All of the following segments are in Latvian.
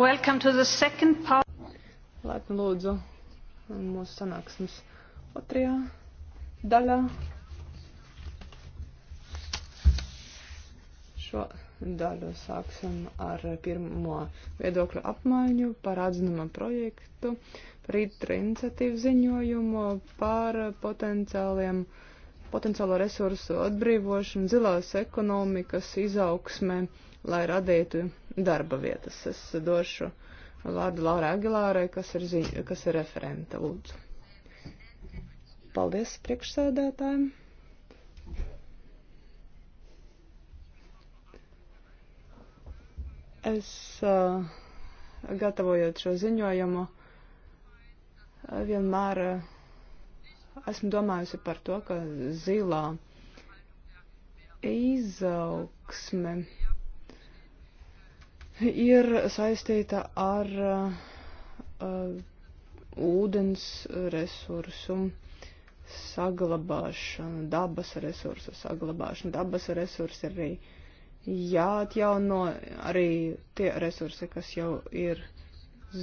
Welcome to the second part. Laipni lūdzu mūsu sanāksmes otrajā daļā. Šo daļu sāksim ar pirmo viedokļu apmaiņu par atzinuma projektu, par itra iniciatīvu ziņojumu, par potenciāliem potenciālo resursu atbrīvošanu, zilās ekonomikas izaugsmē lai radītu darba vietas. Es došu vārdu Laura Agilārai, kas ir, zi, kas ir referente, lūdzu. Paldies priekšsēdētājiem. Es uh, gatavojot šo ziņojumu vienmēr uh, esmu domājusi par to, ka zilā izaugsme. Uh, ir saistīta ar uh, uh, ūdens resursu saglabāšanu, dabas resursu saglabāšanu. Dabas resursi arī jāatjauno, arī tie resursi, kas jau ir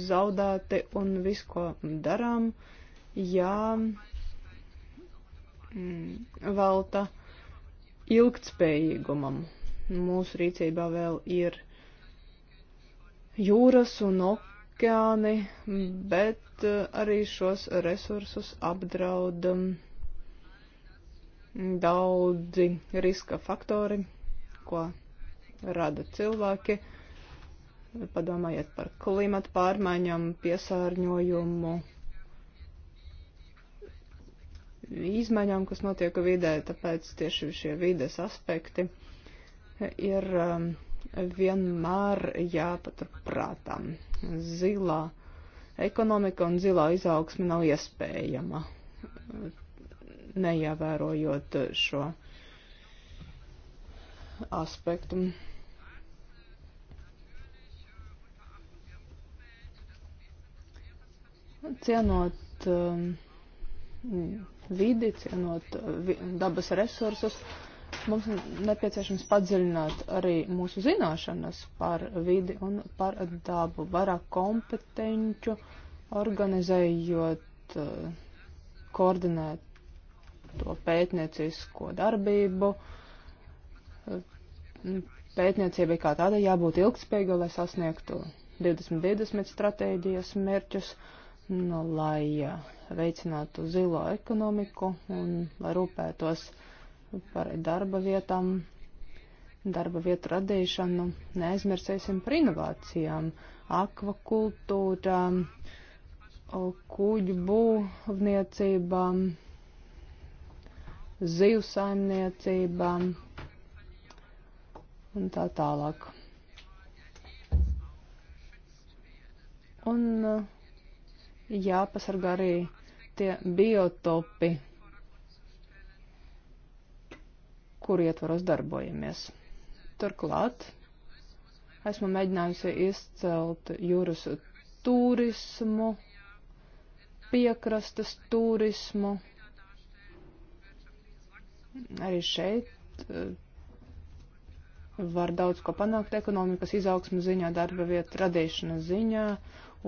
zaudēti un visu, ko darām, jā, mm, velta ilgtspējīgumam. Mūsu rīcībā vēl ir jūras un okeāni, bet eh, arī šos resursus apdraudam mm, daudzi riska faktori, ko rada cilvēki. Padomājiet par klimatu pārmaiņām, piesārņojumu, izmaiņām, kas notiek vidē, tāpēc tieši šie vides aspekti ir um, vienmēr jāpatur prātā. Zilā ekonomika un zilā izaugsme nav iespējama, neievērojot šo aspektu. Cienot um, vidi, cienot dabas resursus, uh, Mums nepieciešams padziļināt arī mūsu zināšanas par vidi un par dabu, vairāk kompetenču, organizējot, eh, koordinēt to pētniecisko darbību. Eh, Pētniecībai kā tādai jābūt ilgspējīgai, lai sasniegtu 2020 stratēģijas mērķus, nu, lai eh, veicinātu zilo ekonomiku un lai rūpētos par par darba vietām, darba vietu radīšanu. Neaizmirsīsim par inovācijām, akvakultūrām, kuģu būvniecībām, zivu saimniecībām un tā tālāk. Un uh, jāpasargā arī tie biotopi kuru ietvaros darbojamies. Turklāt esmu mēģinājusi izcelt jūras turismu, piekrastas turismu. Arī šeit eh, var daudz ko panākt ekonomikas izaugsmu ziņā, darba vietu radīšanas ziņā,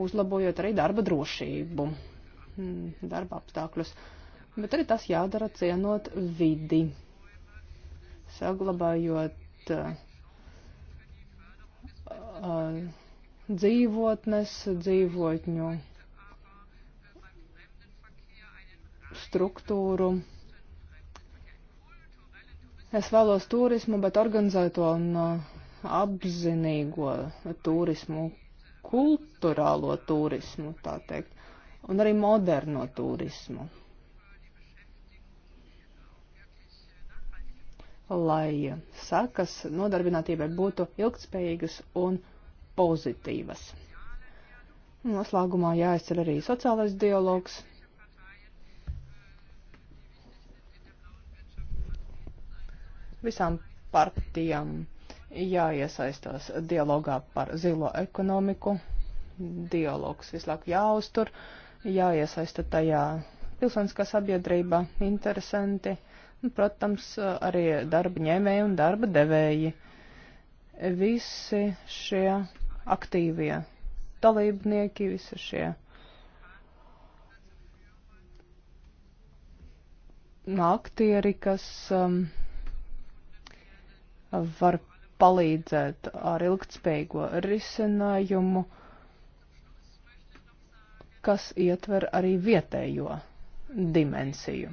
uzlabojot arī darba drošību, mm, darba apstākļus. Bet arī tas jādara cienot vidi saglabājot uh, uh, dzīvotnes, dzīvotņu struktūru. Es vēlos turismu, bet organizēto un uh, apzinīgo turismu, kulturālo turismu, tā teikt, un arī moderno turismu. lai sakas nodarbinātībai būtu ilgtspējīgas un pozitīvas. Noslēgumā jāizceļ arī sociālais dialogs. Visām partijām jāiesaistās dialogā par zilo ekonomiku. Dialogs vislāk jāuztur, jāiesaista tajā pilsoniskā sabiedrība, interesanti protams, arī darba ņēmēji un darba devēji. Visi šie aktīvie dalībnieki, visi šie aktieri, kas um, var palīdzēt ar ilgtspējīgo risinājumu, kas ietver arī vietējo dimensiju.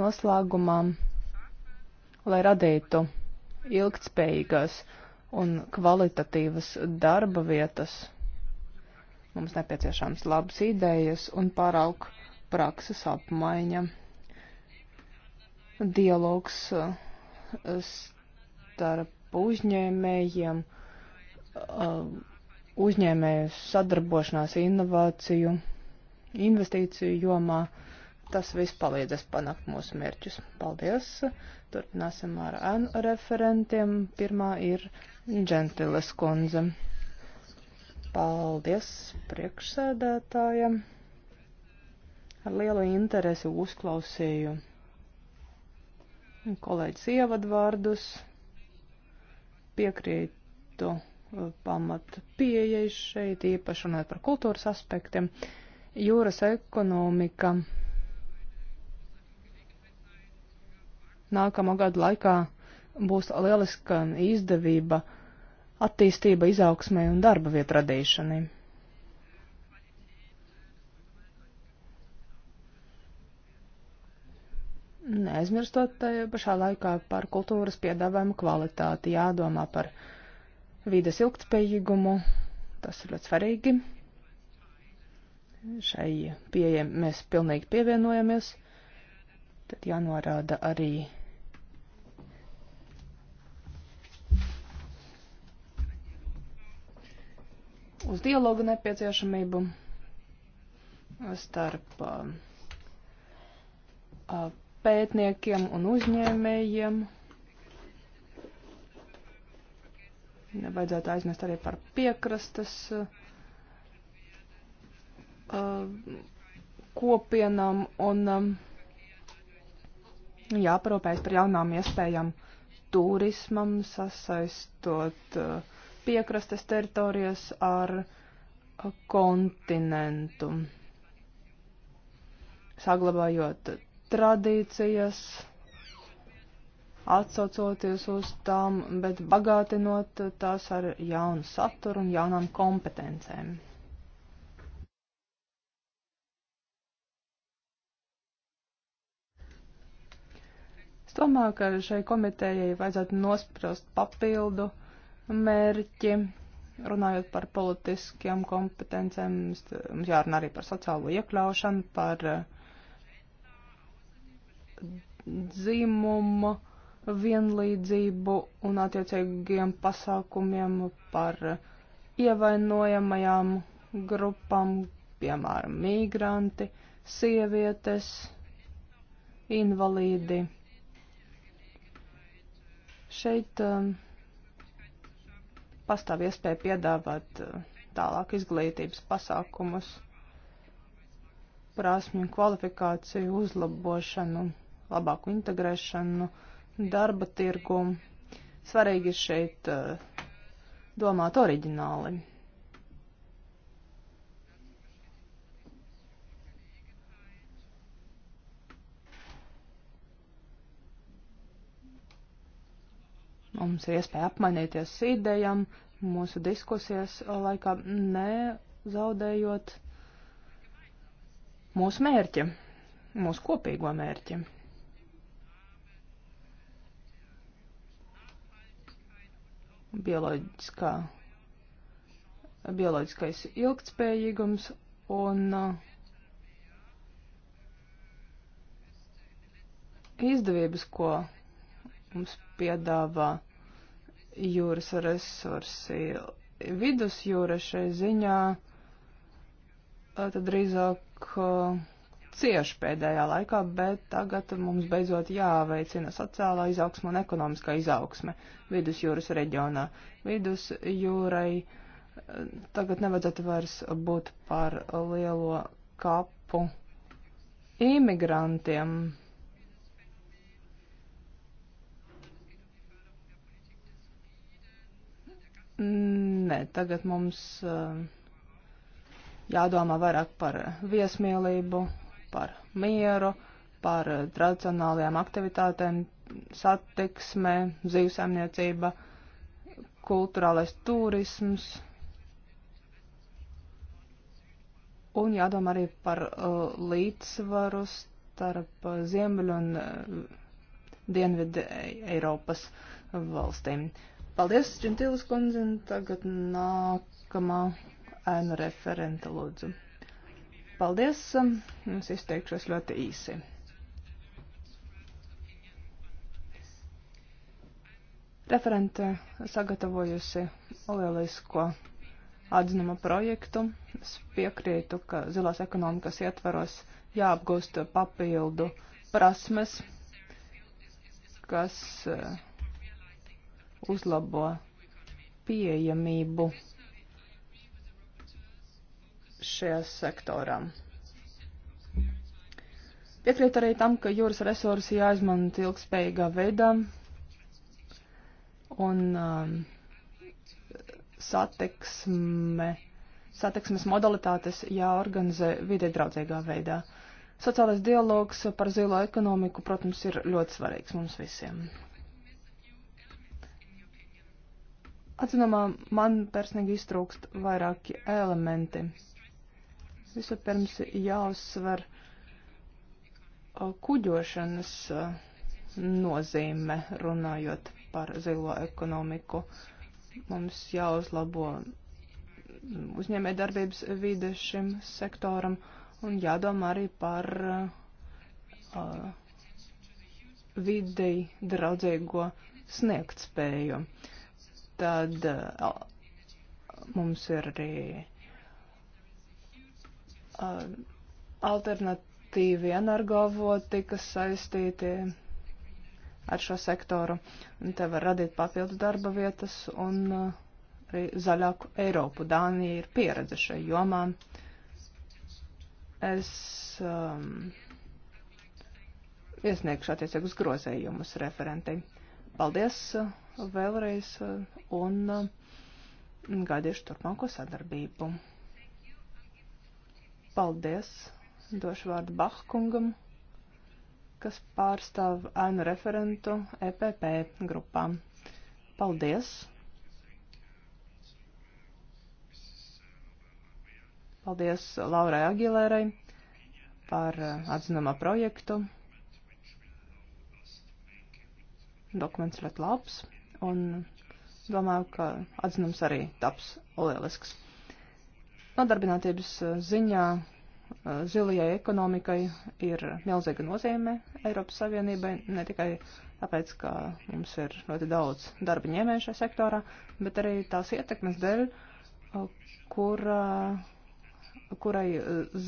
Noslēgumā, lai radītu ilgtspējīgas un kvalitatīvas darba vietas, mums nepieciešams labas idejas un pārauk prakses apmaiņa, dialogs eh, starp uzņēmējiem, eh, uzņēmēju sadarbošanās inovāciju, investīciju jomā. Tas viss palīdzēs panākt mūsu mērķus. Paldies! Turpināsim ar ēnu referentiem. Pirmā ir Džentiles kundze. Paldies priekšsēdētājiem. Ar lielu interesi uzklausīju kolēģis ievadvārdus. Piekrītu uh, pamat pieejai šeit, īpaši runājot par kultūras aspektiem. Jūras ekonomika nākamo gadu laikā būs lieliska izdevība attīstība izaugsmai un darba vietu radīšanai. Neaizmirstot pašā laikā par kultūras piedāvājumu kvalitāti, jādomā par vides ilgtspējīgumu, tas ir ļoti svarīgi. Šai pieejam mēs pilnīgi pievienojamies, tad jānorāda arī uz dialogu nepieciešamību starp pētniekiem un uzņēmējiem. Vajadzētu aizmirst arī par piekrastes kopienām un jāparūpējas par jaunām iespējām turismam, sasaistot uh, piekrastes teritorijas ar kontinentu, saglabājot tradīcijas, atsaucoties uz tām, bet bagātinot tās ar jaunu saturu un jaunām kompetencēm. Es domāju, ka šai komitejai vajadzētu nosprost papildu mērķi. Runājot par politiskiem kompetencēm, mums jārunā arī par sociālo iekļaušanu, par eh, dzimumu vienlīdzību un attiecīgiem pasākumiem par ievainojamajām grupām, piemēram, migranti, sievietes, invalīdi. Šeit uh, pastāv iespēja piedāvāt eh, tālāk izglītības pasākumus, prasmju kvalifikāciju uzlabošanu, labāku integrēšanu, darba tirgu. Svarīgi šeit eh, domāt oriģināli. Mums ir iespēja apmainīties idejām mūsu diskusijas laikā, nezaudējot mūsu mērķi, mūsu kopīgo mērķi. Bioloģiskā, bioloģiskais ilgtspējīgums un uh, izdevības, ko mums piedāvā jūras resursi. Vidusjūra šai ziņā tad drīzāk cieši pēdējā laikā, bet tagad mums beidzot jāveicina sociālā izaugsma un ekonomiskā izaugsme vidusjūras reģionā. Vidusjūrai tagad nevajadzētu vairs būt par lielo kapu imigrantiem. Nē, tagad mums eh, jādomā vairāk par viesmīlību, par mieru, par tradicionālajām aktivitātēm, satiksme, zīvesaimniecība, kulturālais turisms. Un jādomā arī par uh, līdzsvaru starp ziemeļu un uh, dienvidu Eiropas valstīm. Paldies, Džentilis kundze, un tagad nākamā ēnu referenta lūdzu. Paldies, es izteikšos ļoti īsi. Referente sagatavojusi lielisko atzinuma projektu. Es piekrītu, ka zilās ekonomikas ietvaros jāapgūst papildu prasmes, kas uh, uzlabo pieejamību šajā sektorā. Piekrīt arī tam, ka jūras resursi jāizmanto ilgspējīgā veidā un um, satiksme, satiksmes modalitātes jāorganizē vidē draudzīgā veidā. Sociālais dialogs par zilo ekonomiku, protams, ir ļoti svarīgs mums visiem. Atzinumā man personīgi iztrūkst vairāki elementi. Vispirms jāuzsver kuģošanas nozīme, runājot par zilo ekonomiku. Mums jāuzlabo mm, uzņēmē darbības vide šim sektoram un jādomā arī par uh, videi draudzīgo sniegtspēju. Uh, Tad eh, mums ir arī eh, alternatīvi energovoti, kas saistīti ar šo sektoru. Un te var radīt papildus darba vietas un eh, arī zaļāku Eiropu. Dānija ir pieredze šai jomā. Es um, iesniegšu attiecīgus grozējumus referentei. Paldies! vēlreiz un uh, gaidīšu turpmāko sadarbību. Paldies! Došu vārdu Bahkungam, kas pārstāv ainu referentu EPP grupā. Paldies! Paldies Laurai Agilērai par uh, atzinumā projektu. Dokuments ļoti labs un domāju, ka atzinums arī taps lielisks. Nodarbinātības uh, ziņā uh, zilajai ekonomikai ir milzīga nozīme Eiropas Savienībai, ne tikai tāpēc, ka mums ir ļoti daudz darba ņēmēju šajā sektorā, bet arī tās ietekmes dēļ, uh, kur, kurai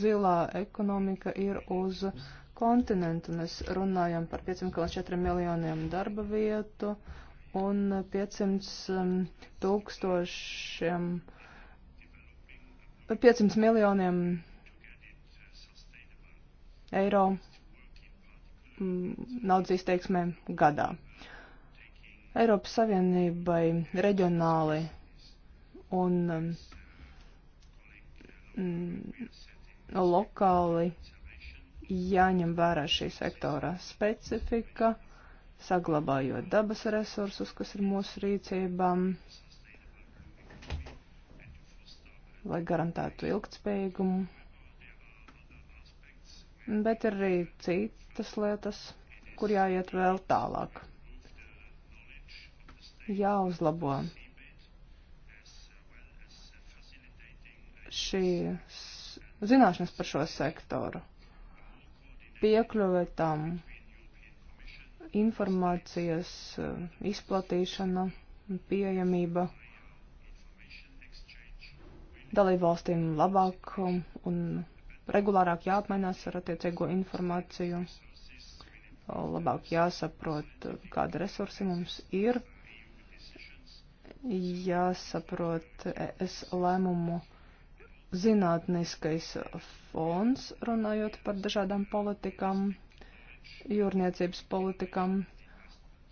zilā ekonomika ir uz kontinentu. Mēs runājam par 5,4 miljoniem darba vietu un 500 um, tūkstošiem, 500 miljoniem eiro mm, naudas izteiksmē gadā. Eiropas Savienībai reģionāli un um, mm, lokāli jāņem vērā šī sektora specifika. Uh, saglabājot dabas resursus, kas ir mūsu rīcībām, lai garantētu ilgtspējīgumu. Bet ir arī citas lietas, kur jāiet vēl tālāk. Jāuzlabo šī zināšanas par šo sektoru, piekļuve tam, informācijas eh, izplatīšana, pieejamība dalībvalstīm labāk um, un regulārāk jāapmainās ar attiecīgo informāciju, labāk jāsaprot, eh, kāda resursi mums ir, jāsaprot es lēmumu zinātniskais fons, runājot par dažādām politikām, jūrniecības politikam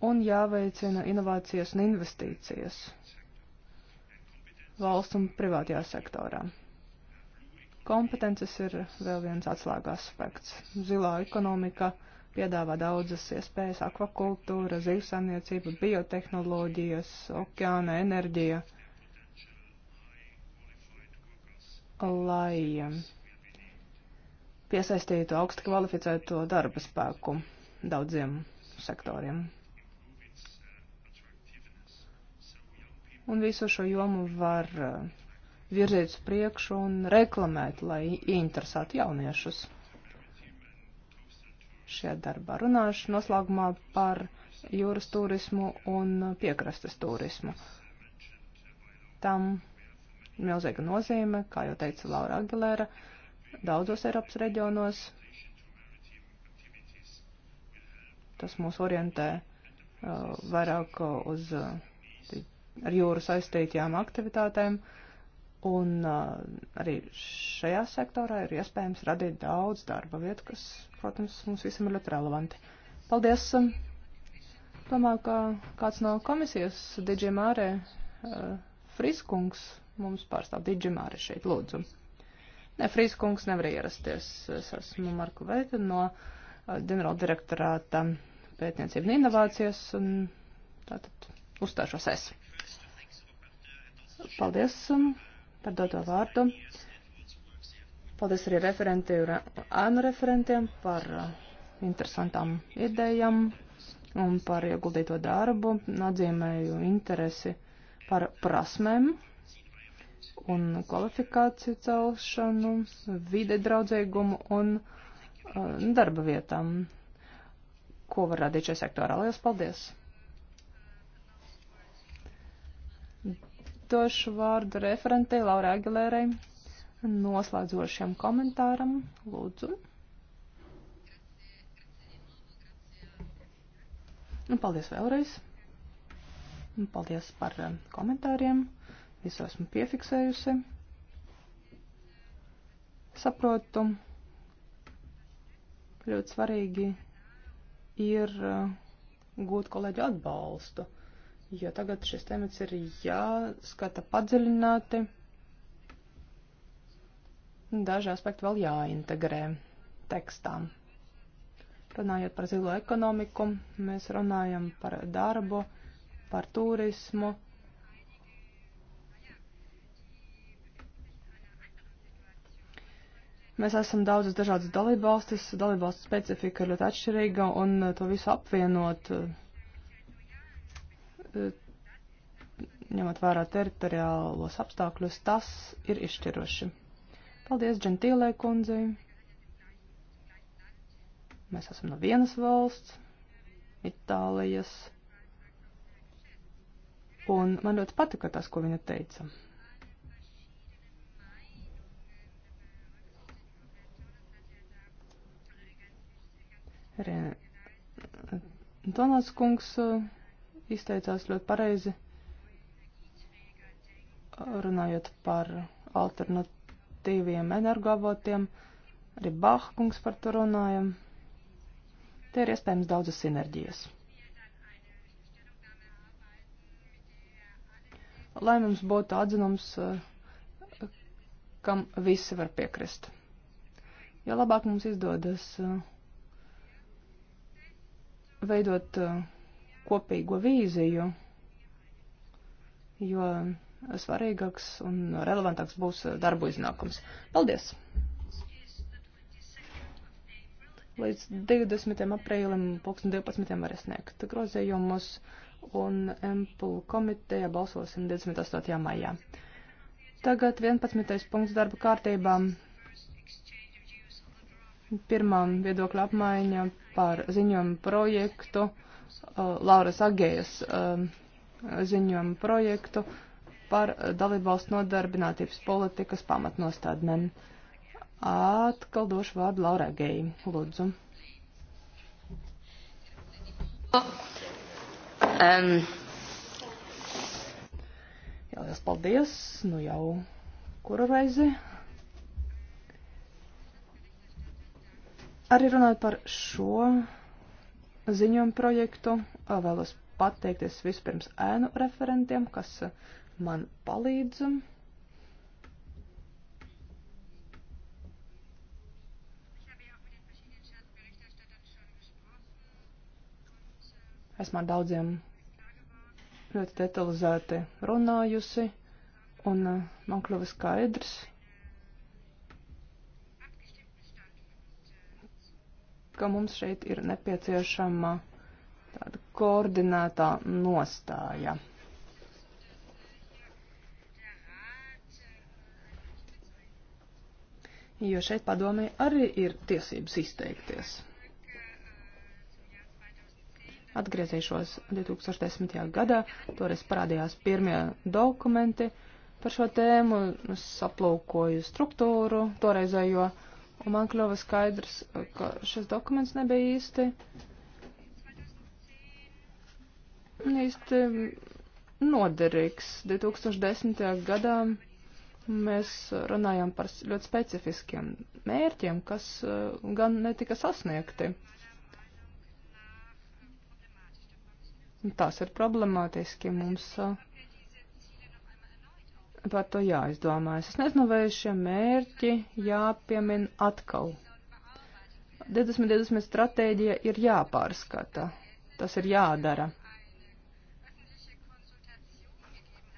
un jāveicina inovācijas un investīcijas valsts un privātajā sektorā. Kompetences ir vēl viens atslēga aspekts. Zilā ekonomika piedāvā daudzas iespējas - akvakultūra, zivsāniecība, biotehnoloģijas, okeāna enerģija, lai piesaistītu augstu kvalificēto darba spēku daudziem sektoriem. Un visu šo jomu var eh, virzīt uz priekšu un reklamēt, lai ieinteresētu jauniešus. Šie darbā runāšu noslēgumā par jūras turismu un piekrastes turismu. Tam milzīga nozīme, kā jau teica Laura Agilēra, uh, daudzos Eiropas reģionos. Tas mūs orientē uh, vairāk uh, uz uh, ar jūru saistītajām aktivitātēm, un uh, arī šajā sektorā ir iespējams radīt daudz darba vietu, kas, protams, mums visiem ir ļoti relevanti. Paldies! Domāju, ka kāds no komisijas, Digimārē, uh, Friskungs, mums pārstāv Digimārē šeit, lūdzu. Ne, Frīs kungs nevar ierasties. Es esmu Marku Veita no ģenerāla direktorāta pētniecība un inovācijas, un tātad uzstāšos es. Paldies um, par doto vārdu. Paldies arī referenti un ēnu referentiem par interesantām idejām un par ieguldīto darbu. Atzīmēju interesi par prasmēm un kvalifikāciju celšanu, vide draudzīgumu un uh, darba vietām. Ko var radīt šajā sektorā? Lielas paldies! Došu vārdu referentei Laura Agilērai noslēdzošiem komentāram. Lūdzu. Un nu, paldies vēlreiz. Un nu, paldies par uh, komentāriem. Visu esmu piefiksējusi. Saprotu, ļoti svarīgi ir uh, gūt kolēģu atbalstu, jo tagad šis temats ir jāskata padziļināti. Daži aspekti vēl jāintegrē tekstā. Runājot par zilo ekonomiku, mēs runājam par darbu, par turismu, Mēs esam daudzas dažādas dalībvalstis, dalībvalstu specifika ir ļoti atšķirīga, un eh, to visu apvienot, eh, eh, ņemot vērā teritoriālos apstākļus, tas ir izšķiroši. Paldies Džentīlē kundzei. Mēs esam no vienas valsts, Itālijas. Un man ļoti patika tas, ko viņa teica. Arī Donalds kungs uh, izteicās ļoti pareizi, runājot par alternatīviem energoavotiem. Arī Baha kungs par to runāja. Te ir iespējams daudzas sinerģijas. Lai mums būtu atzinums, uh, kam visi var piekrist. Jo labāk mums izdodas uh, veidot eh, kopīgo vīziju, jo svarīgāks un relevantāks būs eh, darbu iznākums. Paldies! Līdz 20. aprīlim 2012. var sniegt grozējumus un MPL komiteja balsosim 28. maijā. Tagad 11. punkts darba kārtībā. Pirmā viedokļa apmaiņa par ziņojumu projektu, uh, Lauras Agējas um, ziņojumu projektu par dalībvalstu nodarbinātības politikas pamatnostādnēm. Atkal došu vārdu Laura Agējai. Lūdzu. Um. Jā, liels paldies. Nu jau kuru reizi Arī runājot par šo ziņojumu projektu, vēlos pateikties vispirms ēnu referentiem, kas man palīdz. Esmu ar daudziem ļoti detalizēti runājusi, un man kļuva skaidrs, ka mums šeit ir nepieciešama tāda koordinētā nostāja. Jo šeit padomē arī ir tiesības izteikties. Atgriezīšos 2010. gadā, toreiz parādījās pirmie dokumenti par šo tēmu, es aplūkoju struktūru, toreizējo. Ja Un man kļuva skaidrs, uh, ka šis dokuments nebija īsti, īsti mm, noderīgs. 2010. gadā mēs runājām par ļoti specifiskiem mērķiem, kas uh, gan netika sasniegti. Tas ir problemātiski mums. Uh, par to jāizdomājas. Es nezinu, vai šie mērķi jāpiemin atkal. 2020 stratēģija ir jāpārskata. Tas ir jādara.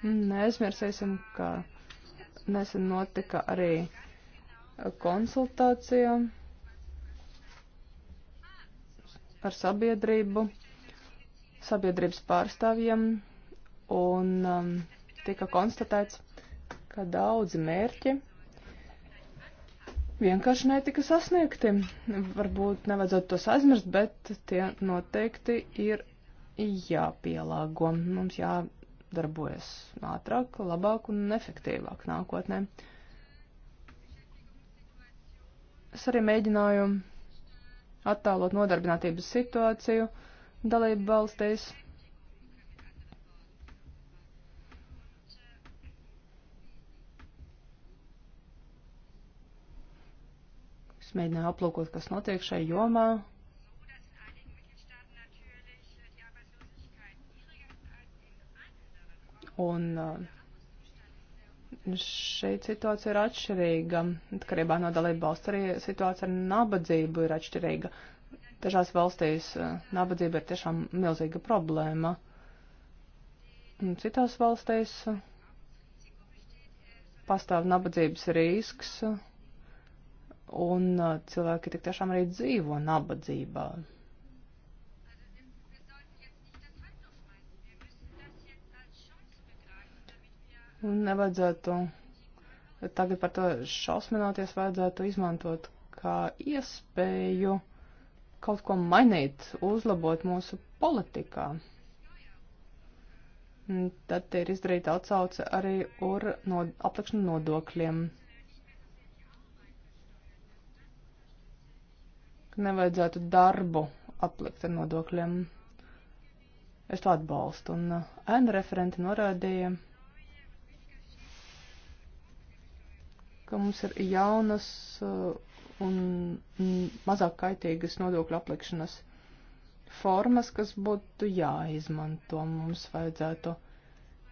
Neaizmirsīsim, ka nesen notika arī konsultācija ar sabiedrību, sabiedrības pārstāvjiem, un um, tika konstatēts, ka daudzi mērķi vienkārši netika sasniegti. Varbūt nevajadzētu tos aizmirst, bet tie noteikti ir jāpielāgo. Mums jādarbojas ātrāk, labāk un efektīvāk nākotnē. Es arī mēģināju attēlot nodarbinātības situāciju dalību valstīs Es mēģināju aplūkot, kas notiek šai jomā. Un uh, šeit situācija ir atšķirīga. Atkarībā no dalību valsts arī situācija ar nabadzību ir atšķirīga. Dažās valstīs uh, nabadzība ir tiešām milzīga problēma. Un citās valstīs uh, pastāv nabadzības risks. Uh, un uh, cilvēki tik tiešām arī dzīvo nabadzībā. Un nevajadzētu tagad par to šausminoties, vajadzētu izmantot kā iespēju kaut ko mainīt, uzlabot mūsu politikā. Tad ir izdarīta atsauce arī ar no, aplikšanu nodokļiem. nevajadzētu darbu aplikt ar nodokļiem. Es to atbalstu. Un uh, ēna referenti norādīja, ka mums ir jaunas uh, un mazāk kaitīgas nodokļu aplikšanas formas, kas būtu jāizmanto. Mums vajadzētu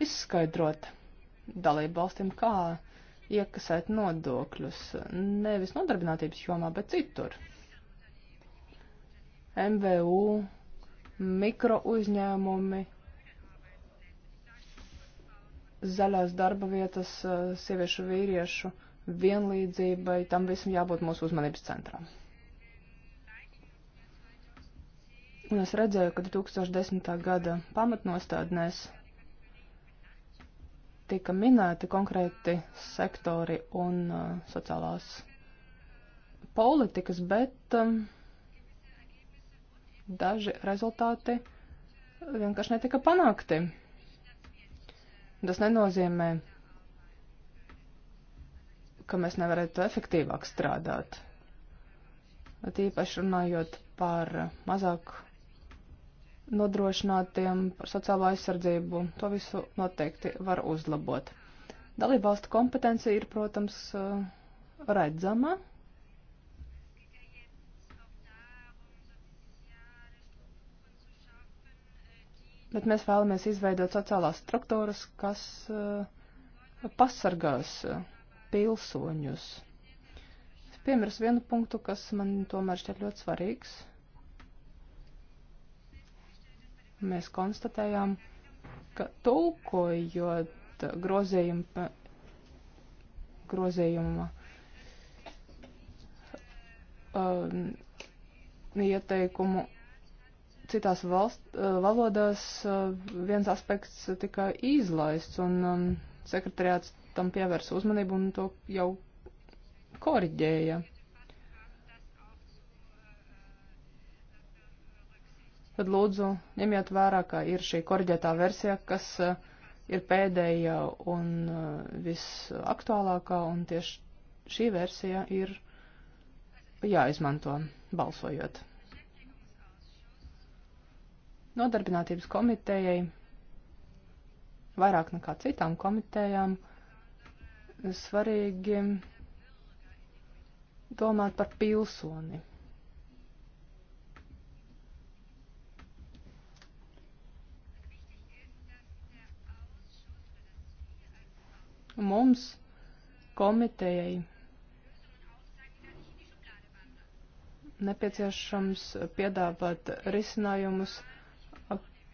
izskaidrot dalību valstīm, kā iekasēt nodokļus nevis nodarbinātības jomā, bet citur. MVU, mikro uzņēmumi, zaļās darba vietas, eh, sieviešu vīriešu vienlīdzībai, tam visam jābūt mūsu uzmanības centrā. Un es redzēju, ka 2010. gada pamatnostādnēs tika minēti konkrēti sektori un uh, sociālās politikas, bet um, daži rezultāti vienkārši netika panākti. Tas nenozīmē, ka mēs nevarētu efektīvāk strādāt. Tīpaši runājot par mazāk nodrošinātiem, par sociālo aizsardzību, to visu noteikti var uzlabot. Dalībvalstu kompetence ir, protams, redzama bet mēs vēlamies izveidot sociālās struktūras, kas eh, pasargās eh, pilsoņus. Es piemirs vienu punktu, kas man tomēr šķiet ļoti svarīgs. Mēs konstatējām, ka tulkojot grozījuma, grozījuma eh, um, ieteikumu citās valst, eh, valodās eh, viens aspekts tika izlaists, un um, sekretariāts tam pievērsa uzmanību un to jau koriģēja. Tad lūdzu ņemiet vērā, ka ir šī koriģētā versija, kas eh, ir pēdējā un visaktuālākā, un tieši šī versija ir jāizmanto balsojot. Nodarbinātības komitejai vairāk nekā citām komitejām svarīgi domāt par pilsoni. Mums komitejai nepieciešams piedāvāt risinājumus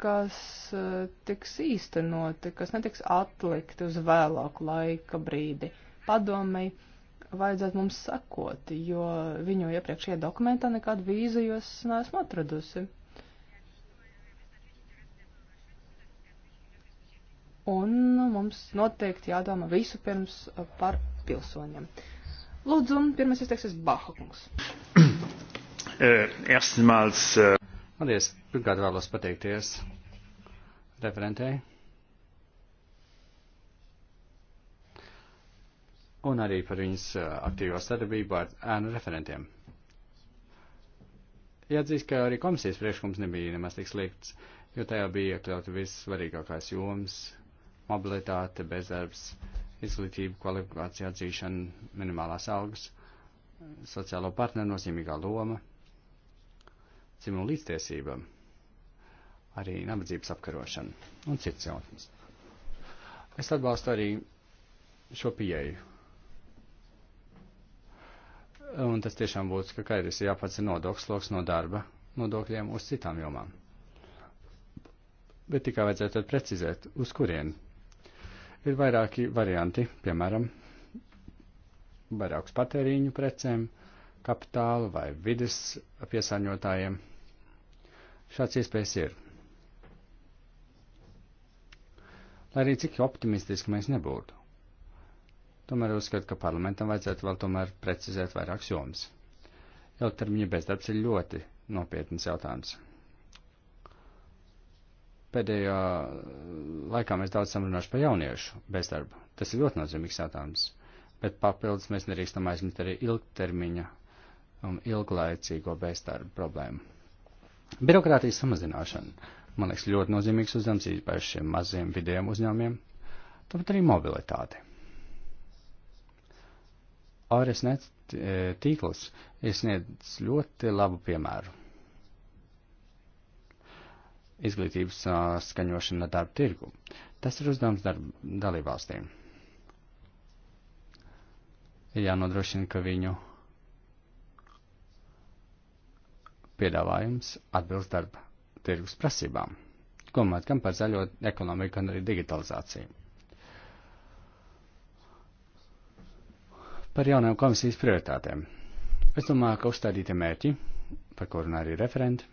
kas eh, tiks īstenoti, kas netiks atlikti uz vēlāku laika brīdi. Padomei vajadzētu mums sakot, jo viņu iepriekšējā dokumentā nekādu vīzijos neesmu atradusi. Un mums noteikti jādomā visu pirms eh, par pilsoņiem. Lūdzu, pirmais izteiksies Baha kungs. Eh, erstmals. Paldies. Uh... Pirmkārt vēlos pateikties referentei un arī par viņas aktīvo sadarbību ar ēnu referentiem. Jāatzīst, ka arī komisijas priekšlikums nebija nemaz tik slikts, jo tajā bija iekļauti vissvarīgākās jomas - mobilitāte, bezdarbs, izglītība, kvalifikācija atzīšana, minimālās algas, sociālo partneru nozīmīgā loma, dzimumu līdztiesībām arī nabadzības apkarošana un cits jautājums. Es atbalstu arī šo pieeju. Un tas tiešām būtu, ka kairis ir jāpats nodoksloks no darba nodokļiem uz citām jomām. Bet tikai vajadzētu precizēt, uz kurien. Ir vairāki varianti, piemēram, vairākus patēriņu precēm, kapitālu vai vides piesārņotājiem. Šāds iespējas ir. lai arī cik optimistiski mēs nebūtu. Tomēr uzskatu, ka parlamentam vajadzētu vēl tomēr precizēt vairākas jomas. Ilgtermiņa bezdarbs ir ļoti nopietnas jautājums. Pēdējā laikā mēs daudz samrunāšu par jauniešu bezdarbu. Tas ir ļoti nozīmīgs jautājums, bet papildus mēs nerīkstam aizmirst arī ilgtermiņa un ilglaicīgo bezdarbu problēmu. Birokrātijas samazināšana man liekas, ļoti nozīmīgs uzdevums īpaši šiem maziem vidiem uzņēmumiem, tāpat arī mobilitāte. ARSNet e, tīkls iesniedz ļoti labu piemēru. Izglītības skaņošana darba tirgu. Tas ir uzdevums darba dalībvalstīm. Ir jānodrošina, ka viņu piedāvājums atbilst darba tirgus prasībām. Domājot gan par zaļo ekonomiku, gan arī digitalizāciju. Par jaunajām komisijas prioritātēm. Es domāju, ka uzstādītie mērķi, par ko runā arī referenti,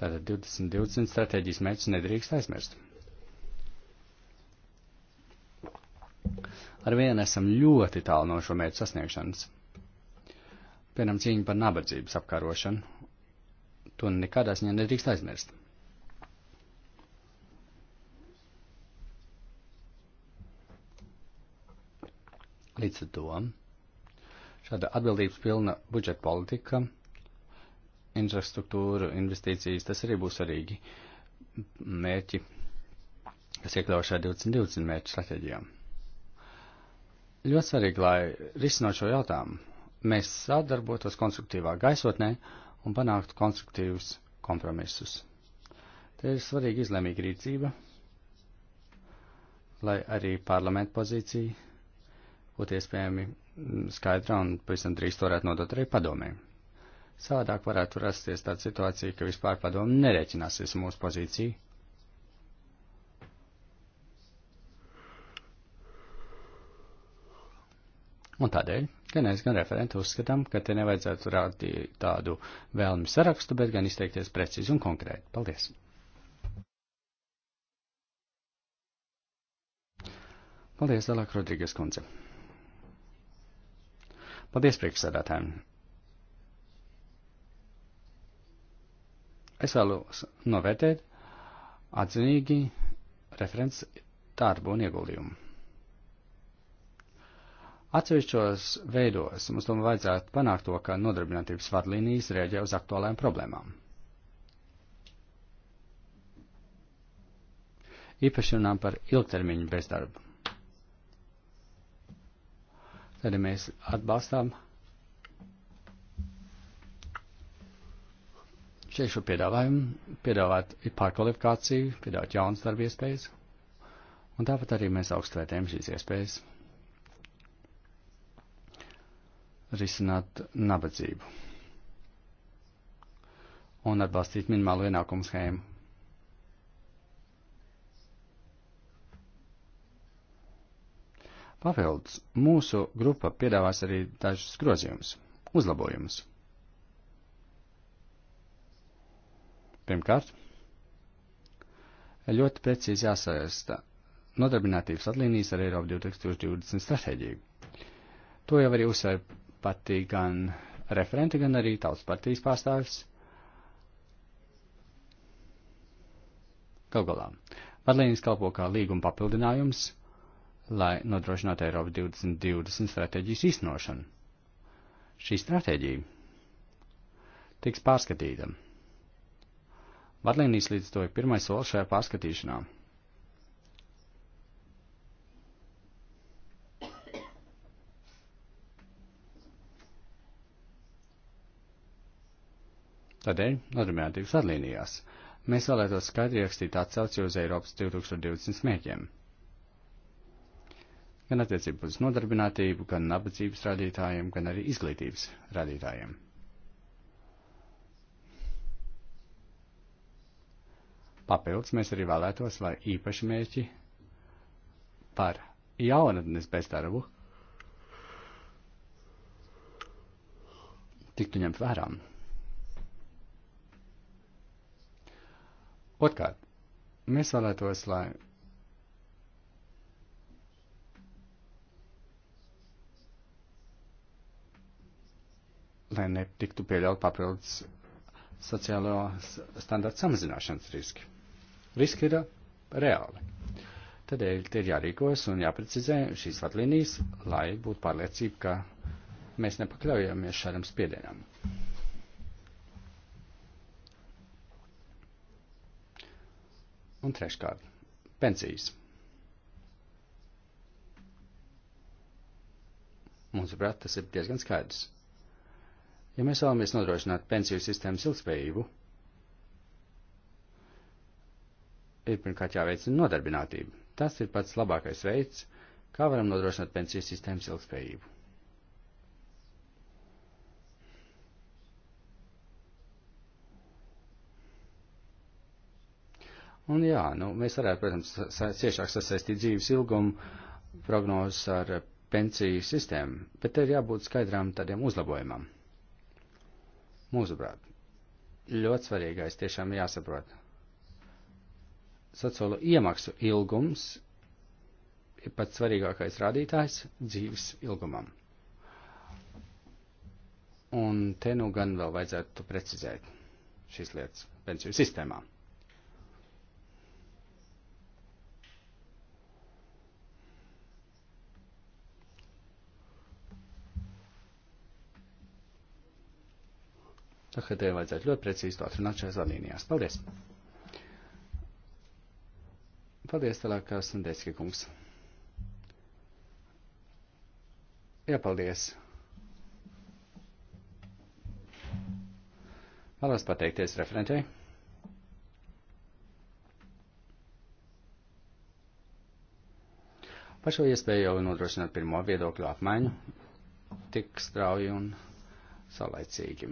tātad 2020 stratēģijas mērķus nedrīkst aizmirst. Ar vienu esam ļoti tālu no šo mērķu sasniegšanas. Piemēram, cīņa par nabadzības apkarošanu to nekādā ziņā nedrīkst aizmirst. Līdz ar to šāda atbildības pilna budžeta politika, infrastruktūra, investīcijas, tas arī būs svarīgi mērķi, kas iekļauj šajā 2020 mērķu stratēģijā. Ļoti svarīgi, lai risinot šo jautājumu, mēs sadarbotos konstruktīvā gaisotnē un panāktu konstruktīvus kompromisus. Te ir svarīga izlēmīga rīcība, lai arī parlamenta pozīcija būtu iespējami skaidra un pavisam drīz to varētu nodot arī padomēm. Savādāk varētu rasties tāda situācija, ka vispār padomu nereķināsies mūsu pozīciju Un tādēļ, gan es, gan referenti uzskatām, ka te nevajadzētu rādīt tādu vēlmi sarakstu, bet gan izteikties precīzi un konkrēti. Paldies! Paldies, Dalāk Rodrīgas kundze! Paldies priekšsēdētājiem! Es vēlos novērtēt atzinīgi referents darbu un ieguldījumu. Atsevišķos veidos mums tomēr vajadzētu panākt to, ka nodarbinātības vadlīnijas rēģē uz aktuālajām problēmām. Īpaši runām par ilgtermiņu bezdarbu. Tad ja mēs atbalstām šeit šo piedāvājumu, piedāvāt pārkvalifikāciju, piedāvāt jaunas darba iespējas, un tāpat arī mēs augstvērtējam šīs iespējas. risināt nabadzību un atbalstīt minimālo ienākumu schēmu. Papildus mūsu grupa piedāvās arī dažus grozījumus, uzlabojumus. Pirmkārt, ļoti precīzi jāsaista nodarbinātības atlīnijas ar Eiropu 2020 stratēģiju. To jau arī uzsver patīk gan referenti, gan arī tautas partijas pārstāvis. Gal galā, vadlīnijas kalpo kā līguma papildinājums, lai nodrošinātu Eiropas 2020 stratēģijas īstenošanu. Šī stratēģija tiks pārskatīta. Vadlīnijas līdz to ir pirmais solis šajā pārskatīšanā. Tādēļ, nodarbinātības vadlīnijās, mēs vēlētos skaidri ierakstīt atsauci uz Eiropas 2020 mērķiem. Gan attiecību uz nodarbinātību, gan nabadzības rādītājiem, gan arī izglītības rādītājiem. Papildus mēs arī vēlētos, lai īpaši mērķi par jaunatnes bezdarbu tiktu ņemt vērām Otkārt, mēs vēlētos, lai lai netiktu pieļaut papildus sociālo standartu samazināšanas riski. Riski ir reāli. Tādēļ te ir jārīkojas un jāprecizē šīs vadlīnijas, lai būtu pārliecība, ka mēs nepakļaujamies šādam spiedienam. Un treškārt, pensijas. Mūsuprāt, tas ir diezgan skaidrs. Ja mēs vēlamies nodrošināt pensiju sistēmas ilgspējību, ir pirmkārt jāveicina nodarbinātība. Tas ir pats labākais veids, kā varam nodrošināt pensiju sistēmas ilgspējību. Un jā, nu, mēs varētu, protams, ciešāk sasaistīt dzīves ilgumu prognozes ar pensiju sistēmu, bet te ir jābūt skaidrām tādiem uzlabojumam. Mūsuprāt, ļoti svarīgais tiešām jāsaprot. Sociālo iemaksu ilgums ir pats svarīgākais rādītājs dzīves ilgumam. Un te nu gan vēl vajadzētu precizēt šīs lietas pensiju sistēmām. Tā kā tev vajadzētu ļoti precīzi to atrunāt šajās vadlīnijās. Paldies! Paldies, tālāk, Sandeski kungs. Jā, paldies. Vēlos pateikties referentei. Par šo iespēju jau nodrošināt pirmo viedokļu apmaiņu tik strauji un saulaicīgi.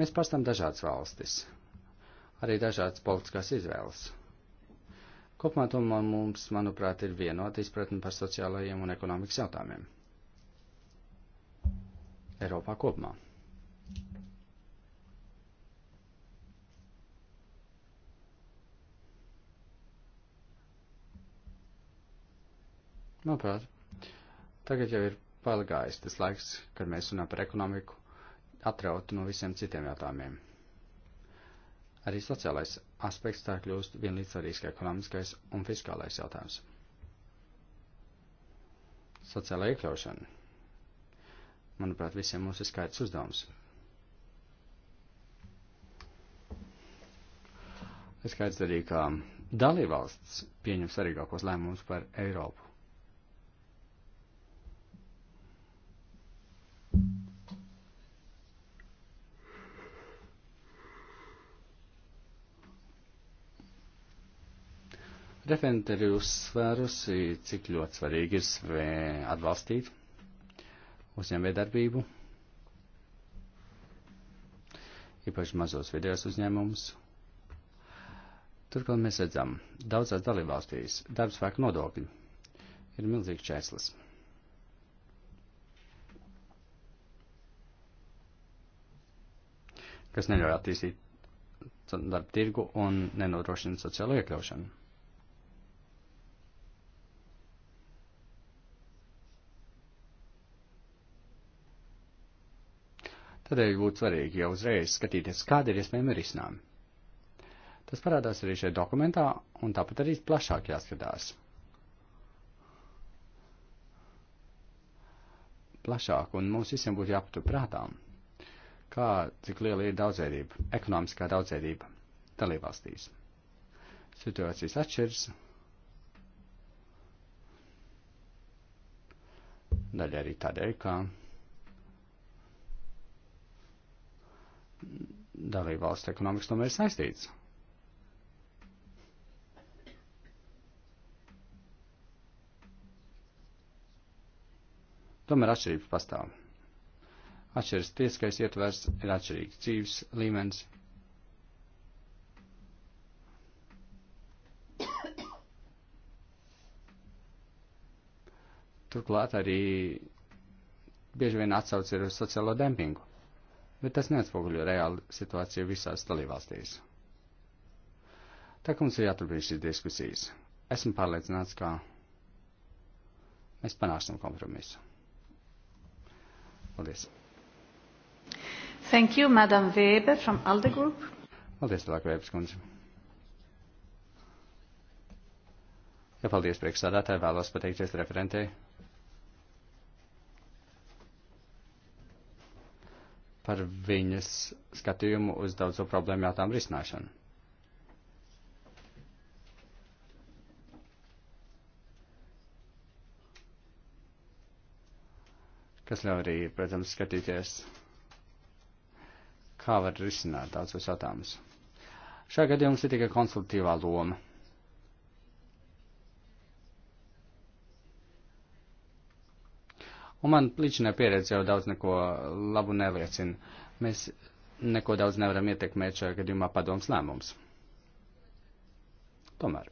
Mēs pārstāvam dažādas valstis, arī dažādas politiskās izvēles. Kopumā tomēr mums, manuprāt, ir vienota izpratne par sociālajiem un ekonomikas jautājumiem. Eiropā kopumā. Manuprāt, tagad jau ir palgājis tas laiks, kad mēs runājam par ekonomiku atrautu no visiem citiem jautājumiem. Arī sociālais aspekts tā kļūst vienlīdz svarīgs kā ekonomiskais un fiskālais jautājums. Sociālā iekļaušana. Manuprāt, visiem mums ir skaidrs uzdevums. Es skaidrs arī, ka dalībvalsts pieņem svarīgākos lēmumus par Eiropu. Referente ir uzsvērusi, cik ļoti svarīgi ir atbalstīt uzņēmējdarbību, īpaši mazos vidējos uzņēmumus. Turklāt mēs redzam, daudzās dalībvalstīs darbspēka nodokļi ir milzīgs čēslis. kas neļauj attīstīt darba tirgu un nenodrošina sociālo iekļaušanu. Tādēļ būtu svarīgi jau uzreiz skatīties, kāda ir iespējama risinājuma. Tas parādās arī šajā dokumentā, un tāpat arī plašāk jāskatās. Plašāk, un mums visiem būtu jāpatur prātām, kā cik liela ir daudzveidība, ekonomiskā daudzveidība dalībvalstīs. Situācijas atšķiras. Daļa arī tādēļ, ka dalību valsts ekonomikas tomēr ir saistīts. Tomēr atšķirības pastāv. Atšķiras tiesiskais ietvers ir atšķirīgs dzīves līmenis. Turklāt arī bieži vien atsauc ir uz sociālo dempingu bet tas neatspoguļo reāli situāciju visās dalībvalstīs. Tā kā mums ir jāturpina šīs diskusijas, esmu pārliecināts, ka mēs panāksim kompromisu. Paldies! Thank you, Madam Weber from ALDE Group. Paldies, Laka Vēbers kundze. Ja paldies priekšsādātāji, vēlos pateikties referentei. par viņas skatījumu uz daudzo problēmu jautājumu risināšanu. Kas ļauj arī, protams, skatīties, kā var risināt daudzos jautājumus. Šā gadījumā ir tikai konsultīvā loma. Un man līdzinā pieredze jau daudz neko labu neliecina. Mēs neko daudz nevaram ietekmēt šajā gadījumā padoms lēmums. Tomēr.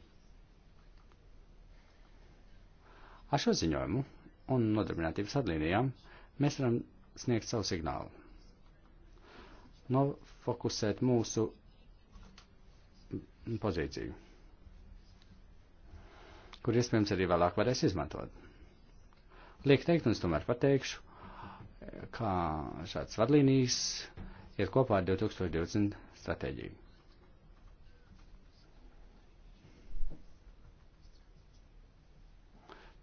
Ar šo ziņojumu un nodarbinātības atlīnijām mēs varam sniegt savu signālu. Nofokusēt mūsu pozīciju, kur iespējams arī vēlāk varēs izmantot. Liek teikt, un es tomēr pateikšu, kā šāds vadlīnijas ir kopā ar 2020 stratēģiju.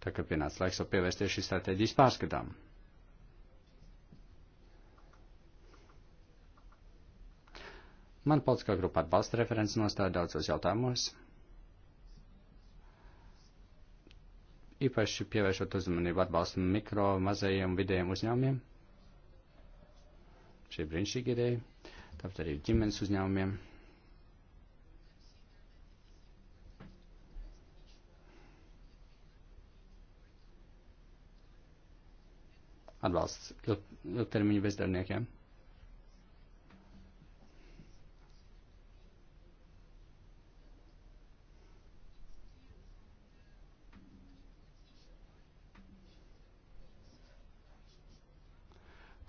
Tā kā pienāca laiks jau pievērsties šīs stratēģijas pārskatām. Man politiskā grupa atbalsta referents nostāja daudzos jautājumos. īpaši pievēršot uzmanību atbalstam mikro, mazajiem, vidējiem uzņēmumiem. Šī ir brīnišķīga ideja, tāpat arī ģimenes uzņēmumiem. Atbalsts ilgtermiņu bezdarniekiem.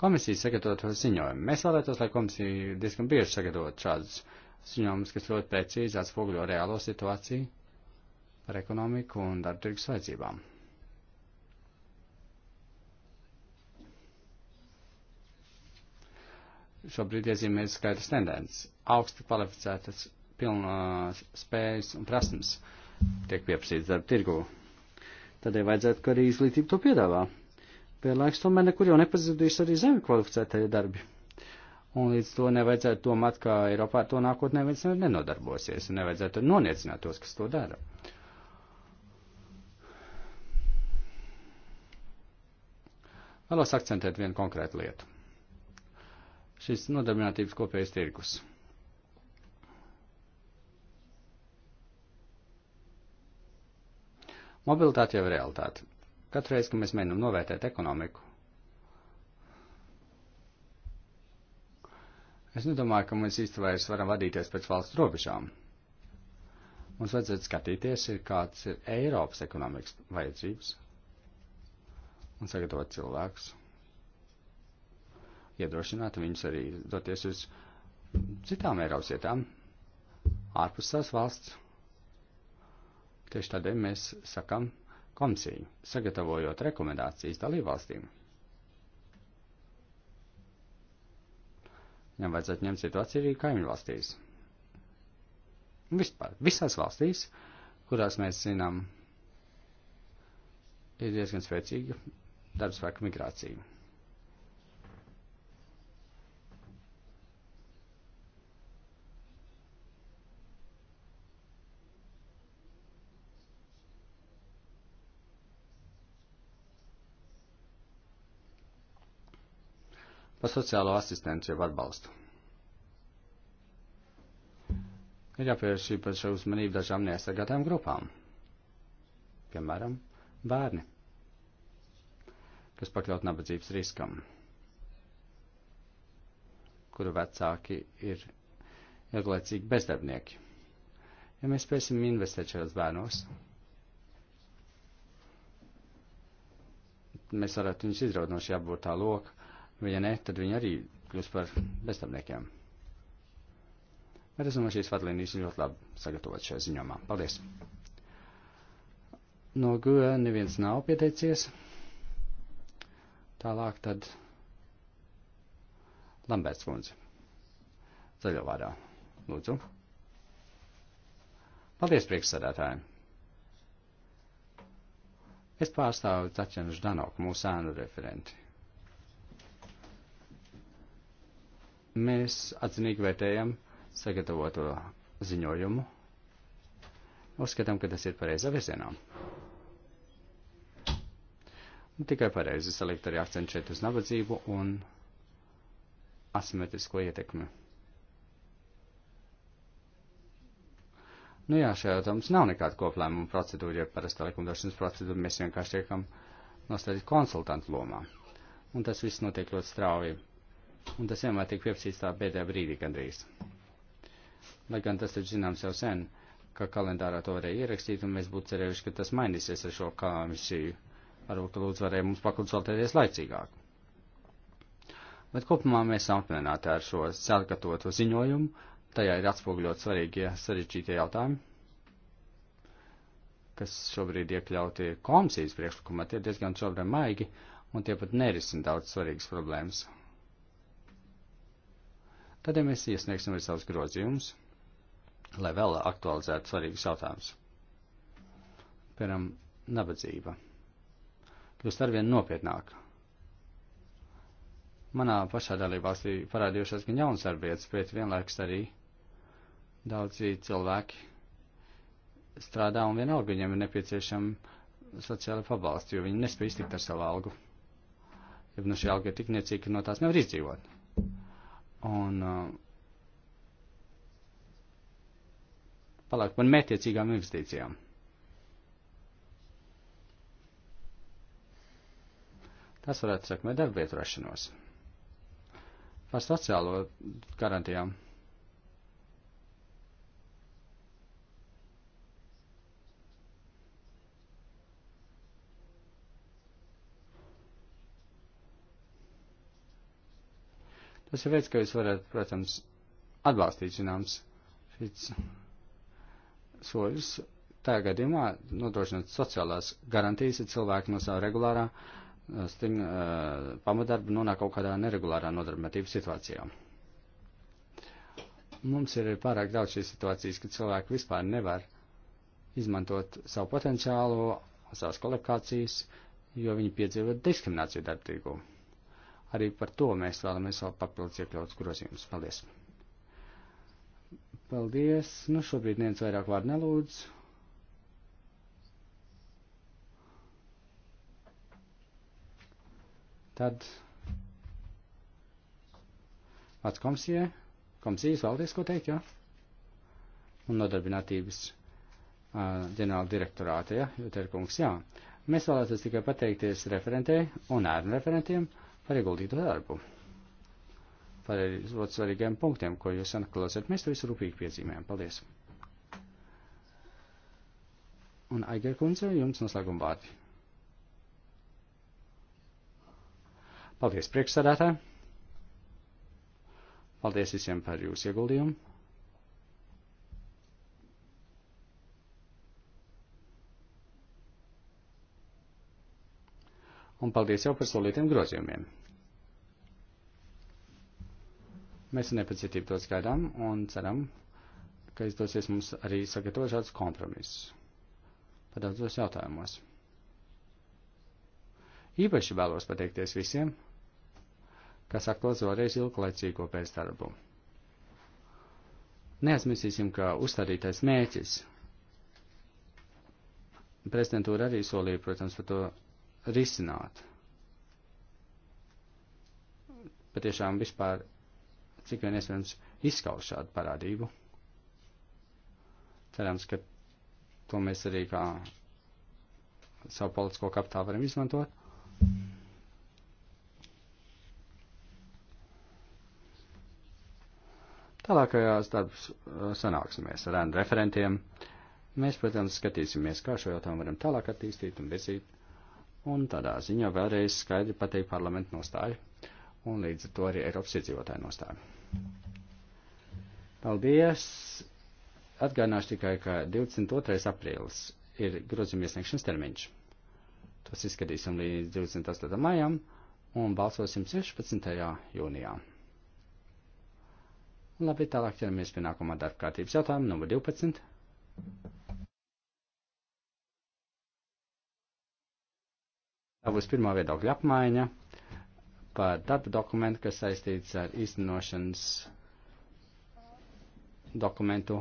komisijas sagatavoto ziņojumu. Mēs vēlētos, lai komisija diezgan bieži sagatavot šādus ziņojumus, kas ļoti precīzi atspoguļo reālo situāciju par ekonomiku un darba tirgus vajadzībām. Šobrīd iezīmēs skaidrs tendences. Augsti kvalificētas pilnās spējas un prasmes tiek pieprasītas darba tirgū. Tādēļ vajadzētu, ka arī izglītība to piedāvā. Vienlaiks tomēr nekur jau nepazudīs arī zemi kvalificētie darbi. Un līdz to nevajadzētu domāt, ka Eiropā ar to nākotnē viens nenodarbosies, un nevajadzētu noniecināt tos, kas to dara. Vēlos akcentēt vienu konkrētu lietu. Šis nodarbinātības kopējais tirgus. Mobilitāte jau ir realitāte. Katru reizi, kad mēs mēģinām novērtēt ekonomiku, es nedomāju, ka mēs īsti vairs varam vadīties pēc valsts robežām. Mums vajadzētu skatīties, ir kāds ir Eiropas ekonomikas vajadzības un sagatavot cilvēkus. Iedrošināt viņus arī doties uz citām Eiropas vietām, ārpus savas valsts. Tieši tādēļ mēs sakam, komisija, sagatavojot rekomendācijas dalībvalstīm. Viņam vajadzētu ņemt situāciju arī kaimiņvalstīs. Vispār, visās valstīs, kurās mēs zinām, ir diezgan spēcīga darbspēka migrācija. par sociālo asistenci jau atbalstu. Ir jāpievērš īpaša uzmanība dažām neaizsargātām grupām, piemēram, bērni, kas pakļaut nabadzības riskam, kuru vecāki ir ilglaicīgi bezdarbnieki. Ja mēs spēsim investēt šajos bērnos, mēs varētu viņus izraut no šī apburtā loka, jo, nu, ja nē, tad viņi arī kļūst par bezdarbniekiem. Bet es domāju, šīs vadlīnijas ir ļoti labi sagatavotas šajā ziņomā. Paldies! No GUE neviens nav pieteicies. Tālāk tad Lamberts kundze. Zaļo vārdā. Lūdzu. Paldies, priekšsādātāji! Es pārstāvu Taķenu Ždanoku, mūsu ēnu referenti. Mēs atzinīgi vērtējam sagatavoto ziņojumu. Uzskatām, ka tas ir pareizā virzienā. Nu, tikai pareizi salikt arī akcentu šeit uz nabadzību un asimetrisko ietekmi. Nu jā, šajā jautājums nav nekāda koplēmuma procedūra, ja parasta likumdošanas procedūra mēs vienkārši tiekam nostādīt konsultantu lomā. Un tas viss notiek ļoti strauji. Un tas vienmēr tiek pieprasīts tā pēdējā brīdī gandrīz. Lai gan tas taču zināms jau sen, ka kalendārā to varēja ierakstīt, un mēs būtu cerējuši, ka tas mainīsies ar šo komisiju. Varbūt, ka lūdzu varēja mums pakonsultēties laicīgāk. Bet kopumā mēs esam apmierināti ar šo sērgatoto ziņojumu. Tajā ir atspoguļot svarīgie sarežģītie jautājumi, kas šobrīd iekļauti komisijas priekšlikumā. Tie diezgan šobrīd maigi, un tie pat nerisina daudz svarīgas problēmas. Tad ja mēs iesniegsim arī savus grozījumus, lai vēl aktualizētu svarīgus jautājumus. Piemēram, nabadzība kļūst arvien nopietnāka. Manā pašā dalībvalstī parādījušās gan jaunas darbietas, bet vienlaikus arī daudzi cilvēki strādā un vienalga viņiem ir nepieciešama sociāla pabalsta, jo viņi nespēj iztikt ar savu algu. Ja nu šī alga ir tik niecīga, ka no tās nevar izdzīvot un uh, paliek par mērķiecīgām investīcijām. Tas varētu sekmēt darbvietu rašanos. Par sociālo garantijām. Tas ir veids, kā jūs varat, protams, atbalstīt zināms šis soļus. Tā gadījumā nodrošināt sociālās garantijas, ja cilvēki no savu regulārā eh, sting, uh, eh, pamadarbu nonāk kaut kādā neregulārā nodarbinātības situācijā. Mums ir pārāk daudz šīs situācijas, ka cilvēki vispār nevar izmantot savu potenciālu, savas kvalifikācijas, jo viņi piedzīvo diskrimināciju darbtīgumu. Arī par to mēs vēlamies vēl papildus iekļaut grozījumus. Paldies! Paldies! Nu, šobrīd neviens vairāk vārdu nelūdz. Tad pats komisija, komisijas valdies, ko teikt, jā? Ja? Un nodarbinātības uh, ģenerāla direktorāte, ja? Jūterkungs, jā. Mēs vēlētos tikai pateikties referentē un ārnu referentiem. Uh, par ieguldīto darbu, par ļoti svarīgiem punktiem, ko jūs analizējat. Mēs to visu rūpīgi piezīmējam. Paldies! Un Aigar kundze, jums noslēguma vārdi. Paldies priekšsādātā! Paldies visiem par jūsu ieguldījumu! un paldies jau par solītiem grozījumiem. Mēs ar nepacietību tos gaidām un ceram, ka izdosies mums arī sagatavot šādus kompromisus par daudzos jautājumos. Īpaši vēlos pateikties visiem, kas aklos vēlreiz ilglaicīgo pēcdarbu. Neaizmirsīsim, ka uzstādītais mērķis prezidentūra arī solīja, protams, par to risināt. Patiešām vispār, cik vien iespējams, izskaus šādu parādību. Cerams, ka to mēs arī kā savu politisko kapitālu varam izmantot. Tālākajās darbs eh, sanāksimies ar referentiem. Mēs, protams, skatīsimies, kā šo jautājumu varam tālāk attīstīt un virzīt un tādā ziņā vēlreiz skaidri pateikt parlamentu nostāju un līdz ar to arī Eiropas iedzīvotāju nostāju. Paldies! Atgādināšu tikai, ka 22. aprīlis ir grozījuma iesniegšanas termiņš. Tos izskatīsim līdz 28. maijam un balsosim 16. jūnijā. Labi, tālāk ķeramies pie nākamā darba kārtības jautājuma, numur 12. Tā būs pirmā viedokļa apmaiņa par darba dokumentu, kas saistīts ar īstenošanas dokumentu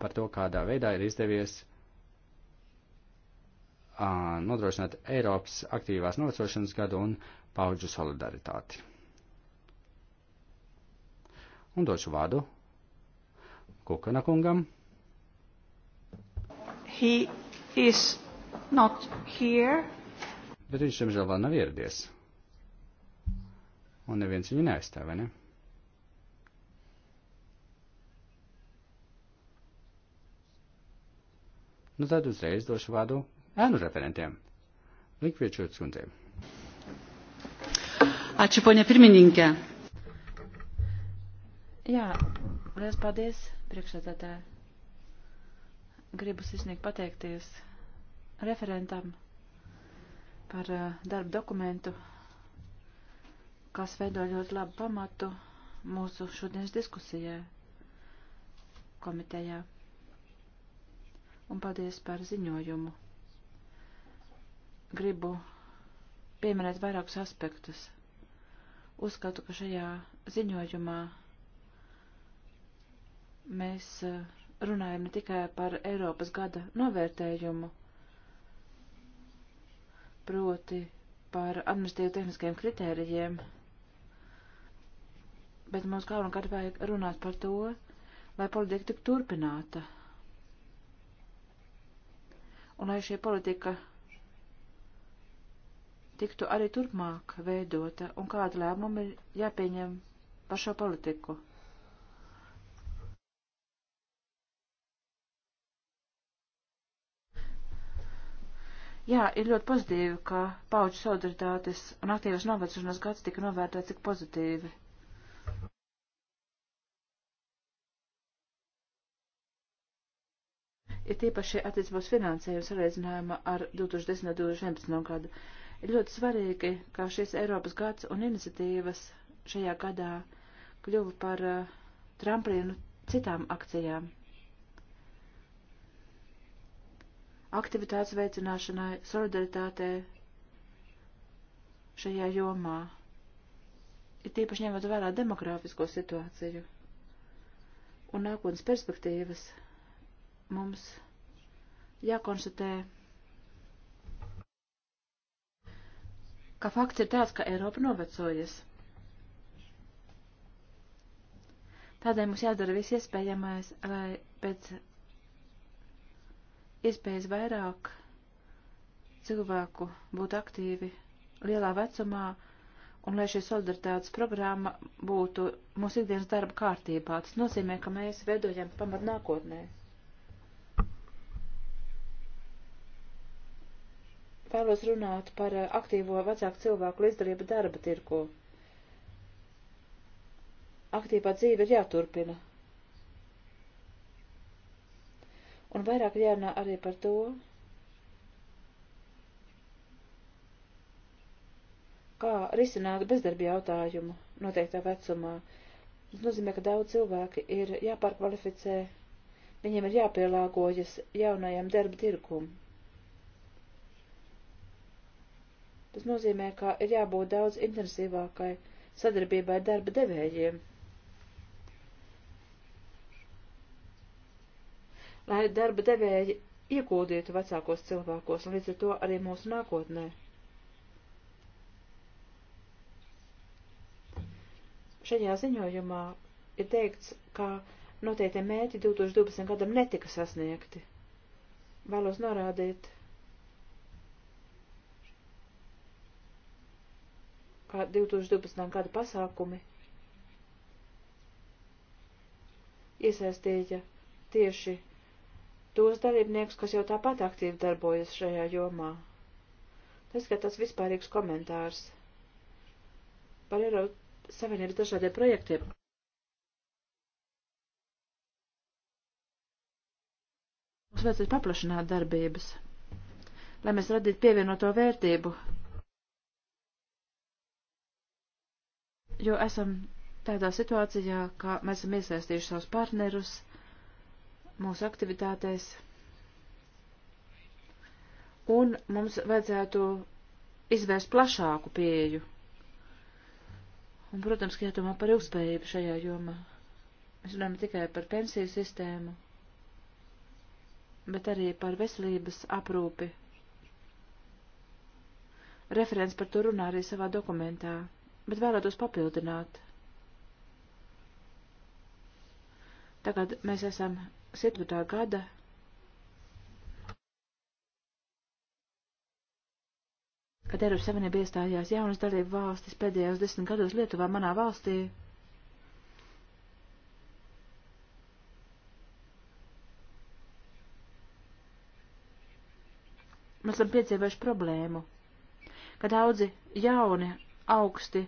par to, kādā veidā ir izdevies uh, nodrošināt Eiropas aktīvās novecošanas gadu un paudžu solidaritāti. Un došu vārdu Kukana kungam. He is not here. Bet viņš, diemžēl, vēl nav ieradies. Un neviens viņu neaizstāv, vai ne? Nu tad uzreiz došu vārdu ēnu referentiem. Likviečot skundzēm. Ačiū, ponia pirmininkė. Jā, liels paldies, priekšsēdētāji. Gribu sirsnīgi pateikties referentam par uh, darbu dokumentu, kas veido ļoti labu pamatu mūsu šodienas diskusijai komitejā. Un paldies par ziņojumu. Gribu pieminēt vairākus aspektus. Uzskatu, ka šajā ziņojumā mēs uh, runājam ne tikai par Eiropas gada novērtējumu, proti par administratīvu tehniskajiem kritērijiem, bet mums galvenokārt vajag runāt par to, lai politika tik turpināta. Un lai šī politika tiktu arī turpmāk veidota un kāda lēmuma ir jāpieņem par šo politiku. Jā, ir ļoti pozitīvi, ka pauģu solidaritātes un aktīvas novecošanās gads tika novērtēts tik pozitīvi. ir tīpaši attiecībos finansējums sareizinājuma ar 2010. un 2011. gadu. Ir ļoti svarīgi, ka šis Eiropas gads un iniciatīvas šajā gadā kļuva par eh, tramplīnu citām akcijām. aktivitātes veicināšanai, solidaritātē šajā jomā, ir tīpaši ņemot vērā demografisko situāciju un nākotnes perspektīvas, mums jākonstatē, ka fakts ir tāds, ka Eiropa novecojas. Tādēļ mums jādara viss iespējamais, lai pēc iespējas vairāk cilvēku būtu aktīvi lielā vecumā, un lai šī solidaritātes programma būtu mūsu ikdienas darba kārtībā. Tas nozīmē, ka mēs veidojam pamat nākotnē. Vēlos runāt par eh, aktīvo vecāku cilvēku līdzdalību darba tirko. Aktīvā dzīve ir jāturpina, Un vairāk jārunā arī par to, kā risināt bezdarbi jautājumu noteiktā vecumā. Tas nozīmē, ka daudz cilvēki ir jāpārkvalificē, viņiem ir jāpielāgojas jaunajam darba tirkumu. Tas nozīmē, ka ir jābūt daudz intensīvākai sadarbībai darba devējiem. lai darba devēji iegūdītu vecākos cilvēkos un līdz ar to arī mūsu nākotnē. Šajā ziņojumā ir teikts, ka noteiktie mērķi 2012. gadam netika sasniegti. Vēlos norādīt, kā 2012. gada pasākumi iesaistīja tieši tos dalībniekus, kas jau tāpat aktīvi darbojas šajā jomā. Tas, ka tas vispārīgs komentārs par Eiropas Savienības dažādiem projektiem. Mums vajadzētu paplašināt darbības, lai mēs radītu pievienoto vērtību, jo esam tādā situācijā, ka mēs esam iesaistījuši savus partnerus mūsu aktivitātēs. Un mums vajadzētu izvērst plašāku pieeju. Un, protams, ka jādomā par ilgspējību šajā jomā. Mēs runājam tikai par pensiju sistēmu, bet arī par veselības aprūpi. Referents par to runā arī savā dokumentā, bet vēlētos papildināt. Tagad mēs esam 17. gada kad Eiropas Savienība iestājās jaunas dalību valstis pēdējos desmit gados Lietuvā manā valstī. Mēs esam piedzīvojuši problēmu, ka daudzi jauni, augsti,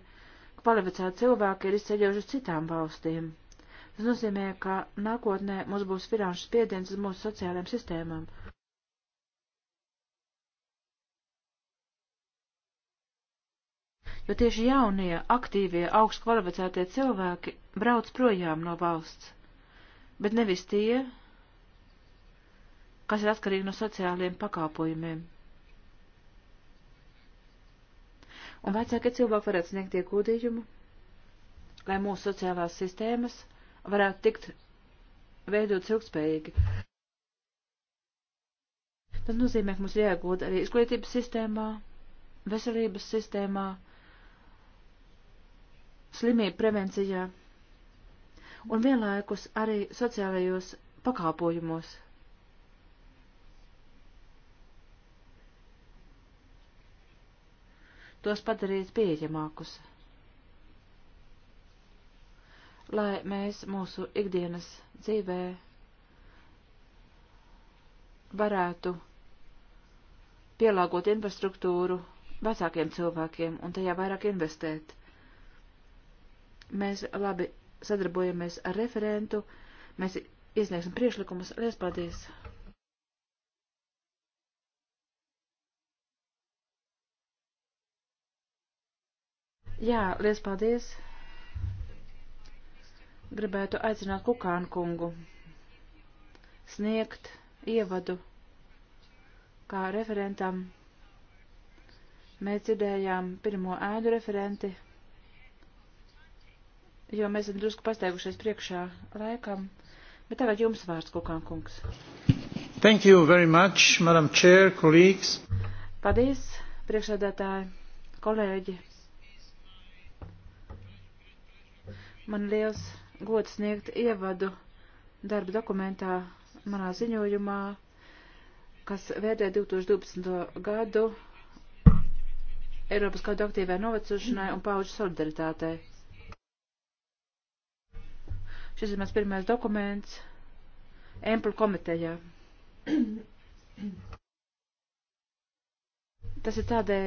kvalificēti cilvēki ir izceļojuši uz citām valstīm. Tas nozīmē, ka nākotnē mums būs finanšu spiediens uz mūsu sociālajām sistēmām. Jo tieši jaunie, aktīvie, augstu kvalificētie cilvēki brauc projām no valsts, bet nevis tie, kas ir atkarīgi no sociālajiem pakāpojumiem. Un vecākie cilvēki varētu sniegt ieguldījumu, lai mūsu sociālās sistēmas varētu tikt veidots ilgspējīgi. Tas nozīmē, ka mums jāiegūt arī izglītības sistēmā, veselības sistēmā, slimību prevencijā un vienlaikus arī sociālajos pakāpojumos. Tos padarīt pieejamākus lai mēs mūsu ikdienas dzīvē varētu pielāgot infrastruktūru vecākiem cilvēkiem un tajā vairāk investēt. Mēs labi sadarbojamies ar referentu, mēs iesniegsim priešlikumus. Lies paldies! Jā, liels paldies! gribētu aicināt Kukānu kungu sniegt ievadu kā referentam. Mēs dzirdējām pirmo ēdu referenti, jo mēs esam drusku pasteigušies priekšā laikam, bet tagad jums vārds, Kukānu kungs. Thank you very much, Madam Chair, colleagues. Paldies, priekšsēdētāji, kolēģi. Man liels gods sniegt ievadu darba dokumentā manā ziņojumā, kas vērtē 2012. gadu Eiropas gadu aktīvai novecošanai un pauģu solidaritātei. Šis ir mans pirmais dokuments Emplu komitejā. Tas ir tādēļ,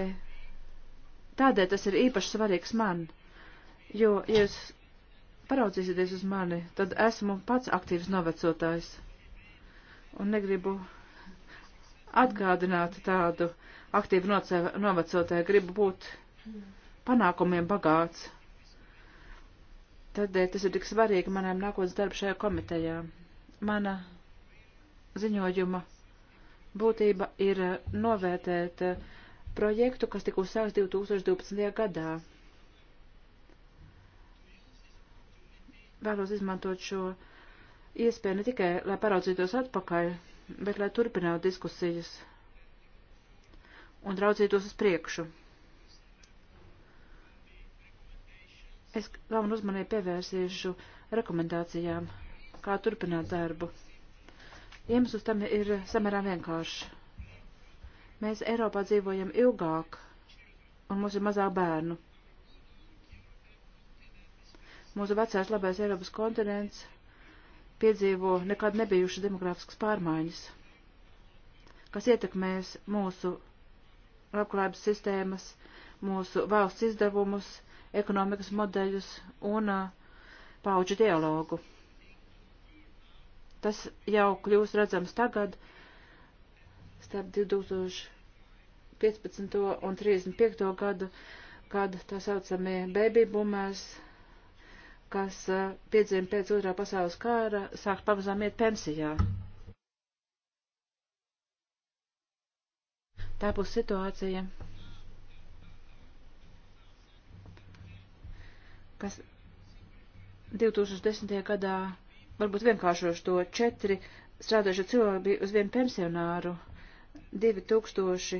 tādēļ tas ir īpaši svarīgs man, jo, ja jūs paraudzīsieties uz mani, tad esmu pats aktīvs novecotājs. Un negribu atgādināt tādu aktīvu novecotāju, gribu būt panākumiem bagāts. Tādēļ eh, tas ir tik svarīgi manam nākotnes darbu šajā komitejā. Mana ziņojuma būtība ir eh, novērtēt eh, projektu, kas tika uzsākts 2012. gadā vēlos izmantot šo iespēju ne tikai, lai paraudzītos atpakaļ, bet lai turpinātu diskusijas un raudzītos uz priekšu. Es galvenu uzmanību pievērsīšu rekomendācijām, kā turpināt darbu. Iemesls tam ir samērā vienkāršs. Mēs Eiropā dzīvojam ilgāk, un mums ir mazāk bērnu. Mūsu vecais labais Eiropas kontinents piedzīvo nekad nebijušas demografiskas pārmaiņas, kas ietekmēs mūsu labklājības sistēmas, mūsu valsts izdevumus, ekonomikas modeļus un uh, pauģu dialogu. Tas jau kļūs redzams tagad, starp 2015. un 35. gadu, kad tā saucamie baby boomers kas piedzima pēc otrā pasaules kāra, sāk pamazām iet pensijā. Tā būs situācija, kas 2010. gadā varbūt vienkāršoši to četri strādājuši cilvēki bija uz vienu pensionāru 2060.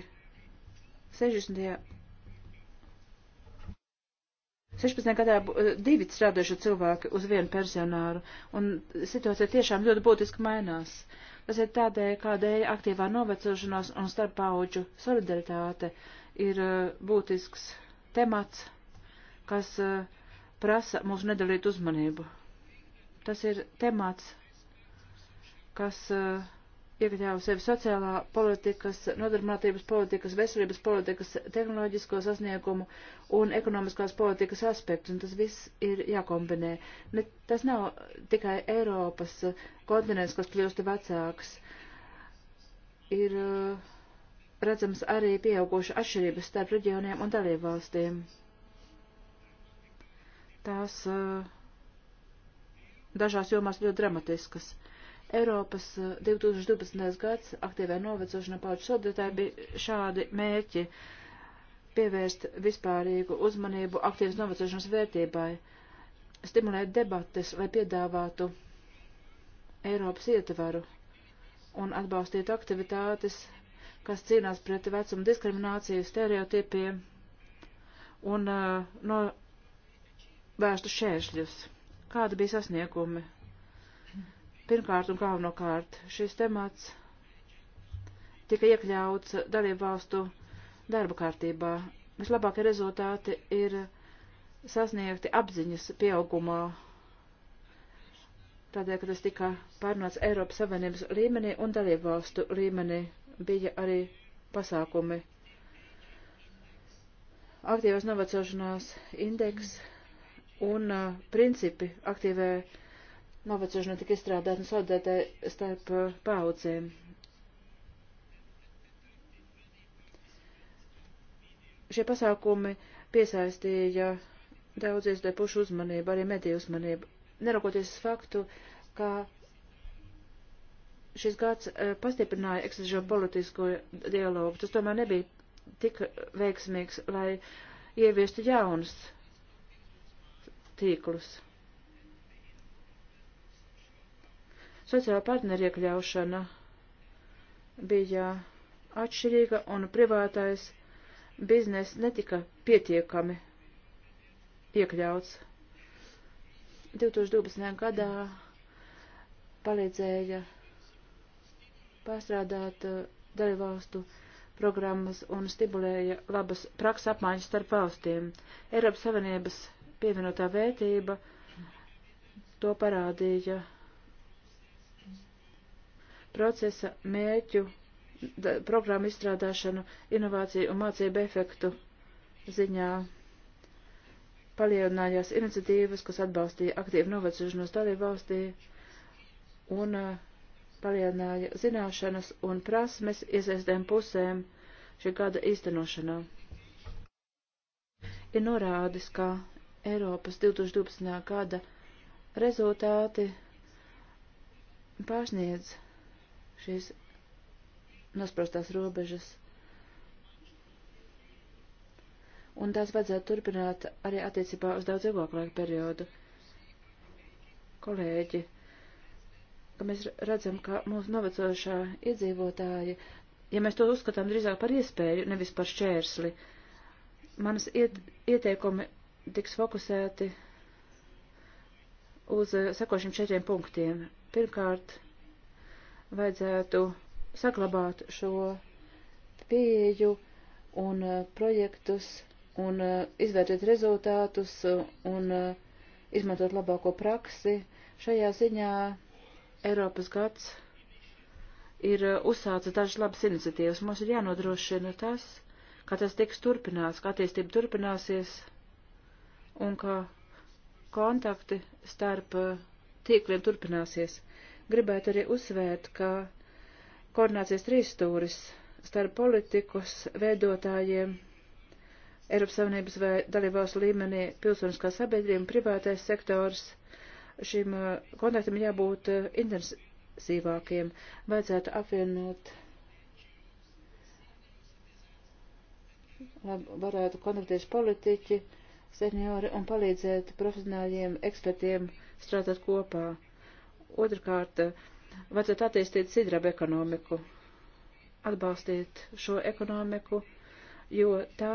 16 gadā eh, divi strādājuši cilvēki uz vienu personāru, un situācija tiešām ļoti būtiski mainās. Tas ir tādēļ, kādēļ aktīvā novecošanās un starppauģu solidaritāte ir eh, būtisks temats, kas eh, prasa mūsu nedalīt uzmanību. Tas ir temats, kas uh, iekļāva sevi sociālā politikas, nodarbinātības politikas, veselības politikas, tehnoloģisko sasniegumu un ekonomiskās politikas aspektus, un tas viss ir jākombinē. Ne, tas nav tikai Eiropas kontinents, kas kļūst vecāks. Ir uh, redzams arī pieauguša atšķirības starp reģioniem un dalībvalstīm. Tās uh, dažās jomās ļoti dramatiskas. Uh, Eiropas 2012. Eh, gads aktīvē novecošana pauģu sodatāji bija šādi mērķi pievērst vispārīgu uzmanību aktīvas novecošanas vērtībai, stimulēt debates, lai piedāvātu Eiropas ietvaru un atbalstītu aktivitātes, kas cīnās pret vecumu diskrimināciju, stereotipiem un uh, novērstu šēršļus. Kāda bija sasniegumi? Pirmkārt un galvenokārt šis temats tika iekļauts dalību valstu darba kārtībā. Vislabākie rezultāti ir sasniegti apziņas pieaugumā, tādēļ, ka tas tika pārnots Eiropas Savienības līmenī un dalību valstu līmenī bija arī pasākumi. Aktīvās novecošanās indeks un uh, principi aktīvē uh, novecošana tika izstrādāta un saldētē starp eh, paudzēm. Šie pasākumi piesaistīja daudz iestāju pušu uzmanību, arī mediju uzmanību. Neraugoties uz faktu, ka šis gads eh, pastiprināja eksižo politisko dialogu, tas tomēr nebija tik veiksmīgs, lai ieviestu jaunus tīklus. Sociāla partneru iekļaušana bija atšķirīga un privātais biznes netika pietiekami iekļauts. 2012. gadā palīdzēja pārstrādāt uh, dalībvalstu programmas un stimulēja labas praksa apmaiņas starp valstīm. Eiropas Savienības pievienotā vērtība to parādīja procesa mērķu, da, programmu izstrādāšanu, inovāciju un mācību efektu ziņā palielinājās iniciatīvas, kas atbalstīja aktīvu novecošanos dalību valstī un uh, palielināja zināšanas un prasmes iesaistēm pusēm šī gada īstenošanā. Ir norādis, ka Eiropas 2012. gada rezultāti pārsniedz šīs nosprostās robežas. Un tās vajadzētu turpināt arī attiecībā uz daudz ilgāku laiku periodu. Kolēģi, ka mēs redzam, ka mūsu novecojušā iedzīvotāji, ja mēs to uzskatām drīzāk par iespēju, nevis par šķērsli, manas iet, ieteikumi tiks fokusēti uz sekošiem četriem punktiem. Pirmkārt, vajadzētu saglabāt šo pieju un uh, projektus un uh, izvērtēt rezultātus uh, un izmantot labāko praksi. Šajā ziņā Eiropas gads ir uzsācis dažas labas iniciatīvas. Mums ir jānodrošina tas, ka tas tiks turpināts, ka attīstība turpināsies un ka kontakti starp tīkliem turpināsies. Gribētu arī uzsvērt, ka koordinācijas trīsstūris starp politikus veidotājiem Eiropas Savienības vai dalībvalstu līmenī pilsoniskā sabiedrība un privātais sektors šim uh, kontaktam jābūt uh, intensīvākiem. Vajadzētu apvienot, lai varētu kontaktēties politiķi, seniori un palīdzēt profesionāļiem, ekspertiem strādāt kopā. Otrakārt, vajadzētu attīstīt sidrabu ekonomiku, atbalstīt šo ekonomiku, jo tā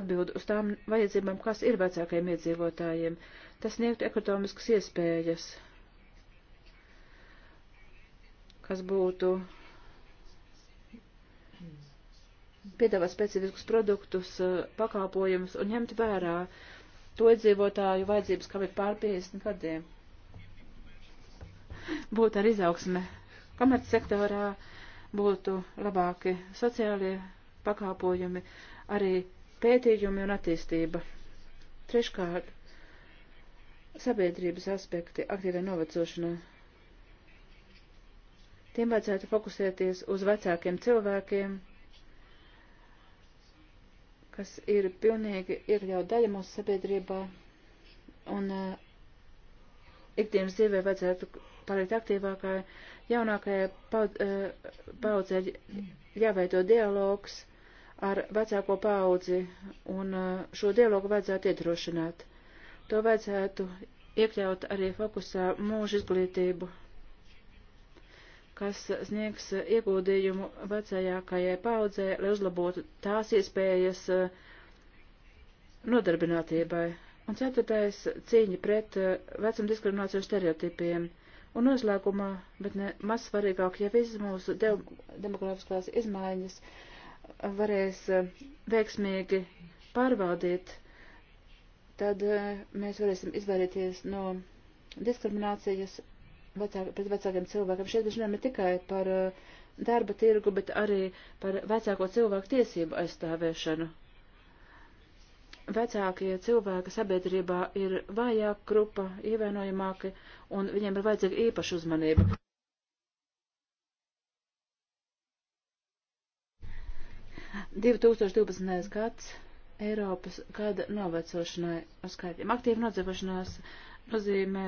atbild uz tām vajadzībām, kas ir vecākajiem iedzīvotājiem. Tas sniegtu ekonomiskas iespējas, kas būtu piedāvā specifiskus produktus, pakāpojumus un ņemt vērā to iedzīvotāju vajadzības, kam ir pār 50 gadiem būtu ar izaugsme komercsektorā, būtu labāki sociālie pakāpojumi, arī pētījumi un attīstība. Treškārt, sabiedrības aspekti aktīvai novecošanai. Tiem vajadzētu fokusēties uz vecākiem cilvēkiem, kas ir pilnīgi iekļaut daļa mūsu sabiedrībā, un uh, ikdienas dzīvē vajadzētu palikt aktīvākai jaunākajai paudzē eh, jāveido dialogs ar vecāko paudzi, un eh, šo dialogu vajadzētu iedrošināt. To vajadzētu iekļaut arī fokusā mūža izglītību, kas sniegs ieguldījumu vecajākajai paudzē, lai uzlabotu tās iespējas eh, nodarbinātībai. Un ceturtais - cīņa pret vecuma diskrimināciju stereotipiem. Un noslēgumā, bet ne maz svarīgāk, ja visas mūsu de demografiskās izmaiņas varēs eh, veiksmīgi pārvaldīt, tad eh, mēs varēsim izvairīties no diskriminācijas vecāk, pret vecākiem cilvēkiem. Šeit mēs runājam ne tikai par eh, darba tirgu, bet arī par vecāko cilvēku tiesību aizstāvēšanu vecākie cilvēki sabiedrībā ir vājāk grupa, ievainojamāki, un viņiem ir vajadzīga īpaša uzmanība. gads Eiropas gada novecošanai uz skaitiem. Aktīva nodzīvošanās nozīmē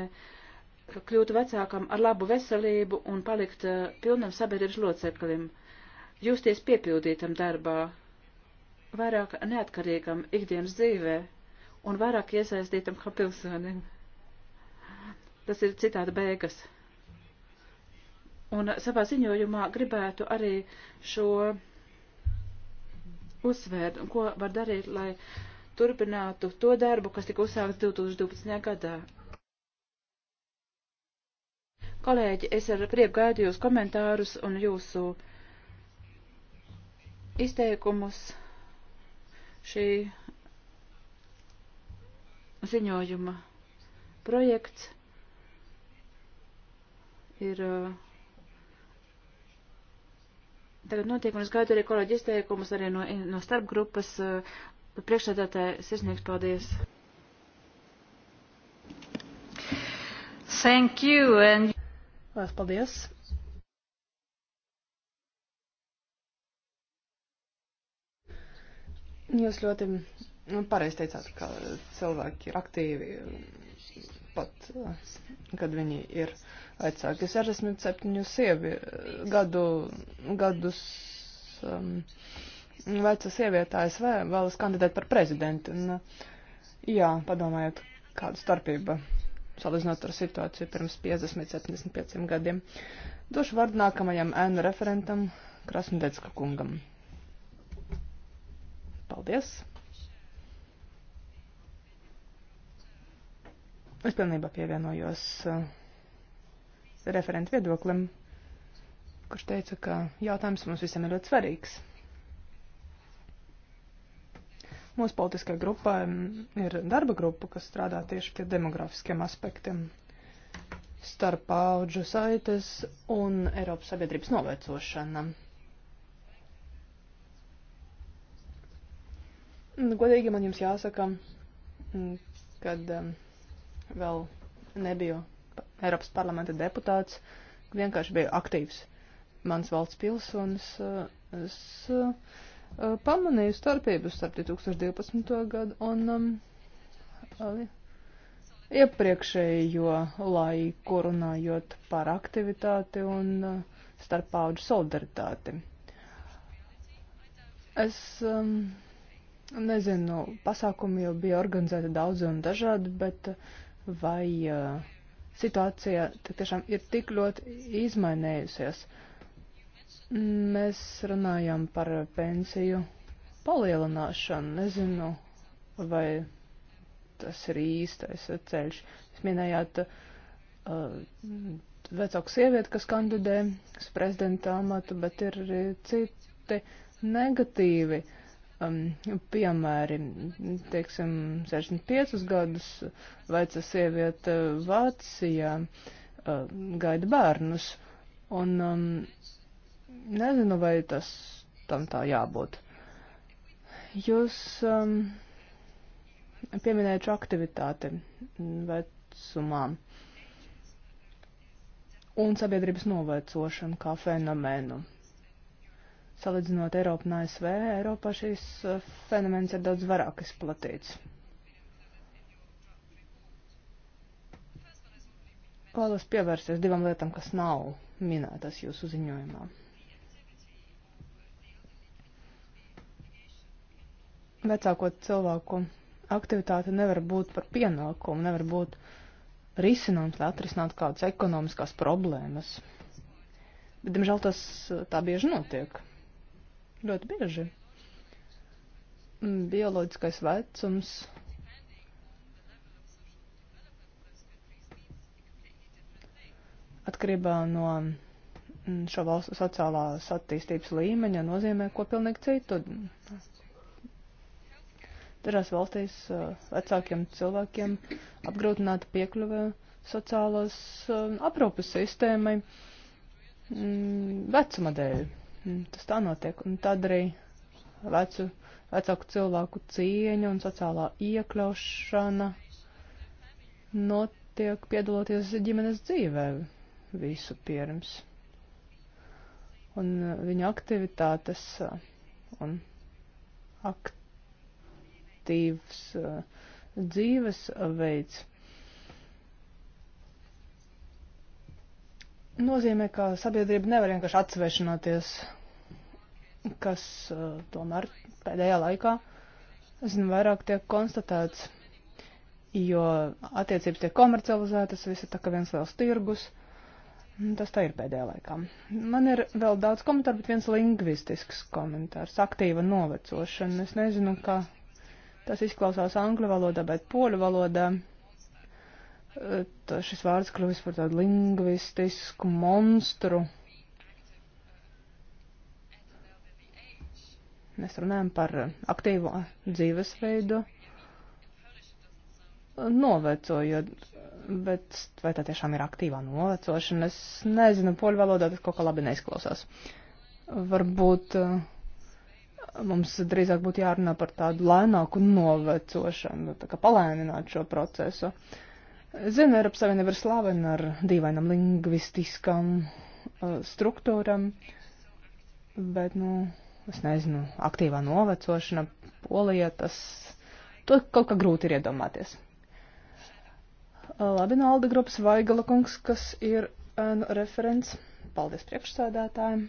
kļūt vecākam ar labu veselību un palikt eh, pilnam sabiedrības loceklim, justies piepildītam darbā, vairāk neatkarīgam ikdienas dzīvē un vairāk iesaistītam kā pilsonim. Tas ir citādi beigas. Un savā ziņojumā gribētu arī šo uzsvērt, un ko var darīt, lai turpinātu to darbu, kas tika uzsākts 2012. gadā. Kolēģi, es ar prieku gaidu jūs komentārus un jūsu izteikumus šī ziņojuma projekts ir eh, tagad notiek, un es gaidu arī kolēģi izteikumus arī no, no starpgrupas. Eh, priekšsēdētāji, sirsnīgs paldies! Thank you and... Lās paldies! Jūs ļoti pareizi teicāt, ka cilvēki ir aktīvi pat, eh, kad viņi ir vecāki. 67 sievi, eh, gadu, gadus um, veca sievietā ASV vēlas kandidēt par prezidentu. Un, eh, jā, padomājiet, kāda starpība salīdzinot ar situāciju pirms 50-75 gadiem. Došu vārdu nākamajam ēnu referentam Krasnodecka kungam. Paldies! Es pilnībā pievienojos uh, referentu viedoklim, kurš teica, ka jautājums mums visiem ir ļoti svarīgs. Mūsu politiskajā grupā um, ir darba grupa, kas strādā tieši pie demografiskiem aspektiem starp paudžu saites un Eiropas sabiedrības novecošana. Godīgi man jums jāsaka, mm, kad um, vēl nebiju Eiropas parlamenta deputāts, vienkārši biju aktīvs mans valsts pilsonis. Mm, es uh, pamanīju starpību starp 2012. gadu un um, iepriekšējo laiku runājot par aktivitāti un uh, starp paudžu solidaritāti. Es um, Nezinu, pasākumi jau bija organizēti daudz un dažādi, bet uh, vai uh, situācija tiešām ir tik ļoti izmainējusies? Mēs runājam par pensiju palielināšanu. Nezinu, vai tas ir īstais ceļš. Jūs minējāt uh, vecāku sievieti, kas kandidē uz prezidenta amatu, bet ir arī citi negatīvi uh, um, piemēri, teiksim, 65 gadus veca sieviete Vācijā uh, gaida bērnus, un um, nezinu, vai tas tam tā jābūt. Jūs um, pieminējat šo aktivitāti vecumā un sabiedrības novecošanu kā fenomenu. Salīdzinot Eiropu un ASV, Eiropā šīs eh, fenomens ir daudz vairāk izplatīts. Vēlos pievērsties divām lietām, kas nav minētas jūsu ziņojumā. Vecāko cilvēku aktivitāte nevar būt par pienākumu, nevar būt risinājums, lai atrisinātu kādas ekonomiskās problēmas. Bet, diemžēl, tas eh, tā bieži notiek. Ļoti bieži. Mm, bioloģiskais vecums. Atkarībā no mm, šo valstu sociālās attīstības līmeņa nozīmē ko pilnīgi citu. Dažās valstīs vecākiem cilvēkiem apgrūtināta piekļuve sociālās aprūpas sistēmai mm, vecuma dēļ. Mm, tas tā notiek. Un tad arī vecu, vecāku cilvēku cieņa un sociālā iekļaušana notiek piedaloties ģimenes dzīvē visu pirms. Un uh, viņa aktivitātes uh, un aktīvs uh, dzīvesveids nozīmē, ka sabiedrība nevar vienkārši atsvešināties, kas uh, tomēr pēdējā laikā, zinu, vairāk tiek konstatēts, jo attiecības tiek komercializētas, viss ir tā kā viens liels tirgus. Nu, tas tā ir pēdējā laikā. Man ir vēl daudz komentāru, bet viens lingvistisks komentārs - aktīva novecošana. Es nezinu, kā tas izklausās angļu valodā, bet poļu valodā tā šis vārds kļuvis par tādu lingvistisku monstru. Mēs runājam par aktīvo dzīvesveidu, novecojot, bet vai tā tiešām ir aktīvā novecošana? Es nezinu, poļu valodā tas kaut kā labi neizklausās. Varbūt eh, mums drīzāk būtu jārunā par tādu lēnāku novecošanu, tā kā palēnināt šo procesu. Uh, Zina, Eiropas Savienība ir slavena ar dīvainam lingvistiskam uh, struktūram, bet, nu, es nezinu, aktīvā novecošana, polija, tas, to kaut kā grūti ir iedomāties. Uh, labi, Nalda nu, grupas Vaigala kungs, kas ir uh, referents. Paldies priekšsēdētājiem.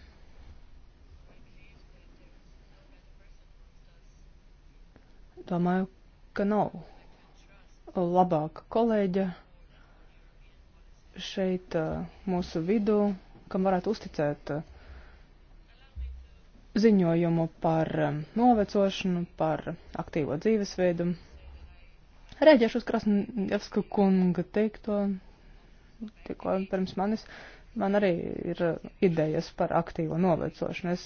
Domāju, ka nav labāka kolēģa šeit mūsu vidū, kam varētu uzticēt ziņojumu par novecošanu, par aktīvo dzīvesveidu. Rēģēšu uz Krasnievska kunga teikto, tikko pirms manis, man arī ir idejas par aktīvo novecošanu. Es,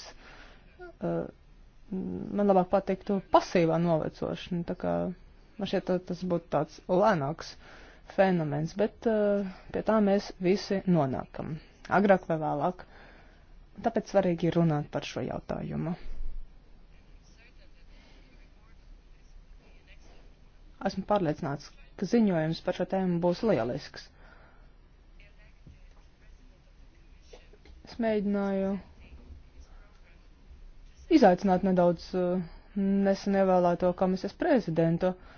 man labāk patiktu pasīvā novecošana, tā kā Man šķiet, tas būtu tāds lēnāks fenomens, bet uh, pie tā mēs visi nonākam, agrāk vai vēlāk. Tāpēc svarīgi ir runāt par šo jautājumu. Esmu pārliecināts, ka ziņojums par šo tēmu būs lielisks. Es mēģināju izaicināt nedaudz eh, nesen ievēlēto komisijas prezidentu. Uh,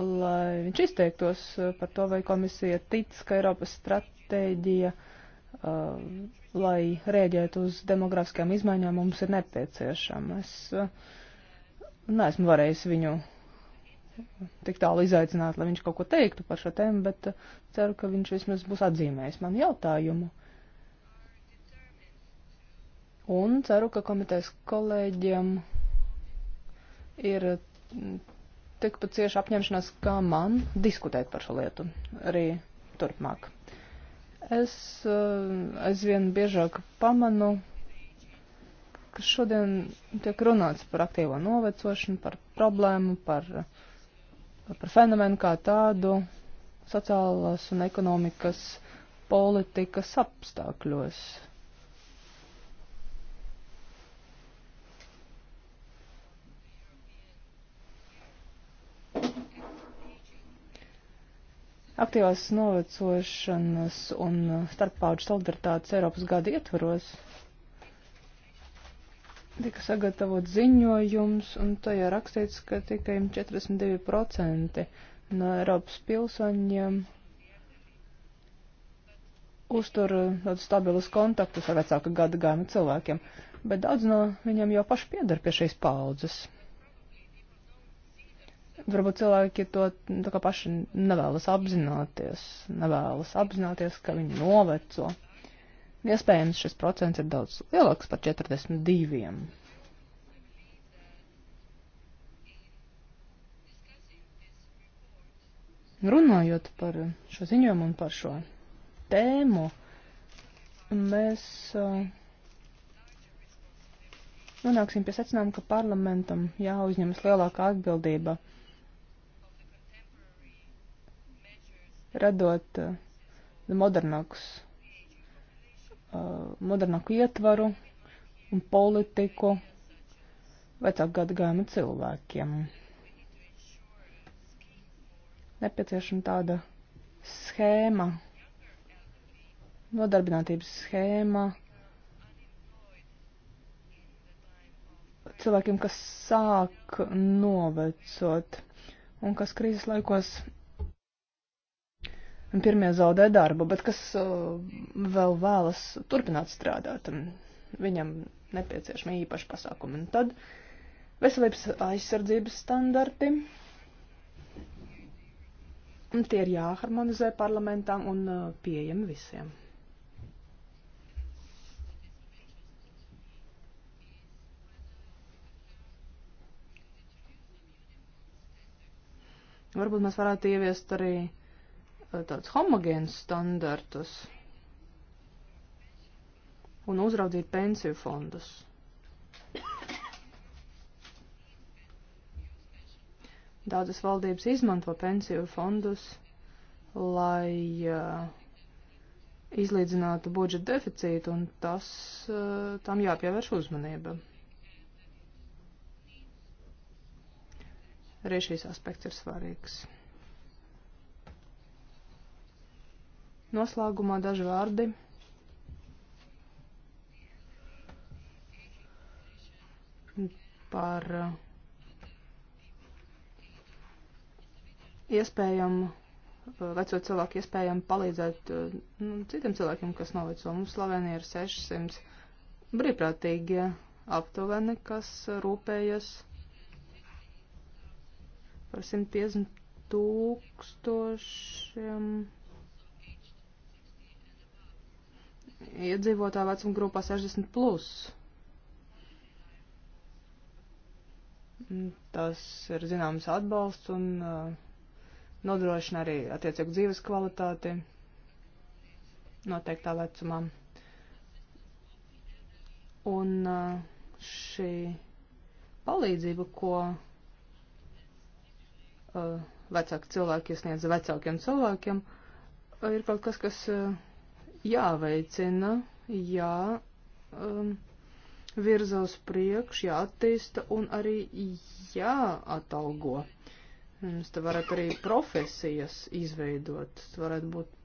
lai viņš izteiktos uh, par to, vai komisija tic, ka Eiropas stratēģija, uh, lai rēģētu uz demografiskajām izmaiņām, mums ir nepieciešama. Es uh, neesmu varējis viņu tik tālu izaicināt, lai viņš kaut ko teiktu par šo tēmu, bet uh, ceru, ka viņš vismaz būs atzīmējis man jautājumu. Un ceru, ka komitejas kolēģiem ir tikpat cieša apņemšanās kā man diskutēt par šo lietu arī turpmāk. Es eh, aizvien biežāk pamanu, ka šodien tiek runāts par aktīvo novecošanu, par problēmu, par, par fenomenu kā tādu sociālās un ekonomikas politikas apstākļos. aktīvās novecošanas un starppauģu solidaritātes Eiropas gada ietvaros tika sagatavot ziņojums, un tajā rakstīts, ka tikai 42% no Eiropas pilsoņiem uztur tādus stabilus kontaktus ar vecāka gada gājuma cilvēkiem, bet daudz no viņiem jau paši piedar pie šīs paudzes. Varbūt cilvēki to tā kā paši nevēlas apzināties, nevēlas apzināties, ka viņi noveco. Iespējams, šis procents ir daudz lielāks par 42. Runājot par šo ziņojumu un par šo tēmu, mēs uh, nonāksim pie secinājuma, ka parlamentam jāuzņemas lielāka atbildība radot eh, modernākus, eh, modernāku ietvaru un politiku vecāku gadagājumu cilvēkiem. Nepieciešama tāda schēma, nodarbinātības schēma cilvēkiem, kas sāk novecot un kas krīzes laikos Pirmie zaudē darbu, bet kas uh, vēl vēlas turpināt strādāt, viņam nepieciešami īpaši pasākumi. Un tad veselības aizsardzības standarti. Un tie ir jāharmonizē parlamentām un uh, pieejami visiem. Varbūt mēs varētu ieviest arī Eh, tāds homogēns standartus un uzraudzīt pensiju fondus. Daudzas valdības izmanto pensiju fondus, lai uh, izlīdzinātu budžeta deficītu, un tas, uh, tam jāpievērš uzmanība. Arī šīs aspekts ir svarīgs. Noslēgumā daži vārdi. par uh, iespējamu, uh, veco cilvēku iespējamu palīdzēt uh, nu, citiem cilvēkiem, kas noveco. Mums Slovenija ir 600 brīvprātīgie aptuveni, kas rūpējas par 150 tūkstošiem. iedzīvotā vecuma grupā 60 plus. Tas ir zināms atbalsts un uh, nodrošina arī attiecīgu dzīves kvalitāti noteiktā vecumā. Un uh, šī palīdzība, ko uh, vecāki cilvēki sniedz vecākiem cilvēkiem, ir kaut kas, kas jāveicina, jā. Um, virza uz priekšu, jāattīsta un arī jāatalgo. Mums te varētu arī profesijas izveidot, tas varētu būt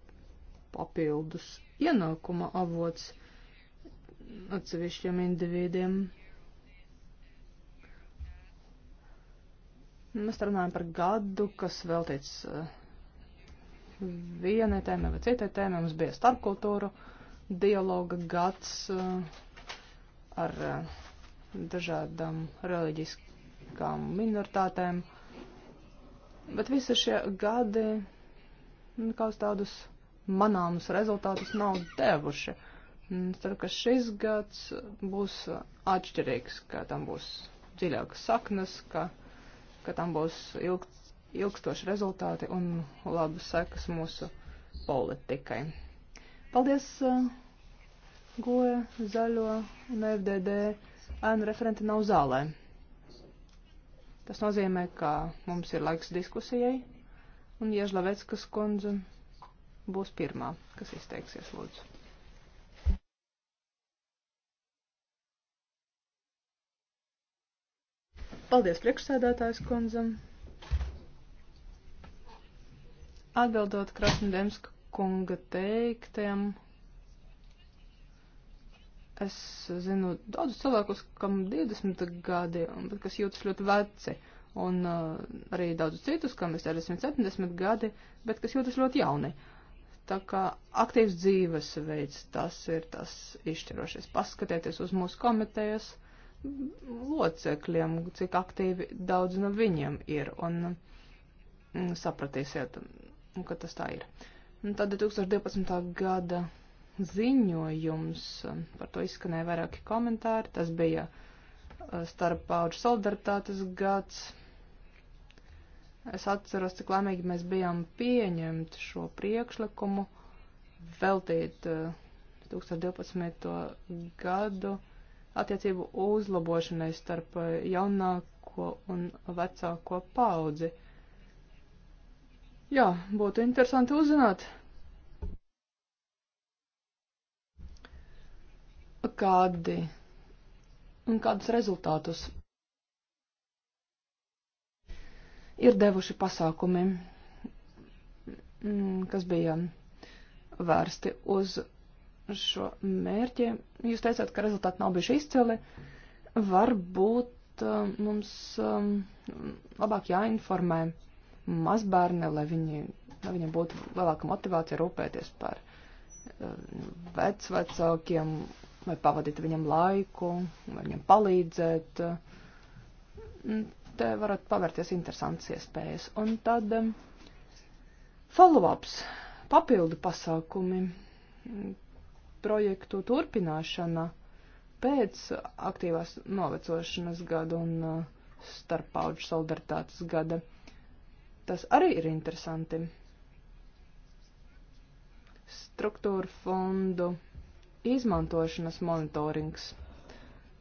papildus ienākuma avots atsevišķiem individiem. Mēs runājam par gadu, kas veltīts uh, vienai tēmai vai citai tēmai. Mums bija starpkultūru dialoga gads uh, ar uh, dažādām reliģiskām minoritātēm. Bet visi šie gadi nu, kaut tādus manāmus rezultātus nav devuši. Es ceru, ka šis gads būs atšķirīgs, ka tam būs dziļākas saknes, ka, ka tam būs ilgts ilgstoši rezultāti un labas sekas mūsu politikai. Paldies, uh, eh, Goja, Zaļo un FDD. Ēnu referenti nav zālē. Tas nozīmē, ka mums ir laiks diskusijai, un Ježlaveckas kundze būs pirmā, kas izteiksies, lūdzu. Paldies priekšsēdētājs kundzam. Atbildot Krasnodemska kunga teiktajam, es zinu daudzus cilvēkus, kam 20 gadi, bet kas jūtas ļoti veci, un uh, arī daudzus citus, kam ir 70 gadi, bet kas jūtas ļoti jauni. Tā kā aktīvs dzīvesveids, tas ir tas izšķirošais. Paskatieties uz mūsu komitejas locekļiem, cik aktīvi daudz no viņiem ir, un mm, sapratīsiet, un ka tas tā ir. Un tad 2012. gada ziņojums, um, par to izskanēja vairāki komentāri, tas bija uh, starp pauģu solidaritātes gads. Es atceros, cik laimīgi mēs bijām pieņemt šo priekšlikumu veltīt 2012. Uh, gadu attiecību uzlabošanai starp uh, jaunāko un vecāko paudzi. Jā, būtu interesanti uzzināt. Kādi un kādus rezultātus ir devuši pasākumi, mm, kas bija vērsti uz šo mērķi. Jūs teicāt, ka rezultāti nav bijuši izcili. Varbūt mm, mums mm, labāk jāinformē mazbērni, lai, viņi, lai viņiem būtu lielāka motivācija rūpēties par eh, vecvecākiem, vai pavadīt viņam laiku, vai viņam palīdzēt. Mm, te varat pavērties interesants iespējas. Un tad eh, follow-ups, papildu pasākumi, mm, projektu turpināšana pēc aktīvās novecošanas gada un eh, starppauģu solidaritātes gada. Uh, Tas arī ir interesanti. Struktūra fondu izmantošanas monitorings.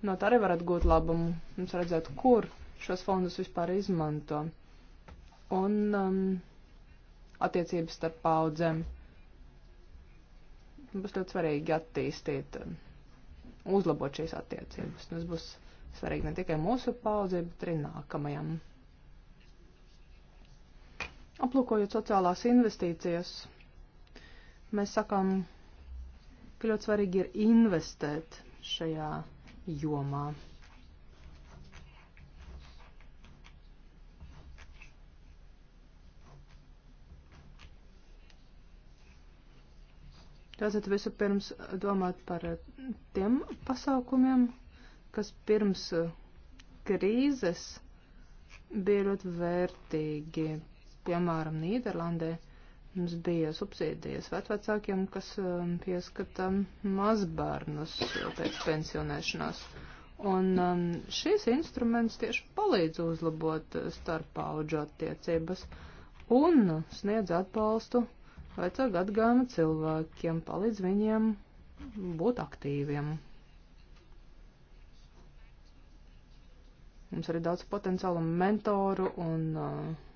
No tā arī varat gūt labumu. Mums redzētu, kur šos fondus vispār izmanto. Un um, attiecības starp paudzēm. Būs ļoti svarīgi attīstīt, um, uzlabot šīs attiecības. Tas būs svarīgi ne tikai mūsu paudzē, bet arī nākamajam. Aplūkojot sociālās investīcijas, mēs sakām, ka ļoti svarīgi ir investēt šajā jomā. Tātad visu pirms domāt par tiem pasākumiem, kas pirms krīzes bija ļoti vērtīgi, piemēram, Nīderlandē mums bija subsīdijas vecvecākiem, kas um, pieskata mazbērnus pēc uh, pensionēšanās. Un um, šis instruments tieši palīdz uzlabot uh, starppaudžu attiecības un sniedz atbalstu vecāku atgājumu cilvēkiem, palīdz viņiem būt aktīviem. Mums arī daudz potenciālu mentoru un uh,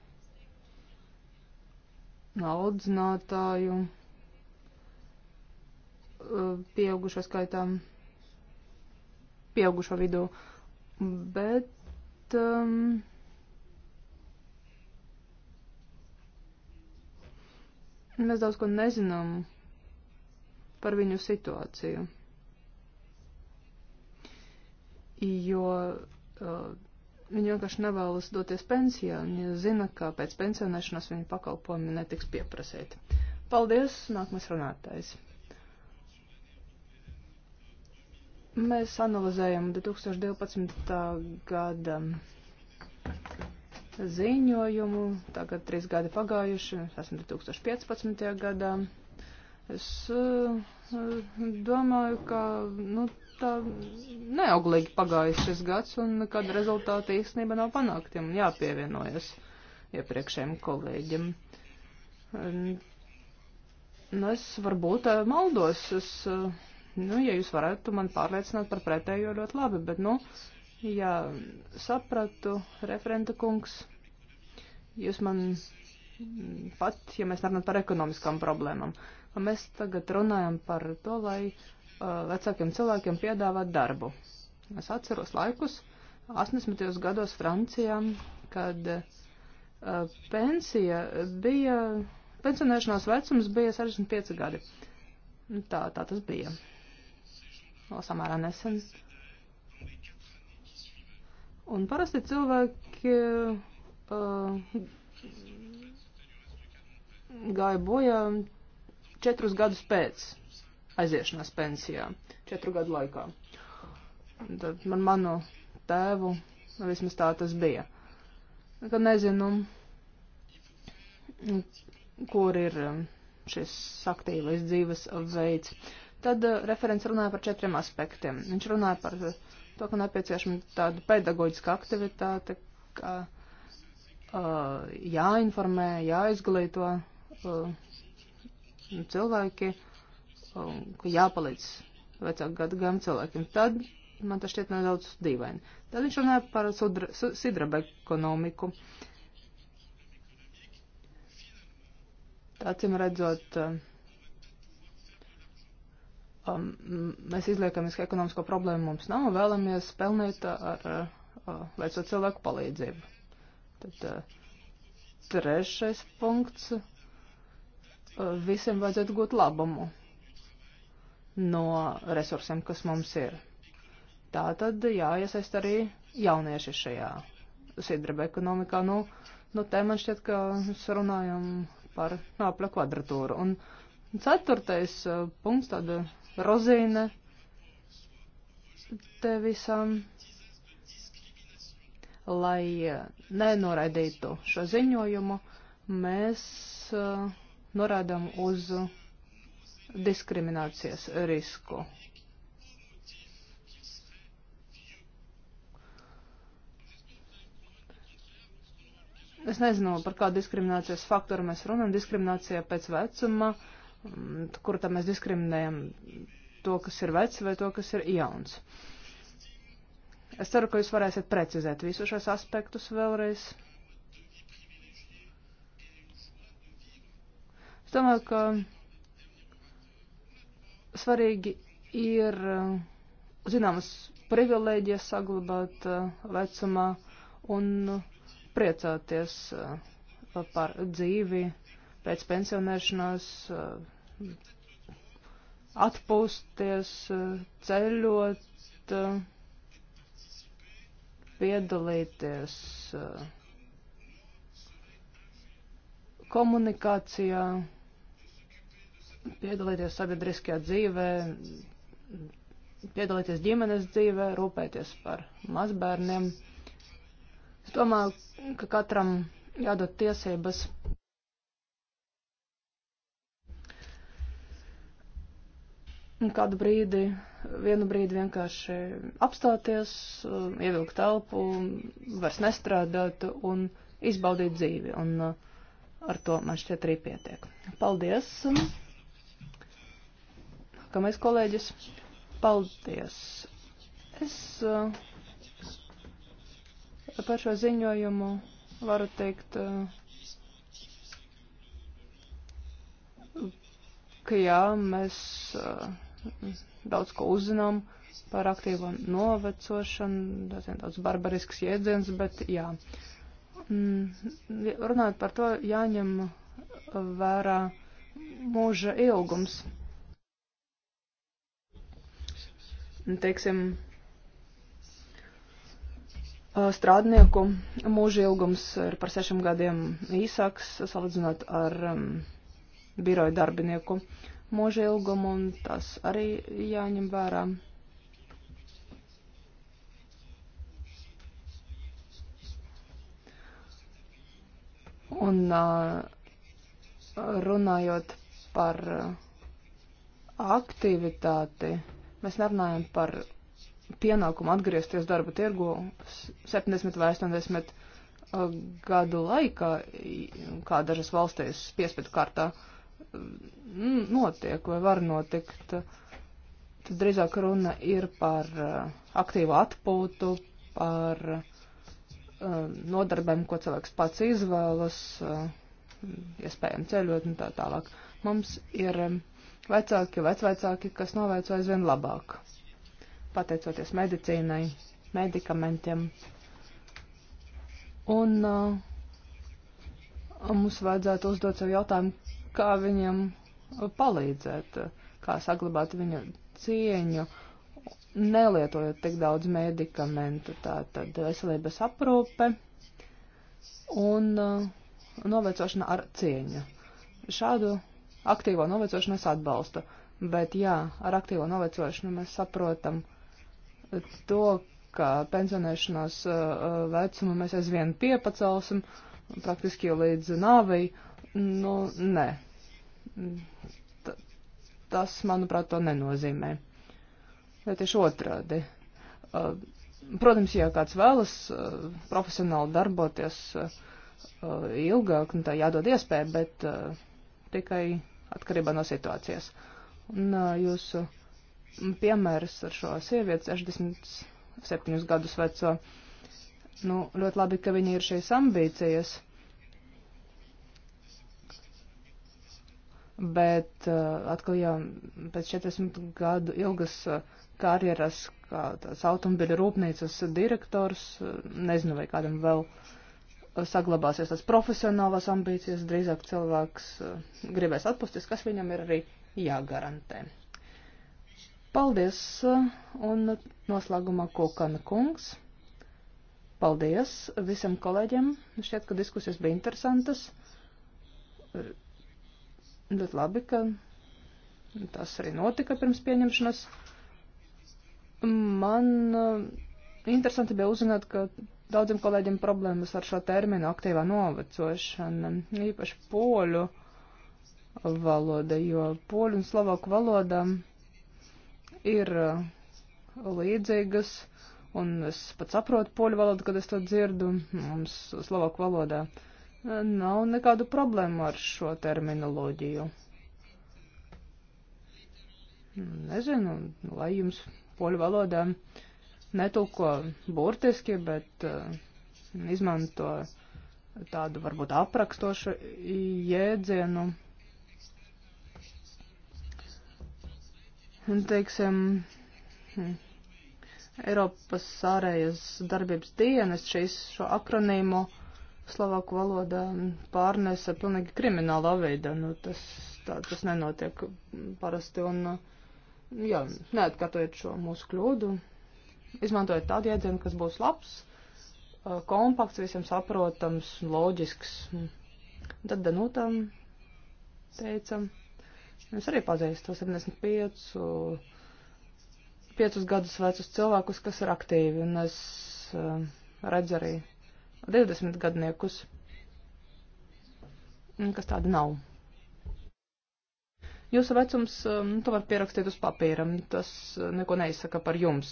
audzinātāju eh, pieaugušo skaitā, pieaugušo vidū, bet um, mēs daudz ko nezinām par viņu situāciju, jo uh, Viņi vienkārši nevēlas doties pensijā. Viņi zina, ka pēc pensionēšanās viņu pakalpojumi netiks pieprasīti. Paldies, nākamais runātājs. Mēs analizējam 2012. gada ziņojumu. Tagad trīs gadi pagājuši, esam 2015. gadā. Es eh, domāju, ka nu, tā neauglīgi pagājis šis gads un kad rezultāti īstenībā nav panākti un jāpievienojas iepriekšējiem kolēģiem. Nu, es varbūt eh, maldos, es, eh, nu, ja jūs varētu man pārliecināt par pretējo ļoti labi, bet, nu, ja sapratu, referenta kungs, jūs man pat, ja mēs runājam par ekonomiskām problēmām, mēs tagad runājam par to, lai. Uh, vecākiem cilvēkiem piedāvāt darbu. Es atceros laikus 80. gados Francijā, kad pensija bija, pensionēšanās vecums bija 65 gadi. Tā, tā tas bija. Vēl samērā nesen. Un parasti cilvēki uh, gāja bojā četrus gadus pēc aiziešanas pensijā četru gadu laikā. Tad man manu tēvu, nu, vismaz tā tas bija. Kad nu, nezinu, kur ir um, šis aktīvais dzīves veids. Tad uh, referents runāja par četriem aspektiem. Viņš runāja par uh, to, ka nepieciešama tāda pedagoģiska aktivitāte, ka uh, jāinformē, jāizglīto uh, cilvēki ka jāpalīdz vecāku gadu gadu cilvēkiem, tad man tas šķiet nedaudz dīvaini. Tad viņš runāja par sudra, sidraba ekonomiku. Acim redzot, eh, um, mēs izliekamies, ka ekonomisko problēmu mums nav un vēlamies pelnīt ar uh, eh, eh, veco cilvēku palīdzību. Tad uh, trešais punkts. Uh, visiem vajadzētu gūt labumu no resursiem, kas mums ir. Tā tad jāiesaist arī jaunieši šajā sidraba ekonomikā. Nu, nu, te man šķiet, ka mēs runājam par nāpļa kvadratūru. Un ceturtais eh, punkts, tāda rozīne te visam, lai eh, nenoraidītu šo ziņojumu, mēs eh, norādām uz diskriminācijas risku. Es nezinu, par kādu diskriminācijas faktoru mēs runājam. Diskriminācija pēc vecuma, mm, kur tam mēs diskriminējam to, kas ir vecs vai to, kas ir jauns. Es ceru, ka jūs varēsiet precizēt visus šos aspektus vēlreiz. Es domāju, ka Svarīgi ir eh, zināmas privilēģijas saglabāt eh, vecumā un priecāties eh, par dzīvi pēc pensionēšanās, atpūsties, ceļot, piedalīties komunikācijā piedalīties sabiedriskajā dzīvē, piedalīties ģimenes dzīvē, rūpēties par mazbērniem. Es domāju, ka katram jādod tiesības. Un kādu brīdi, vienu brīdi vienkārši apstāties, ievilkt telpu, vairs nestrādāt un izbaudīt dzīvi. Un uh, ar to man šķiet arī pietiek. Paldies! Nākamais kolēģis. Paldies. Es uh, par šo ziņojumu varu teikt, uh, ka jā, mēs uh, daudz ko uzzinām par aktīvo novecošanu, tas ir tāds barbarisks jēdziens, bet jā. Mm, runāt par to jāņem vērā mūža ilgums. teiksim, strādnieku mūža ilgums ir par sešiem gadiem īsāks, salīdzinot ar um, biroju darbinieku mūža ilgumu, un tas arī jāņem vērā. Un uh, runājot par aktivitāti. Mēs nerunājam par pienākumu atgriezties darba tirgu 70 vai 80 uh, gadu laikā, kā dažas valstīs piespiedu kārtā mm, notiek vai var notikt. Tad drīzāk runa ir par uh, aktīvu atpūtu, par uh, nodarbēm, ko cilvēks pats izvēlas, iespējami ceļot un tā tālāk. Mums ir um, vecāki, vecvecāki, kas novērco aizvien labāk, pateicoties medicīnai, medikamentiem. Un uh, mums vajadzētu uzdot sev jautājumu, kā viņiem palīdzēt, kā saglabāt viņu cieņu, nelietojot tik daudz medikamentu, tātad veselības aprūpe un uh, novecošana ar cieņu. Šādu aktīvo novecošanu es atbalstu. Bet jā, ar aktīvo novecošanu mēs saprotam eh, to, ka pensionēšanās eh, eh, vecumu mēs aizvien piepacelsim, praktiski jau līdz nāvei. Nu, nē. T tas, manuprāt, to nenozīmē. Ja tieši otrādi. Protams, ja kāds vēlas profesionāli darboties ilgāk, nu, tā jādod iespēja, bet tikai atkarībā no situācijas. Un jūsu piemērs ar šo sievieti 67 gadus veco, nu, ļoti labi, ka viņa ir šīs ambīcijas, bet atkal jau pēc 40 gadu ilgas karjeras kā tāds automobiļu rūpnīcas direktors, nezinu, vai kādam vēl. Uh, saglabāsies tas profesionālās ambīcijas, drīzāk cilvēks eh, gribēs atpūsties, kas viņam ir arī jāgarantē. Paldies, eh, un noslēgumā Kokana kungs. Paldies visiem kolēģiem. Šķiet, ka diskusijas bija interesantas. Bet labi, ka tas arī notika pirms pieņemšanas. Man eh, interesanti bija uzzināt, ka Daudziem kolēģiem problēmas ar šo terminu aktīvā novecošana, īpaši poļu valoda, jo poļu un slovaku valoda ir uh, līdzīgas, un es pats saprotu poļu valodu, kad es to dzirdu, mums slovaku valodā nav nekādu problēmu ar šo terminoloģiju. Nezinu, lai jums poļu valodā. Uh, netulko burtiski, bet eh, izmanto tādu varbūt aprakstošu jēdzienu. Teiksim, hm, Eiropas ārējas darbības dienas šīs šo akronīmu slovāku valodā pārnesa pilnīgi kriminālā veidā. Nu, tas, tā, tas nenotiek parasti un, nu, jā, neatkārtojiet šo mūsu kļūdu. Izmantojot tādu iedzienu, kas būs labs, kompakts, visiem saprotams, loģisks. Un tad Danutam teicam, es arī pazīstu 75, 5 gadus vecus cilvēkus, kas ir aktīvi, un es redzu arī 20 gadniekus, kas tādi nav. Jūsu vecums, nu, to var pierakstīt uz papīra, tas uh, neko neizsaka par jums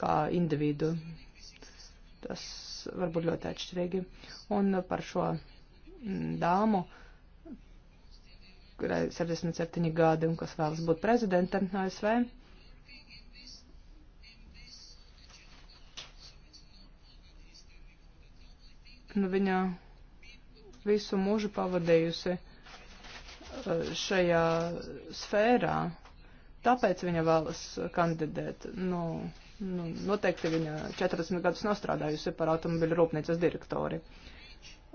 kā individu. Tas var būt ļoti atšķirīgi. Un par šo mm, dāmu, kurai 77 gadi un kas vēlas būt prezidenta ASV. Nu, viņa visu mūžu pavadījusi šajā sfērā, tāpēc viņa vēlas kandidēt. Nu, nu, noteikti viņa 40 gadus nostrādājusi par automobiļu rūpnīcas direktori.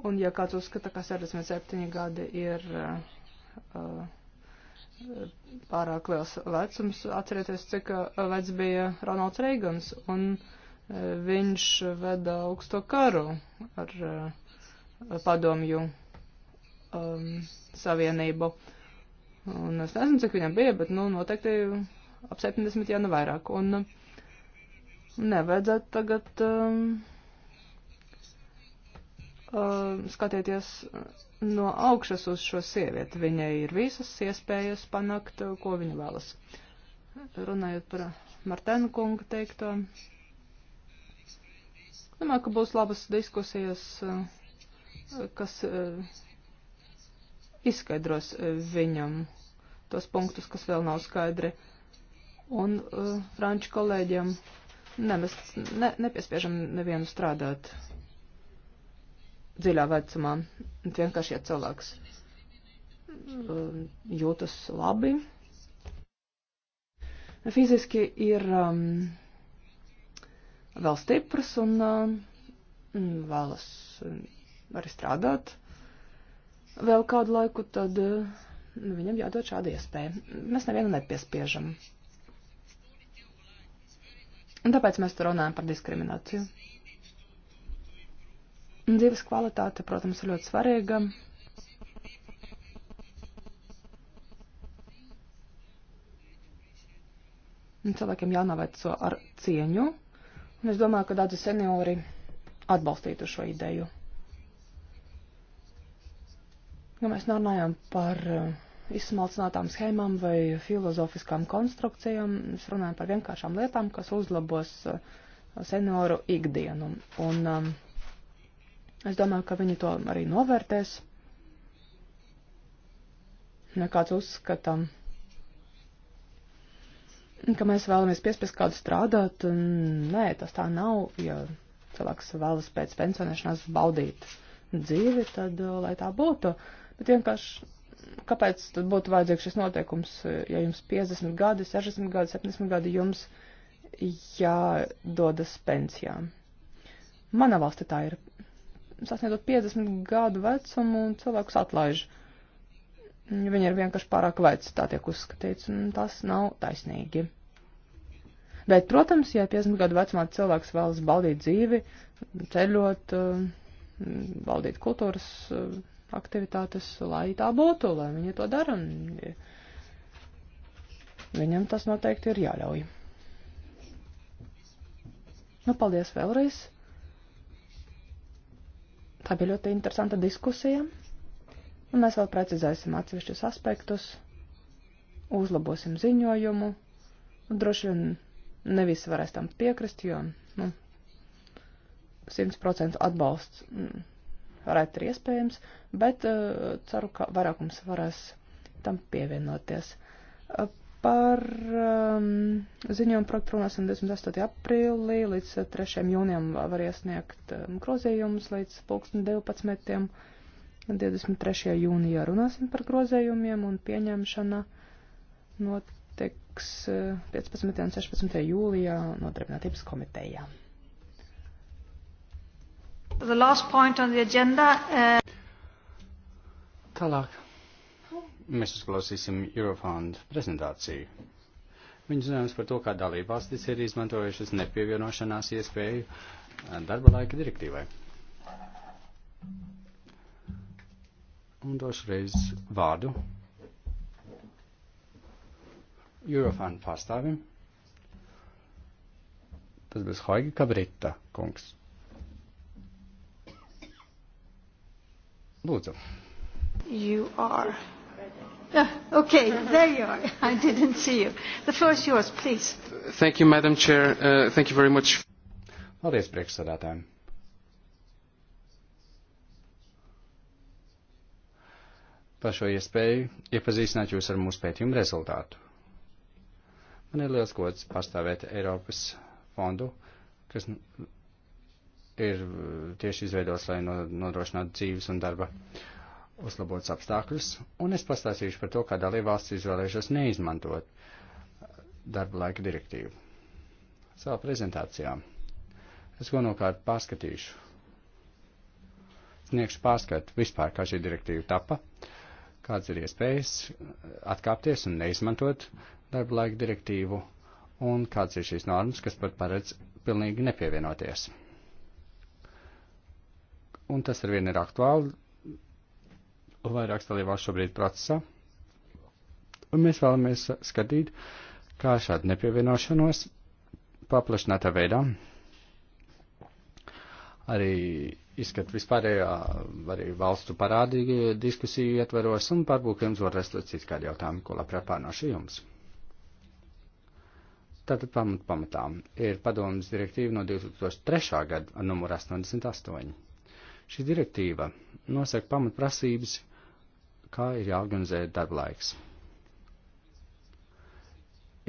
Un ja kāds uzskata, ka 47 gadi ir uh, pārāk liels vecums, atcerieties, cik uh, vecs bija Ronalds Reigans, un uh, viņš veda augsto karu ar uh, padomju um, savienību. Un es nezinu, cik viņam bija, bet, nu, noteikti ap 70, ja ne vairāk. Un um, nevajadzētu tagad um, um, skatieties no augšas uz šo sievieti. Viņai ir visas iespējas panākt, ko viņa vēlas. Runājot par Martēnu kungu teikto, domāju, ka būs labas diskusijas, uh, kas. Uh, izskaidros e, viņam tos punktus, kas vēl nav skaidri. Un uh, franču kolēģiem ne, mēs ne, nepiespiežam nevienu strādāt dziļā vecumā. Vienkārši, ja cilvēks uh, jūtas labi, fiziski ir um, vēl stiprs un uh, vēlas um, arī strādāt. Uh, vēl kādu laiku, tad eh, nu, viņam jādod šāda iespēja. Mēs nevienu nepiespiežam. Un tāpēc mēs tur runājam par diskrimināciju. Un dzīves kvalitāte, protams, ir ļoti svarīga. Un cilvēkiem jānoveco ar cieņu. Un es domāju, ka daudzi seniori atbalstītu šo ideju ka mēs nerunājam par eh, izsmalcinātām schēmām vai filozofiskām konstrukcijām. Mēs runājam par vienkāršām lietām, kas uzlabos eh, senioru ikdienu. Un um, es domāju, ka viņi to arī novērtēs. Nekāds uzskata, ka mēs vēlamies piespiest kādu strādāt. Nē, tas tā nav. Ja cilvēks vēlas pēc pensionēšanās baudīt dzīvi, tad eh, lai tā būtu. Uh, Bet vienkārši kāpēc tad būtu vajadzīgs šis noteikums, ja jums 50 gadi, 60 gadi, 70 gadi jums jādodas pensijā? Mana valsti tā ir. Sasniedzot 50 gadu vecumu, cilvēkus atlaiž. Viņi ir vienkārši pārāk veci, tā tiek uzskatīts, un tas nav taisnīgi. Bet, protams, ja 50 gadu vecumā cilvēks vēlas baudīt dzīvi, ceļot, eh, baudīt kultūras eh, aktivitātes, lai tā būtu, lai viņi to dara. Viņam tas noteikti ir jāļauj. Nu, paldies vēlreiz. Tā bija ļoti interesanta diskusija. Un mēs vēl precizēsim atsevišķus aspektus, uzlabosim ziņojumu. Un droši vien nevis varēs tam piekrist, jo, nu, 100% atbalsts mm, Varētu ir iespējams, bet uh, ceru, ka vairākums varēs tam pievienoties. Uh, par um, ziņojumu projektu runāsim 28. aprīlī, līdz 3. Eh, jūnijam var iesniegt um, ehm, grozējumus līdz 12. 23. jūnijā runāsim par grozējumiem un pieņemšana notiks 15. un 16. jūlijā nodarbinātības komitejā. Agenda, uh... Tālāk. Mēs uzklausīsim Eurofond prezentāciju. Viņa zinājums par to, kā dalībvalstis ir izmantojušas nepievienošanās iespēju darba laika direktīvai. Un došu reiz vārdu Eurofan pārstāvim. Tas būs Hoigi Kabrita kungs. Lūdzu. You are. Okay, there you are. I didn't see you. The floor is yours, please. Thank you, Madam Chair. Uh, thank you very much. Paldies, priekšsēdētājiem. Par šo iespēju iepazīstināt jūs ar mūsu pētījumu rezultātu. Man ir liels gods pārstāvēt Eiropas fondu, kas ir tieši izveidots, lai nodrošinātu dzīves un darba uzlabots apstākļus, un es pastāstīšu par to, kā dalībvalsts izvēlējušas neizmantot darba laika direktīvu. Savā prezentācijā es galvenokārt pārskatīšu, sniegšu pārskatu vispār, kā šī direktīva tapa, kāds ir iespējas atkāpties un neizmantot darba laika direktīvu, un kāds ir šīs normas, kas pat paredz pilnīgi nepievienoties un tas ar vienu ir aktuāli. Vairāk stāvībās šobrīd procesā. Un mēs vēlamies skatīt, kā šādu nepievienošanos paplašinātā veidā arī izskat vispārējā arī valstu parādīgi diskusiju ietveros, un varbūt jums var rastot cits kādi jautājumi, ko labprāt pārnošu jums. Tātad pamat pamatām ir padomas direktīva no 2003. gada numur 88. Šī direktīva nosaka pamatprasības, kā ir jāorganizē darblaiks.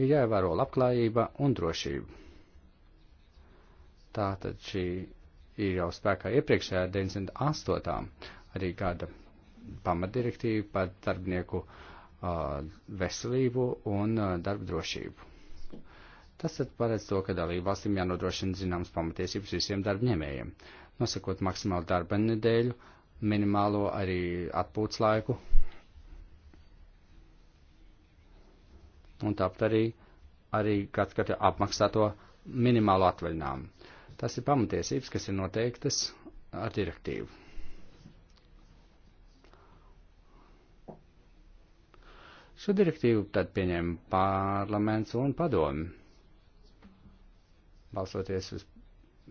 Ir jāievēro labklājība un drošība. Tātad šī ir jau spēkā iepriekšējā 98. arī gada pamatdirektīva par darbinieku uh, veselību un uh, darba drošību. Tas tad paredz to, ka dalībvalstīm jānodrošina zināmas pamatiesības visiem darbņēmējiem. Uh, nosakot maksimālu darba nedēļu, minimālo arī atpūtas laiku. Un tāpat arī, arī kāds katru apmaksāto minimālo atvaļinājumu. Tas ir pamatiesības, kas ir noteiktas ar direktīvu. Šo direktīvu tad pieņēma parlaments un padomi, balsoties uz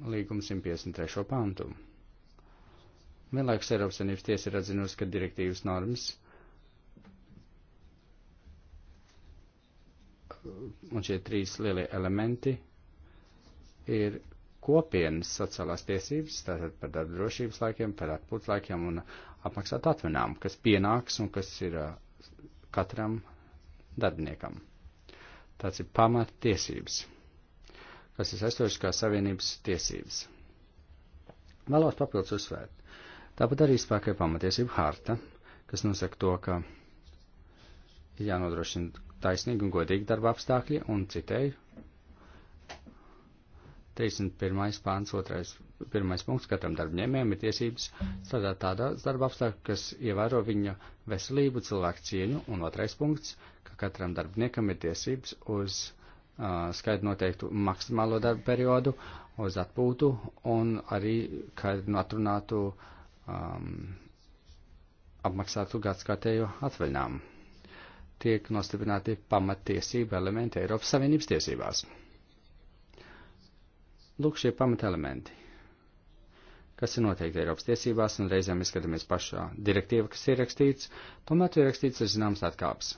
līguma 153. pantu. Vienlaikus Eiropas Savienības tiesa ir atzinusi, ka direktīvas normas un šie trīs lielie elementi ir kopienas sociālās tiesības, tātad par darba drošības laikiem, par atpūt laikiem un apmaksāt atvinām, kas pienāks un kas ir katram darbiniekam. Tāds ir pamat tiesības kas ir saistošas kā savienības tiesības. Vēlos papildus uzsvērt. Tāpat arī spēkai pamatiesība harta, kas nosaka to, ka ir jānodrošina taisnīgi un godīgi darba apstākļi un citēju. 31. pāns, 2. 1. punkts katram darbņēmējam ir tiesības strādāt tādās darba apstākļos, kas ievēro viņa veselību, cilvēku cieņu, un otrais punkts, ka katram darbiniekam ir tiesības uz skaidri noteiktu maksimālo darbu periodu uz atpūtu un arī, kad atrunātu um, apmaksātu gadskārtējo atvaļinājumu. Tiek nostiprināti pamattiesība elementi Eiropas Savienības tiesībās. Lūk šie pamatelementi, kas ir noteikti Eiropas tiesībās, un reizēm izskatāmies pašā direktīva, kas ir rakstīts, tomēr ir rakstīts ar zināmas atkāpes.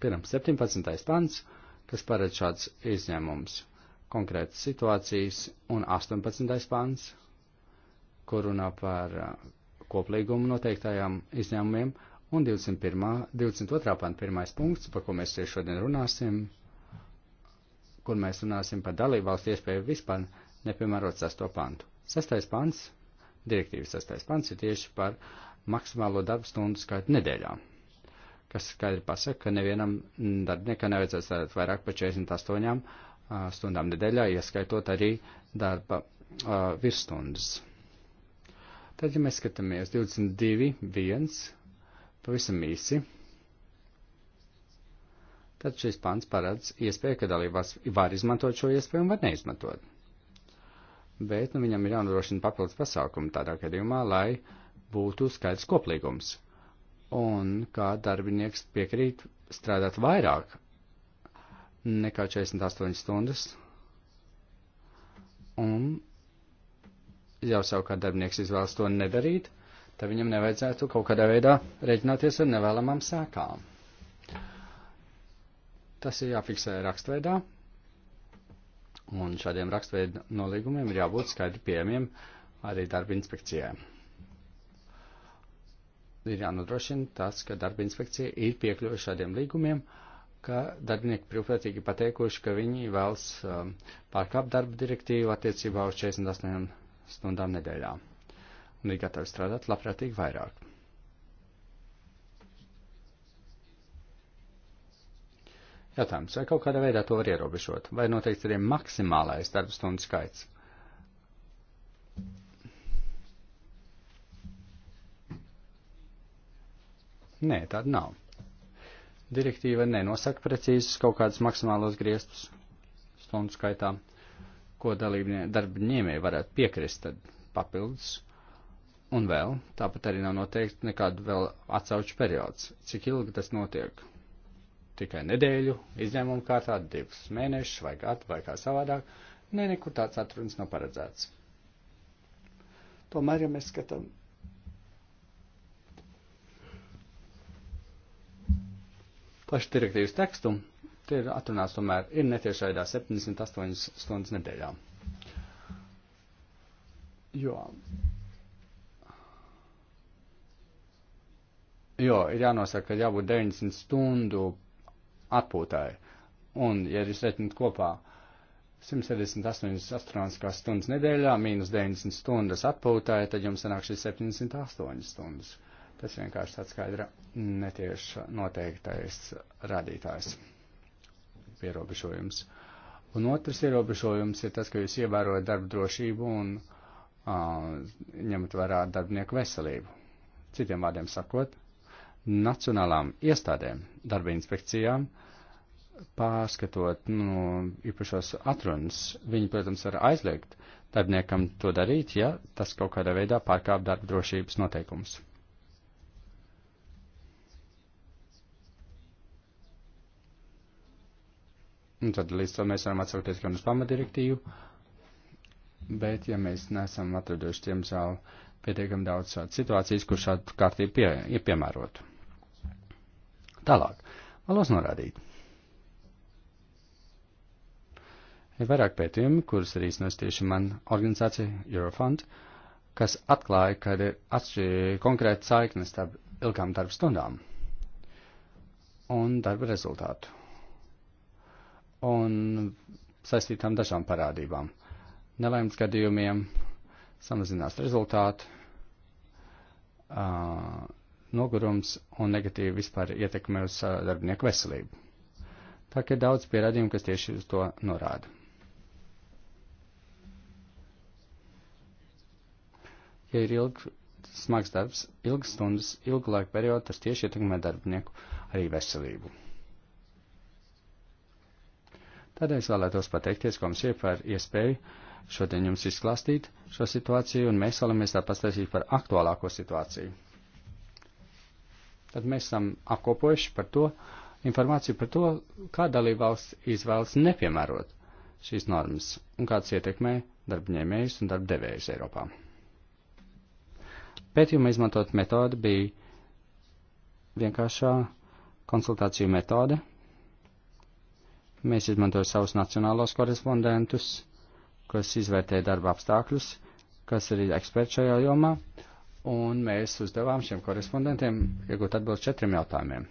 Piemēram, 17. pants, kas paredz šāds izņēmums konkrētas situācijas, un 18. pants, kur runā par uh, koplīgumu noteiktajām izņēmumiem, un 21. 22. panta pirmais punkts, par ko mēs tieši šodien runāsim, kur mēs runāsim par dalībvalstu iespēju vispār nepiemērot 6. pantu. 6. pants, direktīvas 6. pants ir tieši par maksimālo darbu stundu skaitu nedēļām kas skaidri pasaka, ka nevienam darbniekam nevajadzēs strādāt vairāk par 48 stundām nedēļā, ieskaitot arī darba uh, virsstundas. Tad, ja mēs skatāmies 22, 1, pavisam īsi, tad šis pants paredz iespēju, ka dalībās var izmantot šo iespēju un var neizmantot. Bet nu, viņam ir jānodrošina papildus pasākumu tādā gadījumā, lai būtu skaidrs koplīgums un kā darbinieks piekrīt strādāt vairāk nekā 48 stundas. Un jau savukārt darbinieks izvēlas to nedarīt, tad viņam nevajadzētu kaut kādā veidā reiķināties ar nevēlamām sēkām. Tas ir jāfiksē rakstveidā, un šādiem rakstveidu nolīgumiem ir jābūt skaidri pieejamiem arī darba inspekcijai ir jānodrošina tas, ka darba inspekcija ir piekļuva šādiem līgumiem, ka darbinieki brīvprātīgi pateikuši, ka viņi vēlas um, pārkāpt darba direktīvu attiecībā uz 48 stundām nedēļā un ir gatavi strādāt labprātīgi vairāk. Jautājums, vai kaut kādā veidā to var ierobežot, vai noteikti arī maksimālais darba stundu skaits? Nē, tāda nav. Direktīva nenosaka precīzus kaut kādus maksimālos griestus stundu skaitā, ko darbiņēmēji varētu piekrist tad papildus. Un vēl, tāpat arī nav noteikti nekādu vēl atsauču periods, cik ilgi tas notiek. Tikai nedēļu, izņēmumu kārtā, divus mēnešus vai gadu vai kā savādāk, ne nekur tāds atrunis nav paredzēts. Tomēr, ja mēs skatām pašu direktīvas tekstu, tie ir atrunāts tomēr, ir netiešaidā 78 stundas nedēļā. Jo. Jo, ir jānosaka, ka jābūt 90 stundu atpūtāji. Un, ja jūs reiķināt kopā 178 astronomiskās stundas nedēļā mīnus 90 stundas atpūtāji, tad jums sanāk šīs 78 stundas. Uh, Tas vienkārši atskaidra netieši noteiktais radītājs ierobežojums. Un otrs ierobežojums ir tas, ka jūs ievērojat darba drošību un uh, ņemat vērā darbinieku veselību. Citiem vārdiem sakot, nacionālām iestādēm, darba inspekcijām, pārskatot nu, īpašos atrunas, viņi, protams, var aizliegt darbiniekam to darīt, ja tas kaut kādā veidā pārkāp darba drošības noteikumus. Un tad līdz tam mēs varam atsaukties gan uz pamatdirektīvu, bet ja mēs nesam atraduši, diemžēl, pietiekam daudz uh, situācijas, kur šādu kārtību pie, ir piemērotu. Tālāk, vēlos norādīt. Ir vairāk pētījumi, kurus ir īstenojis tieši man organizācija Eurofund, kas atklāja, ka ir atšķirīgi konkrēta saiknes starp ilgām darba stundām un darba rezultātu un saistītām dažām parādībām. Nelaimes gadījumiem samazinās rezultāti, uh, nogurums un negatīvi vispār ietekme uz uh, darbinieku veselību. Tā kā ir daudz pierādījumu, kas tieši uz to norāda. Ja ir ilgs, smags darbs, ilgas stundas, ilgu laiku periodu, tas tieši ietekmē darbinieku arī veselību. Tādēļ es vēlētos pateikties komisijai par iespēju šodien jums izklāstīt šo situāciju, un mēs vēlamies tā pastāstīt par aktuālāko situāciju. Tad mēs esam apkopojuši par to informāciju par to, kā dalībvalsts izvēlas nepiemērot šīs normas un kāds ietekmē darbņēmējus un darbdevējus Eiropā. Pētījuma izmantot metode bija vienkāršā konsultāciju metode, Mēs izmantojam savus nacionālos korespondentus, kas izvērtē darba apstākļus, kas ir eksperti šajā jomā, un mēs uzdevām šiem korespondentiem iegūt atbildi četriem jautājumiem.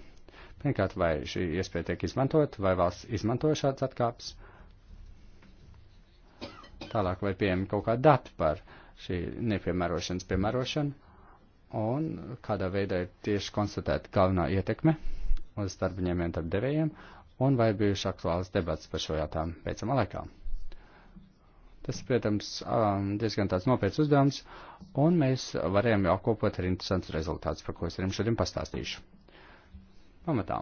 Pirmkārt, vai šī iespēja tiek izmantot, vai valsts izmanto šāds atkāps. Tālāk, vai pieejami kaut kādi dati par šī nepiemērošanas piemērošanu, un kādā veidā ir tieši konstatēta galvenā ietekme uz darbaņēmiem, darbdevējiem, un vai ir bijuši aktuāls debats par šo jautājumu veicamā laikā. Tas, protams, um, diezgan tāds nopietns uzdevums, un mēs varējām jau apkopot arī interesants rezultāts, par ko es jums šodien pastāstīšu. Pamatā.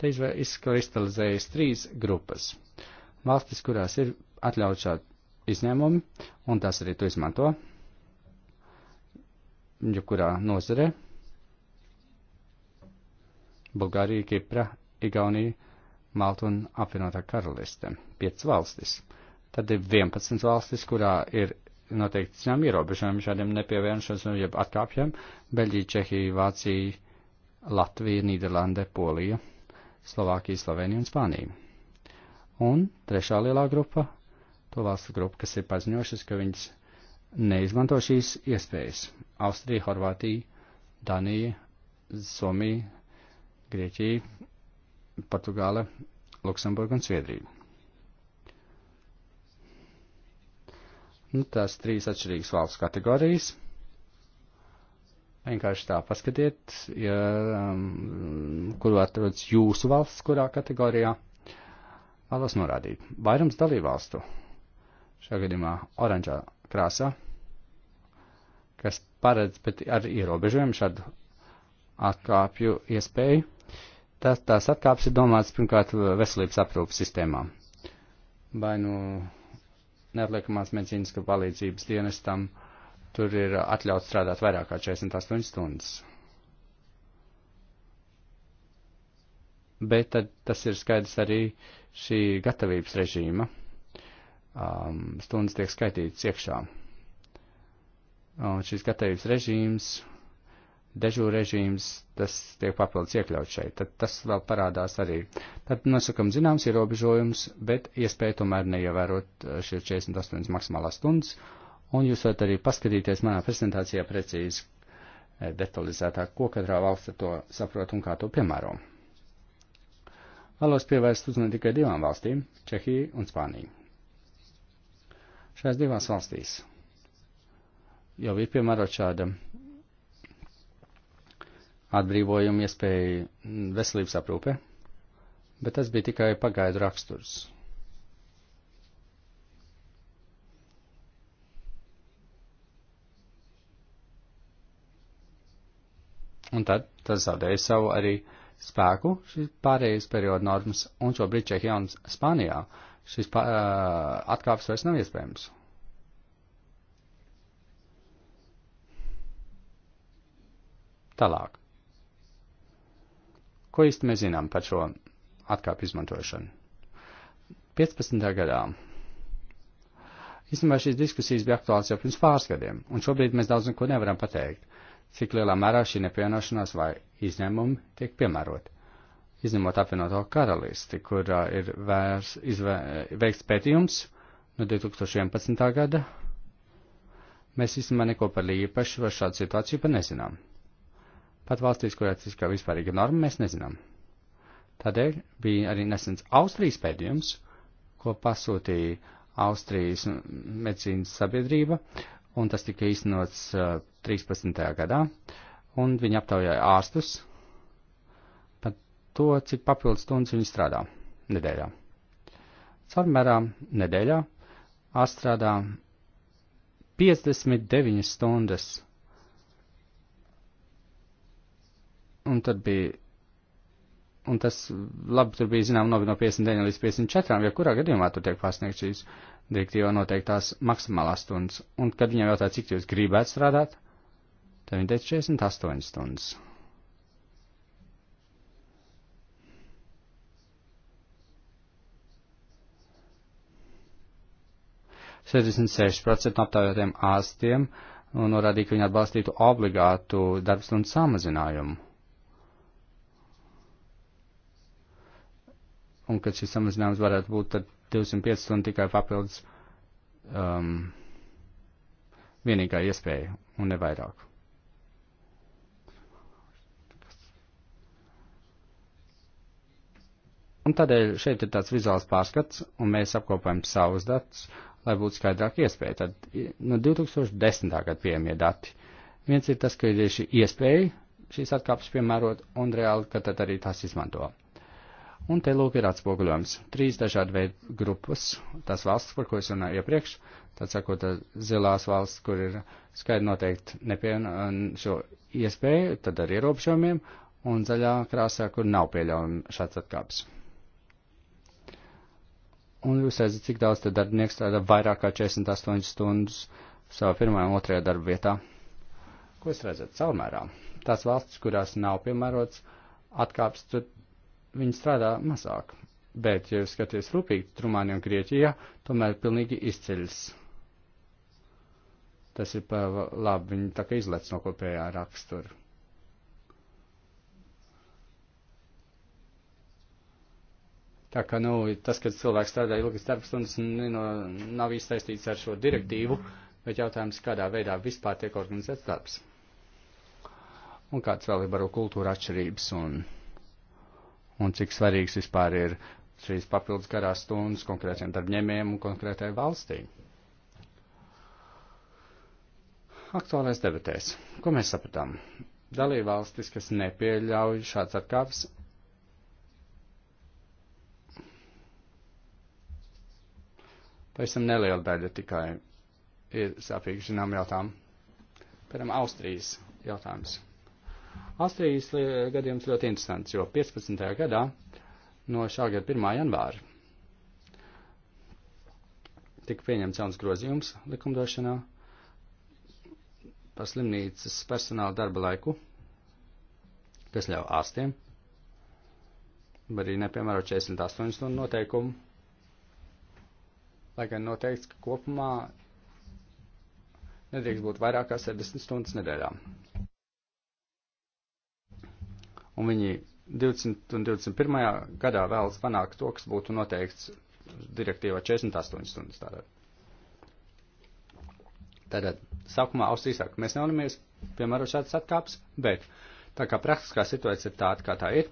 Te izkristalizējas trīs grupas. Valstis, kurās ir atļauts šādi izņēmumi, un tās arī tu izmanto, jebkurā nozare. Bulgārija, Kipra, Igaunija, Malta un apvienotā karaliste - 5 valstis. Tad ir 11 valstis, kurā ir noteikti zinām ierobežojumi šādiem nepievēršanas, jeb atkāpjiem - Beļģija, Čehija, Vācija, Latvija, Nīderlande, Polija, Slovākija, Slovenija un Spānija. Un trešā lielā grupa - to valstu grupa, kas ir paziņojušas, ka viņas neizmanto šīs iespējas - Austrija, Horvātija, Danija, Somija, Grieķija, Portugāle, Luksemburga un Sviedrija. Nu, tās trīs atšķirīgas valsts kategorijas. Vienkārši tā paskatiet, ja, um, kur atrodas jūsu valsts, kurā kategorijā. Vēlos norādīt. Vairums dalībvalstu, šajā gadījumā oranžā krāsā, kas paredz, bet ar ierobežojumu šādu atkāpju iespēju, tās, tās atkāpes ir domātas pirmkārt veselības aprūpas sistēmām. Vai nu neatliekamās medicīniskā palīdzības dienestam tur ir atļauts strādāt vairāk kā 48 stundas. Bet tad tas ir skaidrs arī šī gatavības režīma. Um, stundas tiek skaitītas iekšā. Un šis gatavības režīms dežu režīms, tas tiek papildus iekļauts šeit, tad tas vēl parādās arī. Tad nosakam zināms ierobežojums, bet iespēja tomēr neievērot eh, šie 48 maksimālās stundas, un jūs varat arī paskatīties manā prezentācijā precīzi eh, detalizētāk, ko katrā valsts to saprot un kā to piemēro. Vēlos pievērst uzmanību tikai divām valstīm - Čehiju un Spāniju. Šajās divās valstīs jau ir piemērot šāda atbrīvojumu iespēju veselības aprūpe, bet tas bija tikai pagaidu raksturs. Un tad tas zaudēja savu arī spēku šīs pārējais perioda normas, un šobrīd Čehijā un Spānijā šis pā, atkāps vairs nav iespējams. Tālāk. Ko īsti mēs zinām par šo atkāpu izmantošanu? 15. gadā. Īstenībā šīs diskusijas bija aktuāls jau pirms pāris gadiem, un šobrīd mēs daudz neko nevaram pateikt, cik lielā mērā šī nepienošanās vai izņēmumi tiek piemēroti. Izņemot apvienoto karalisti, kur uh, ir vērs, izvē, veikts pētījums no 2011. gada, mēs īstenībā neko par īpašu vai šādu situāciju pat nezinām. Pat valstīs, kurās ir kā vispārīga norma, mēs nezinām. Tādēļ bija arī nesens Austrijas pēdījums, ko pasūtīja Austrijas medicīnas sabiedrība, un tas tika īstenots uh, 13. gadā, un viņi aptaujāja ārstus par to, cik papildus stundas viņi strādā nedēļā. Caurmērā nedēļā ārsts strādā 59 stundas Un tad bija. Un tas labi tur bija, zinām, no 59 līdz 54, ja kurā gadījumā tur tiek pārsniegt šīs direktīvā noteiktās maksimālās stundas. Un kad viņam jautāja, cik jūs gribētu strādāt, tad viņi teica 48 stundas. Sešdesmit seši procenti aptaujotiem ārstiem nu, norādīja, ka viņi atbalstītu obligātu darbstundu samazinājumu. un ka šis samazinājums varētu būt tad 205 stundu tikai papildus um, vienīgā iespēja un nevairāk. Un tādēļ šeit ir tāds vizuāls pārskats, un mēs apkopējam savus datus, lai būtu skaidrāk iespēja. Tad no nu, 2010. gada pieejamie dati. Viens ir tas, ka ir šī iespēja šīs atkāpes piemērot, un reāli, ka tad arī tās izmanto. Un te lūk ir atspoguļojums. Trīs dažādi veidi grupas, tās valsts, par ko es runāju iepriekš, tad sakot, zilās valsts, kur ir skaidri noteikti nepien šo iespēju, tad ar ierobežojumiem, un zaļā krāsā, kur nav pieļaujama šāds atkāps. Un jūs redzat, cik daudz te darbinieks strādā vairāk kā 48 stundas savā pirmajā un otrajā darba vietā. Ko jūs redzat? Caurmērā. Tās valstis, kurās nav piemērots atkāps, tur viņi strādā mazāk. Bet, ja jūs skaties rūpīgi, Rumānija un Grieķija tomēr pilnīgi izceļas. Tas ir pa labi, viņi tā kā izlec no kopējā rakstura. Tā kā, nu, tas, ka cilvēks strādā ilgas darbstundas, nu, nav izsaistīts ar šo direktīvu, bet jautājums, kādā veidā vispār tiek organizēts darbs. Un kāds vēl ir baro kultūra atšķirības un un cik svarīgs vispār ir šīs papildus garās stundas konkrētiem darbņēmējiem un konkrētai valstī. Aktuālais debatēs. Ko mēs sapratām? Dalībvalstis, kas nepieļauj šāds atkāps, pavisam neliela daļa tikai ir sāpīgi zinām jautājumu. Pēc tam Austrijas jautājums. Austrijas gadījums ļoti interesants, jo 15. gadā no šā gada 1. janvāra tika pieņemts jauns grozījums likumdošanā par slimnīcas personāla darba laiku, kas ļauj ārstiem, var arī nepiemērot 48 stundu noteikumu, lai gan noteikts, ka kopumā nedrīkst būt vairāk kā 70 stundas nedēļā un viņi 20 un 21. gadā vēlas panākt to, kas būtu noteikts direktīvā 48 stundas tātad. Tātad, sākumā Austrija saka, mēs nevēlamies piemērot šādas atkāpes, bet tā kā praktiskā situācija ir tāda, kā tā ir,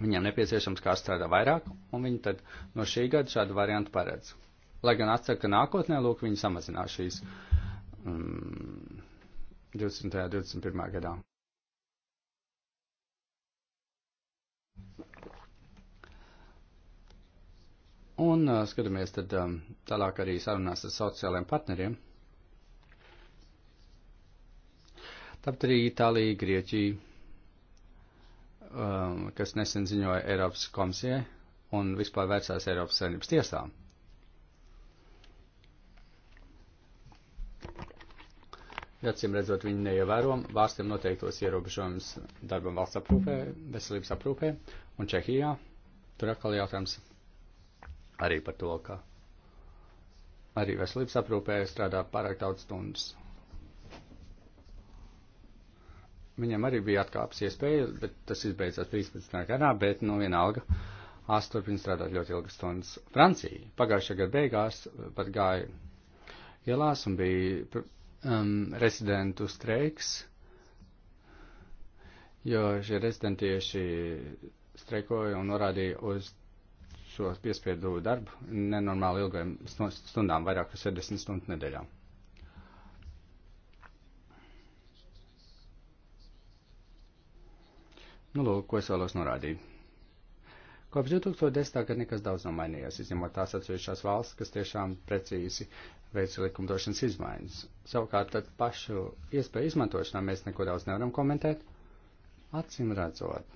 viņiem nepieciešams kā strādā vairāk, un viņi tad no šī gada šādu variantu paredz. Lai gan atcer, ka nākotnē, lūk, viņi samazinās šīs um, 20. un 21. gadā. Un uh, skatāmies tad um, tālāk arī sarunās ar sociālajiem partneriem. Tāpat arī Itālija, Grieķija, um, kas nesen ziņoja Eiropas komisijai un vispār vērsās Eiropas saimnības tiesā. Jācīm redzot, viņi neievēro vārstiem noteiktos ierobežojumus darbam valsts aprūpē, veselības aprūpē un Čehijā. Tur atkal jautājums arī par to, ka arī veselības aprūpē strādā pārāk daudz stundas. Viņam arī bija atkāpes iespēja, bet tas izbeidzās 13. gadā, bet nu vienalga. Ās turpina strādāt ļoti ilgas stundas. Francija pagājušā gada beigās pat gāja ielās un bija um, rezidentu streiks, jo šie rezidentieši streikoja un norādīja uz šo piespiedu darbu nenormāli ilgajām stundām, vairāk kā 70 stundu nedēļā. Nu, lūk, ko es vēlos norādīt. Kopš 2010. gada nekas daudz nav mainījies, izņemot tās atsevišķās valsts, kas tiešām precīzi veica likumdošanas izmaiņas. Savukārt, tad pašu iespēju izmantošanā mēs neko daudz nevaram komentēt. Acim redzot,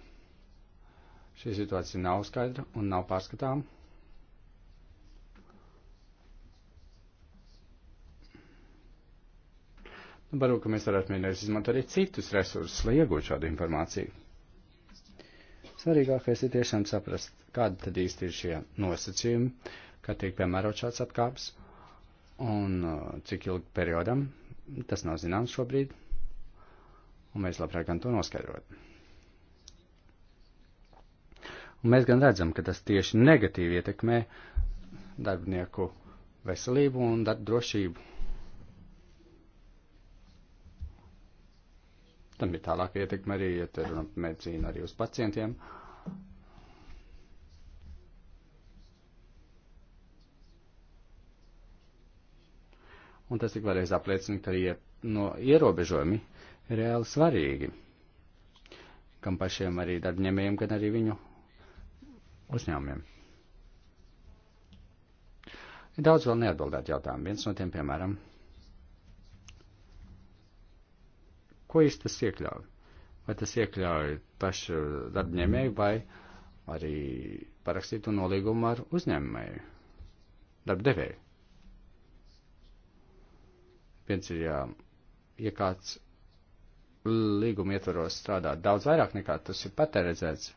Šī situācija nav skaidra un nav pārskatām. Nu, varbūt, ka mēs varētu mēģināt izmantot arī citus resursus, lai iegūtu šādu informāciju. Svarīgākais ir tiešām saprast, kāda tad īsti ir šie nosacījumi, kad tiek piemērot šāds atkāps un uh, cik ilgi periodam. Tas nav zināms šobrīd, un mēs labprāt gan to noskaidrotu. Un mēs gan redzam, ka tas tieši negatīvi ietekmē darbinieku veselību un darba drošību. Tam ir tālāk ietekme arī, ja te runa medicīna arī uz pacientiem. Un tas tik vēlreiz apliecina, ka arī no ierobežojumi ir reāli svarīgi, kam pašiem arī darbņēmējiem, gan arī viņu uzņēmumiem. Ir daudz vēl neatbildēt jautājumu. Viens no tiem, piemēram, ko īsti tas iekļauj? Vai tas iekļauj pašu darbņēmēju vai arī parakstītu nolīgumu ar uzņēmēju, darbdevēju? Viens ir, ja, ja kāds līguma ietvaros strādāt daudz vairāk nekā tas ir patēredzēts,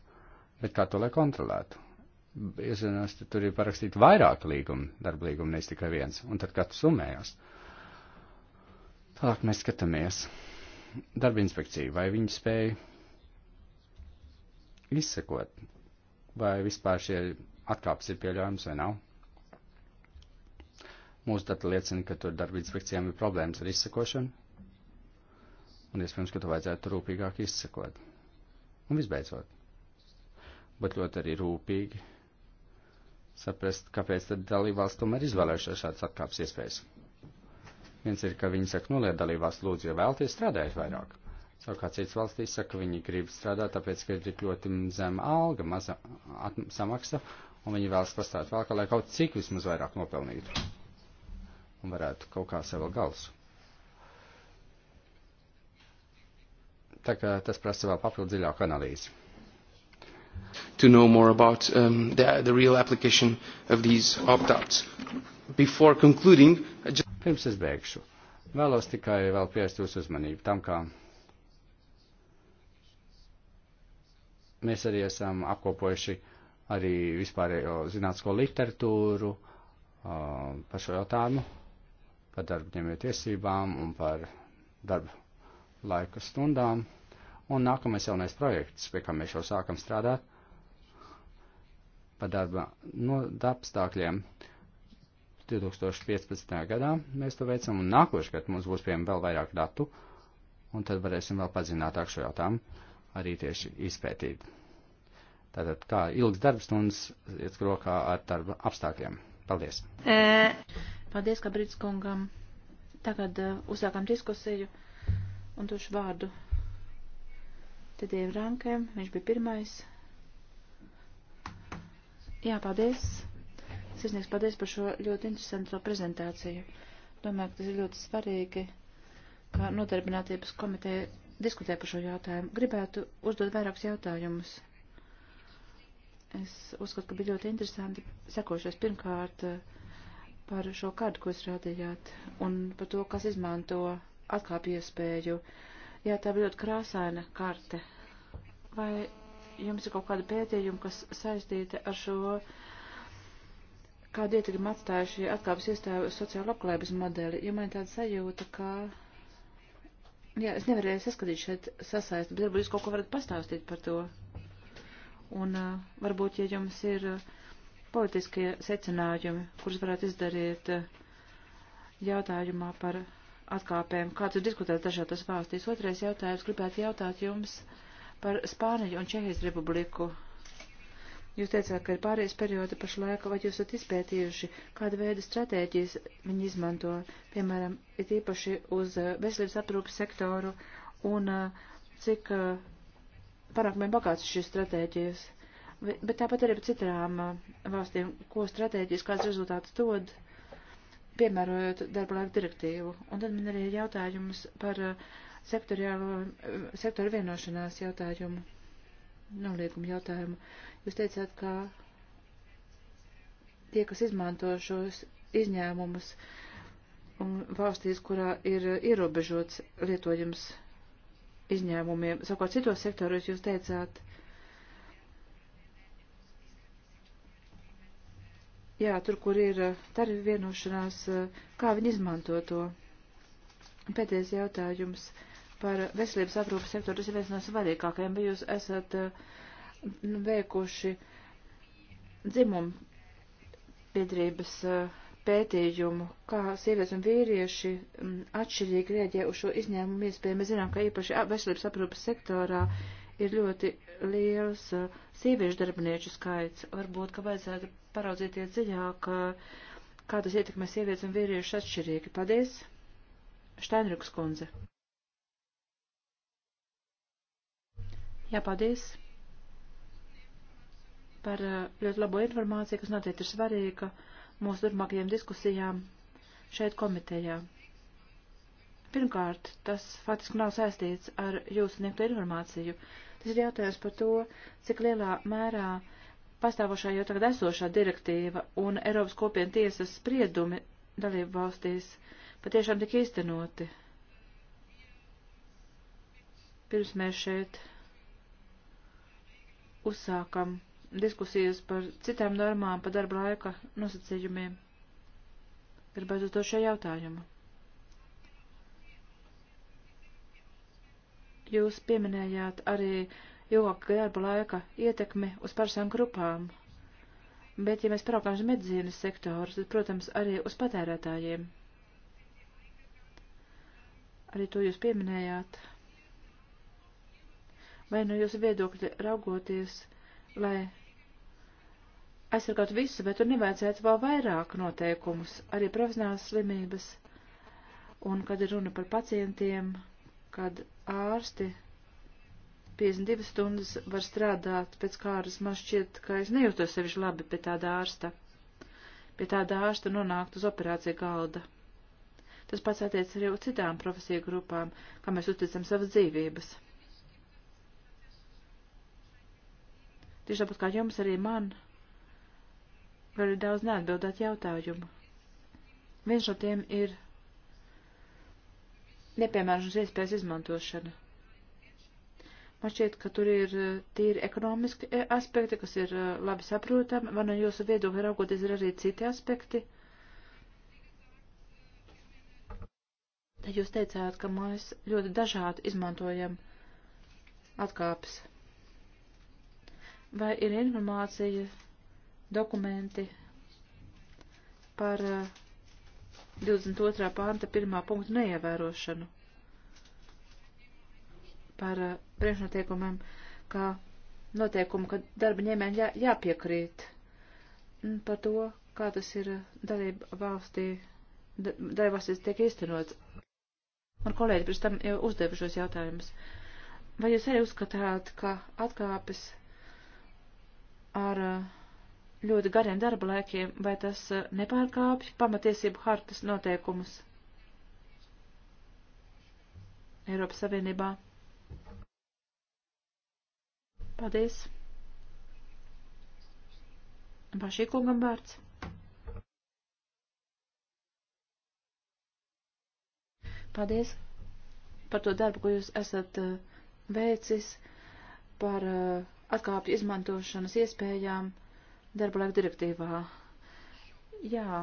Bet kā to lai kontrolētu? Biežinās, tur ir parakstīti vairāk līgumu, darba līgumu, nevis tikai viens, un tad katrs summējās. Tālāk mēs skatāmies. Darba inspekcija, vai viņi spēja izsekot, vai vispār šie atkāpes ir pieļaujams vai nav? Mūsu dati liecina, ka tur darba inspekcijām ir problēmas ar izsekošanu, un iespējams, ka to vajadzētu rūpīgāk izsekot. Un visbeidzot, bet ļoti arī rūpīgi saprast, kāpēc tad dalībvalsts tomēr izvēlējušās šādas atkāpes iespējas. Viens ir, ka viņi saka, nu, lai dalībvalsts lūdzu, ja vēlties strādājot vairāk. Savukārt cits valstīs saka, ka viņi grib strādāt, tāpēc, ka ir tik ļoti zema alga, maza samaksa, un viņi vēlas pastāvēt vēl, ka lai kaut cik vismaz vairāk nopelnītu un varētu kaut kā sev vēl galus. Tā kā tas prasa vēl papildu dziļāku analīzi to know more about um, the, the real application of these opt-outs. Before concluding, just... Pirms es beigšu, vēlos tikai vēl pievērst jūsu uzmanību tam, kā mēs arī esam apkopojuši arī vispārējo zinātnisko literatūru uh, par šo jautājumu, par darbņēmēju tiesībām un par darbu laika stundām. Un nākamais jaunais projekts, pie kā mēs jau sākam strādāt, par darba no darbstākļiem 2015. gadā. Mēs to veicam un nākošajā gadā mums būs pieejami vēl vairāk datu, un tad varēsim vēl padzinātāk šo jautājumu arī tieši izpētīt. Tātad kā ilgs darbstundas iet rokā ar darba apstākļiem. Paldies! E, paldies, Kabrīts kungam! Tagad uh, uzsākam diskusiju un došu vārdu. Tad ir Rankēm, viņš bija pirmais. Jā, paldies. Sirsnieks, paldies par šo ļoti interesanto prezentāciju. Domāju, ka tas ir ļoti svarīgi, ka nodarbinātības komiteja diskutē par šo jautājumu. Gribētu uzdot vairākus jautājumus. Es uzskatu, ka bija ļoti interesanti sekošais pirmkārt eh, par šo kārtu, ko jūs rādījāt, un par to, kas izmanto atkāpju iespēju. Jā, tā bija ļoti krāsaina karte. Vai jums ir kaut kāda pētījuma, kas saistīta ar šo, kādu ietekmi atstāja šī atkāpes iestāju sociāla labklājības modeli, jo man ir tāda sajūta, ka, jā, es nevarēju saskatīt šeit sasaisti, bet varbūt jūs kaut ko varat pastāstīt par to. Un uh, varbūt, ja jums ir uh, politiskie secinājumi, kurus varētu izdarīt uh, jautājumā par atkāpēm, kāds ir diskutēts dažādās valstīs. Otrais jautājums gribētu jautāt jums. Uh, Par Spāniju un Čehijas republiku. Jūs teicāt, ka ir pārējais perioda pašlaika, vai jūs esat izpētījuši, kāda veida stratēģijas viņi izmanto, piemēram, ir īpaši uz eh, veselības aprūpas sektoru un eh, cik eh, panākumiem bagāts šīs stratēģijas. Bet tāpat arī par citām valstīm, ko stratēģijas, kāds rezultāts dod, piemērojot darba laika direktīvu. Un tad man arī ir jautājums par uh, sektoru vienošanās jautājumu, noliegumu jautājumu. Jūs teicāt, ka tie, kas izmanto šos izņēmumus un valstīs, kurā ir ierobežots lietojums izņēmumiem, savukārt citos sektoros jūs teicāt, jā, tur, kur ir tarifu vienošanās, kā viņi izmanto to. Pēdējais jautājums. Uh, par veselības aprūpas sektoru. Tas ir viens no svarīgākajiem, vai jūs esat eh, nu, veikuši dzimumu biedrības eh, pētījumu, kā sievietes un vīrieši mm, atšķirīgi rēģē uz šo izņēmumu iespēju. Mēs zinām, ka īpaši veselības aprūpas sektorā ir ļoti liels eh, sieviešu darbinieču skaits. Varbūt, ka vajadzētu paraudzīties dziļāk, kā tas ietekmē sievietes un vīriešus atšķirīgi. Paldies! Steinruks kundze. Jā, paldies par eh, ļoti labo informāciju, kas noteikti ir svarīga mūsu turpmākajām diskusijām šeit komitejā. Pirmkārt, tas faktiski nav saistīts ar jūsu sniegto informāciju. Tas ir jautājums par to, cik lielā mērā pastāvošā jau tagad esošā direktīva un Eiropas kopienu tiesas spriedumi dalību valstīs patiešām tik īstenoti. Pirms mēs šeit uzsākam diskusijas par citām normām, par darba laika nosacījumiem. Gribētu uzdot šo jautājumu. Jūs pieminējāt arī ilgāka darba laika ietekmi uz pašām grupām, bet, ja mēs paraugām uz medzīnas sektoru, tad, protams, arī uz patērētājiem. Arī to jūs pieminējāt vai no nu jūsu viedokļa raugoties, lai aizsargātu visu, bet tur nevajadzētu vēl vairāk noteikumus, arī profesionālas slimības, un kad ir runa par pacientiem, kad ārsti 52 stundas var strādāt pēc kāras, man šķiet, ka es nejūtos sevišķi labi pie tāda ārsta, pie tāda ārsta nonākt uz operāciju galda. Tas pats attiec arī uz citām profesiju grupām, kā mēs uzticam savas dzīvības. Tieši tāpat kā jums arī man var arī daudz neatbildēt jautājumu. Viens no tiem ir nepiemērošanas iespējas izmantošana. Man šķiet, ka tur ir eh, tīri ekonomiski eh, aspekti, kas ir eh, labi saprotami, vai no jūsu viedokļa raugoties ir arī citi aspekti. Tad jūs teicāt, ka mēs ļoti dažādi izmantojam atkāpes vai ir informācija, dokumenti par 22. Eh, panta pirmā punktu neievērošanu, par eh, priekšnotiekumiem, kā noteikumu, ka darba ņēmējiem jā, jāpiekrīt par to, kā tas ir eh, dalība valstī, dalība valstīs tiek īstenots. Man kolēģi pirms tam jau uzdeva šos jautājumus. Vai jūs arī uzskatāt, ka atkāpes ar eh, ļoti gariem darba laikiem, vai tas eh, nepārkāpj pamatiesību hartas noteikumus Eiropas Savienībā. Paldies! Pašīkungam vārds. Paldies par to darbu, ko jūs esat eh, veicis, par uh, atkāpju izmantošanas iespējām darba laika direktīvā. Jā,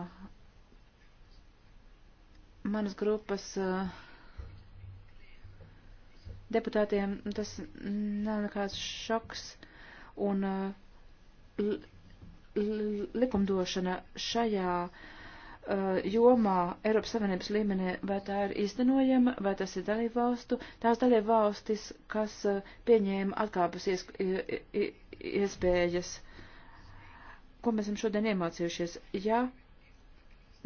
manas grupas uh, deputātiem tas nav nekāds šoks, un uh, likumdošana šajā uh, Uh, jomā Eiropas Savienības līmenī, vai tā ir īstenojama, vai tas ir dalību valstu, tās dalību valstis, kas uh, pieņēma atkāpes ies, iespējas, ko mēs esam šodien iemācījušies, ja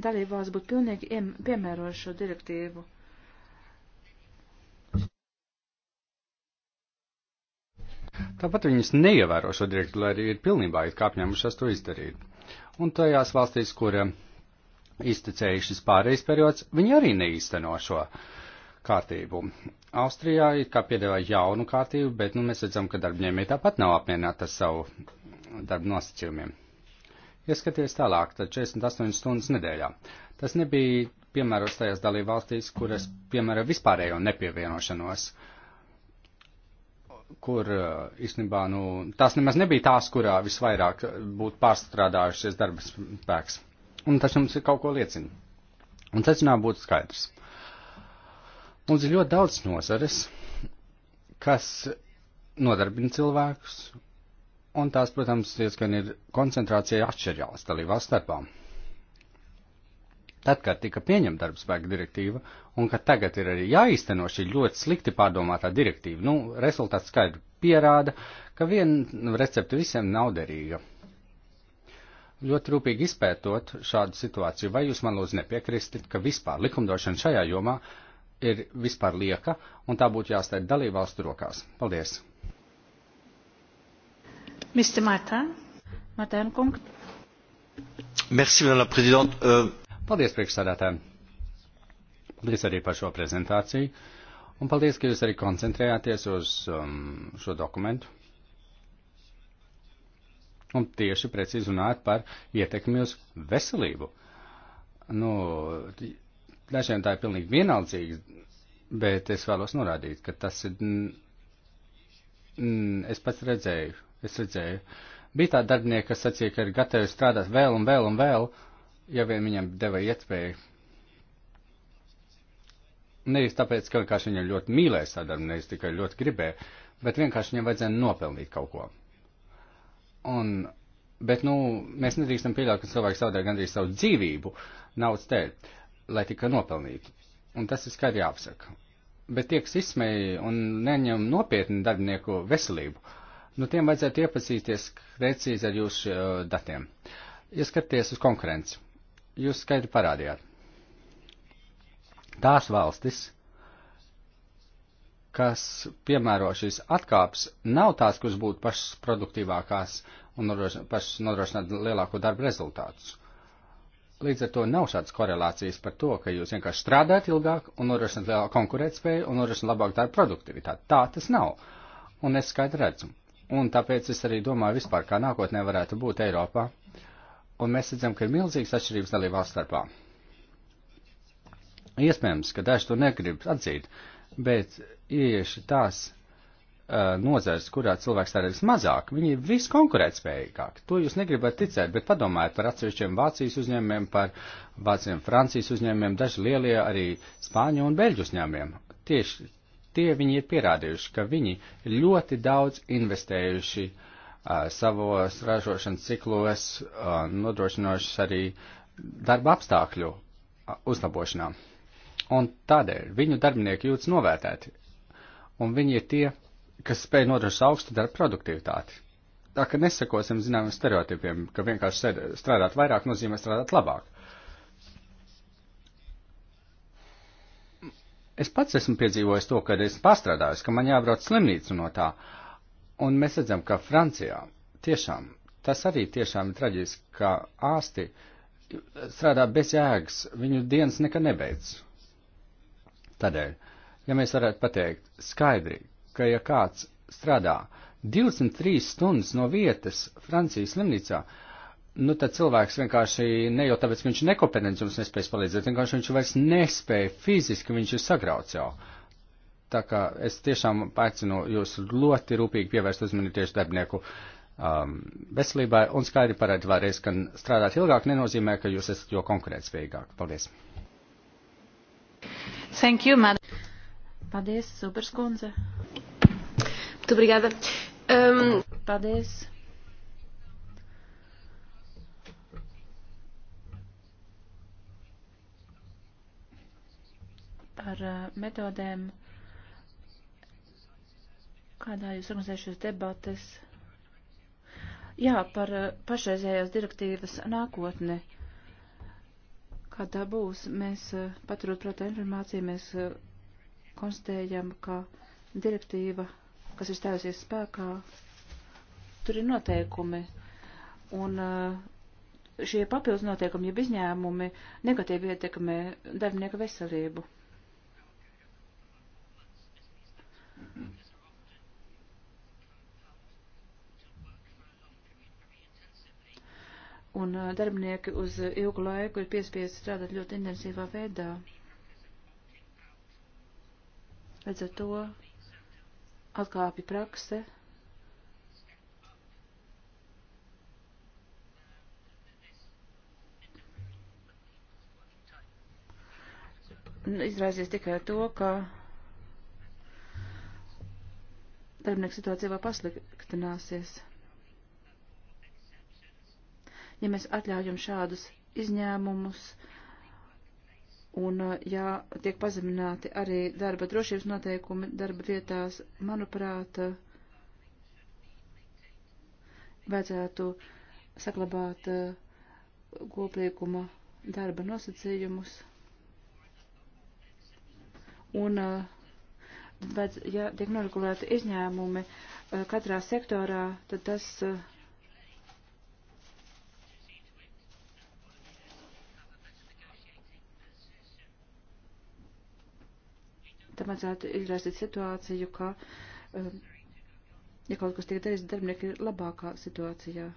dalību valsts būtu pilnīgi iem, piemērojuši šo direktīvu. Tāpat viņas neievēro šo direktīvu, lai arī ir pilnībā it kā apņēmušās to izdarīt. Un tajās valstīs, kuriem izticējuši šis pārejas periods, viņi arī neīsteno šo kārtību. Austrijā it kā piedāvāja jaunu kārtību, bet nu, mēs redzam, ka darbņēmēji tāpat nav apmierināti ar savu darbu nosacījumiem. Ieskaties tālāk, tad 48 stundas nedēļā. Tas nebija piemērots tajās dalībvalstīs, kuras piemēra vispārējo nepievienošanos, kur eh, īstenībā nu, tās nemaz nebija tās, kurā visvairāk eh, būtu pārstrādājušies darba spēks. Un tas jums ir kaut ko liecina. Un secinājums būtu skaidrs. Mums ir ļoti daudz nozares, kas nodarbina cilvēkus, un tās, protams, diezgan ir koncentrācija atšķirjās dalībās starpā. Tad, kad tika pieņemta darba spēka direktīva, un kad tagad ir arī jāīsteno šī ļoti slikti pārdomātā direktīva, nu, rezultāts skaidri pierāda, ka viena recepte visiem nav derīga ļoti rūpīgi izpētot šādu situāciju, vai jūs man lūdzu nepiekristat, ka vispār likumdošana šajā jomā ir vispār lieka un tā būtu jāstāja dalībvalstu rokās? Paldies! Mr. Martin. Martin Kung. Merci, Madame la Présidente. Uh... Paldies, priekšsādātājiem. Paldies arī par šo prezentāciju. Un paldies, ka jūs arī koncentrējāties uz um, šo dokumentu un tieši precīzi runājot par ietekmi uz veselību. Nu, dažiem tā ir pilnīgi vienaldzīgi, bet es vēlos norādīt, ka tas ir. Mm, es pats redzēju, es redzēju. Bija tādi darbinieki, kas sacīja, ka ir gatavi strādāt vēl un vēl un vēl, ja vien viņam deva iespēju. Nevis tāpēc, ka vienkārši viņam ļoti mīlēja sadarbu, nevis tikai ļoti gribēja, bet vienkārši viņam vajadzēja nopelnīt kaut ko. Un, bet, nu, mēs nedrīkstam pieļaut, ka cilvēks zaudē gandrīz savu dzīvību naudas dēļ, lai tikai nopelnītu. Un tas ir skaidri jāapsaka. Bet tie, kas izsmēja un neņem nopietni darbinieku veselību, nu, tiem vajadzētu iepazīties precīzi ar jūsu uh, datiem. Ieskaties uz konkurenci. Jūs skaidri parādījāt. Tās valstis, uh, kas piemēro šīs atkāpes, nav tās, kuras būtu pašas produktīvākās un pašas nodrošināt lielāko darbu rezultātus. Līdz ar to nav šādas korelācijas par to, ka jūs vienkārši strādājat ilgāk un nodrošināt lielāku konkurētspēju un nodrošināt labāku darbu produktivitāti. Tā tas nav. Un es skaidri redzu. Un tāpēc es arī domāju vispār, kā nākotnē varētu būt Eiropā. Un mēs redzam, ka ir milzīgas atšķirības dalībās starpā. Iespējams, ka daži to negrib atzīt, uh, bet tieši tās uh, nozars, kurā cilvēks strādā vismazāk, viņi ir viskonkurētspējīgāk. To jūs negribat ticēt, bet padomājiet par atsevišķiem Vācijas uzņēmumiem, par Vācijiem Francijas uzņēmumiem, daži lielie arī Spāņu un Beļģu uzņēmumiem. Tieši tie viņi ir pierādījuši, ka viņi ļoti daudz investējuši uh, savos ražošanas ciklos, uh, nodrošinoši arī darba apstākļu uzlabošanām. Un tādēļ viņu darbinieki jūtas novērtēti, un viņi ir tie, kas spēj nodrošināt augstu darba produktivitāti. Tā ka nesakosim zināmiem stereotipiem, ka vienkārši strādāt vairāk nozīmē strādāt labāk. Es pats esmu piedzīvojis to, kad esmu pastrādājis, ka man jābrauc slimnīcu no tā, un mēs redzam, ka Francijā tiešām tas arī tiešām ir traģiski, ka ārsti strādā bez jēgas, viņu dienas nekad nebeidz. Tādēļ, ja mēs varētu pateikt skaidri, ka ja kāds strādā 23 stundas no vietas Francijas slimnīcā, nu tad cilvēks vienkārši ne jau tāpēc, ka viņš nekompetents jums nespējas palīdzēt, vienkārši viņš vairs nespēja fiziski, viņš ir sagrauts jau. Tā kā es tiešām aicinu jūs ļoti rūpīgi pievērst uzmanību tieši darbinieku um, veselībai un skaidri parādīt vēlreiz, ka strādāt ilgāk nenozīmē, ka jūs esat jo konkurētspējīgāk. Paldies! Thank you, madam. Paldies, Superskundze. Tu brigāda. Um, Paldies. Par uh, metodēm, kādā jūs organizējušas debates. Jā, par uh, pašreizējās direktīvas nākotni kā tā būs. Mēs eh, paturot prātā informāciju, mēs eh, konstatējam, ka direktīva, kas ir stājusies spēkā, tur ir noteikumi. Un eh, šie papildus noteikumi, jeb izņēmumi, negatīvi ietekmē darbinieka veselību. un darbinieki uz ilgu laiku ir piespiesti strādāt ļoti intensīvā veidā. Līdz ar to atkāpja prakse. Izraisīs tikai to, ka darbinieku situācija vēl pasliktināsies ja mēs atļaujam šādus izņēmumus un uh, ja tiek pazemināti arī darba drošības noteikumi darba vietās, manuprāt, uh, vajadzētu saglabāt uh, koplīguma darba nosacījumus. Un, bet, ja tiek noregulēti izņēmumi katrā sektorā, tad tas uh, tam vajadzētu izraisīt situāciju, ka, um, ja kaut kas tiek darīts, darbinieki ir labākā situācijā.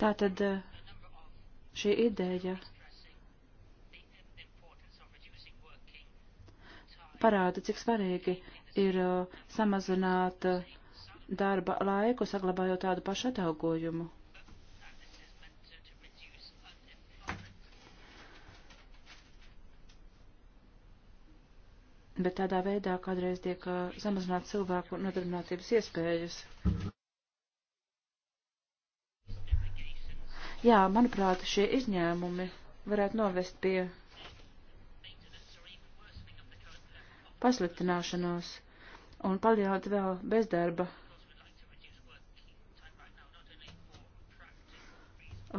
Tātad uh, šī ideja parāda, cik svarīgi ir uh, samazināt uh, darba laiku, saglabājot tādu pašu atalgojumu. bet tādā veidā kādreiz tiek samazināt cilvēku nodarbinātības iespējas. Jā, manuprāt, šie izņēmumi varētu novest pie pasliktināšanos un palielināt vēl bezdarba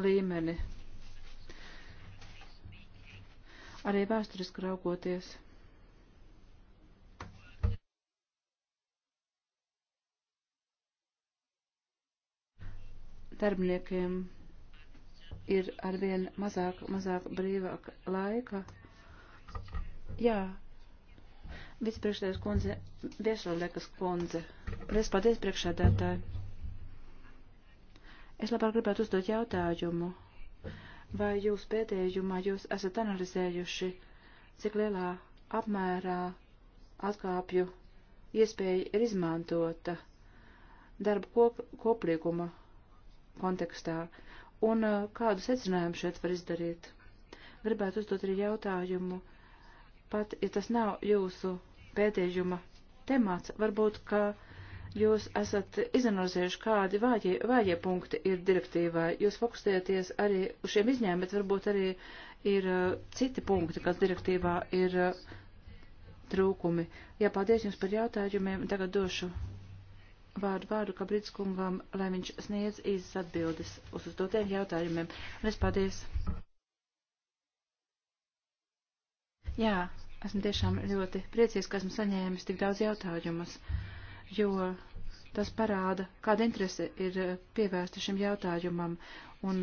līmeni. Arī vēsturiski raugoties. darbiniekiem ir arvien mazāk, mazāk brīvāk laika. Jā, vicepriekšsēdētājas kundze, viesolēkas kundze. Lies paldies priekšsēdētāji. Es labāk gribētu uzdot jautājumu, vai jūs pētījumā jūs esat analizējuši, cik lielā apmērā atkāpju iespēja ir izmantota darba kop koplīguma kontekstā. Un uh, kādu secinājumu šeit var izdarīt? Gribētu uzdot arī jautājumu, pat ja tas nav jūsu pētījuma temats, varbūt, ka jūs esat izanalizējuši, kādi vājie, vājie punkti ir direktīvā. Jūs fokusēties arī uz šiem izņēmumiem, bet varbūt arī ir uh, citi punkti, kas direktīvā ir uh, trūkumi. Jā, paldies jums par jautājumiem. Tagad došu vārdu vārdu Kabrits kungam, lai viņš sniedz īsas atbildes uz uzdotiem jautājumiem. Un es paldies. Jā, esmu tiešām ļoti priecīgs, ka esmu saņēmis tik daudz jautājumus, jo tas parāda, kāda interese ir pievērsta šim jautājumam un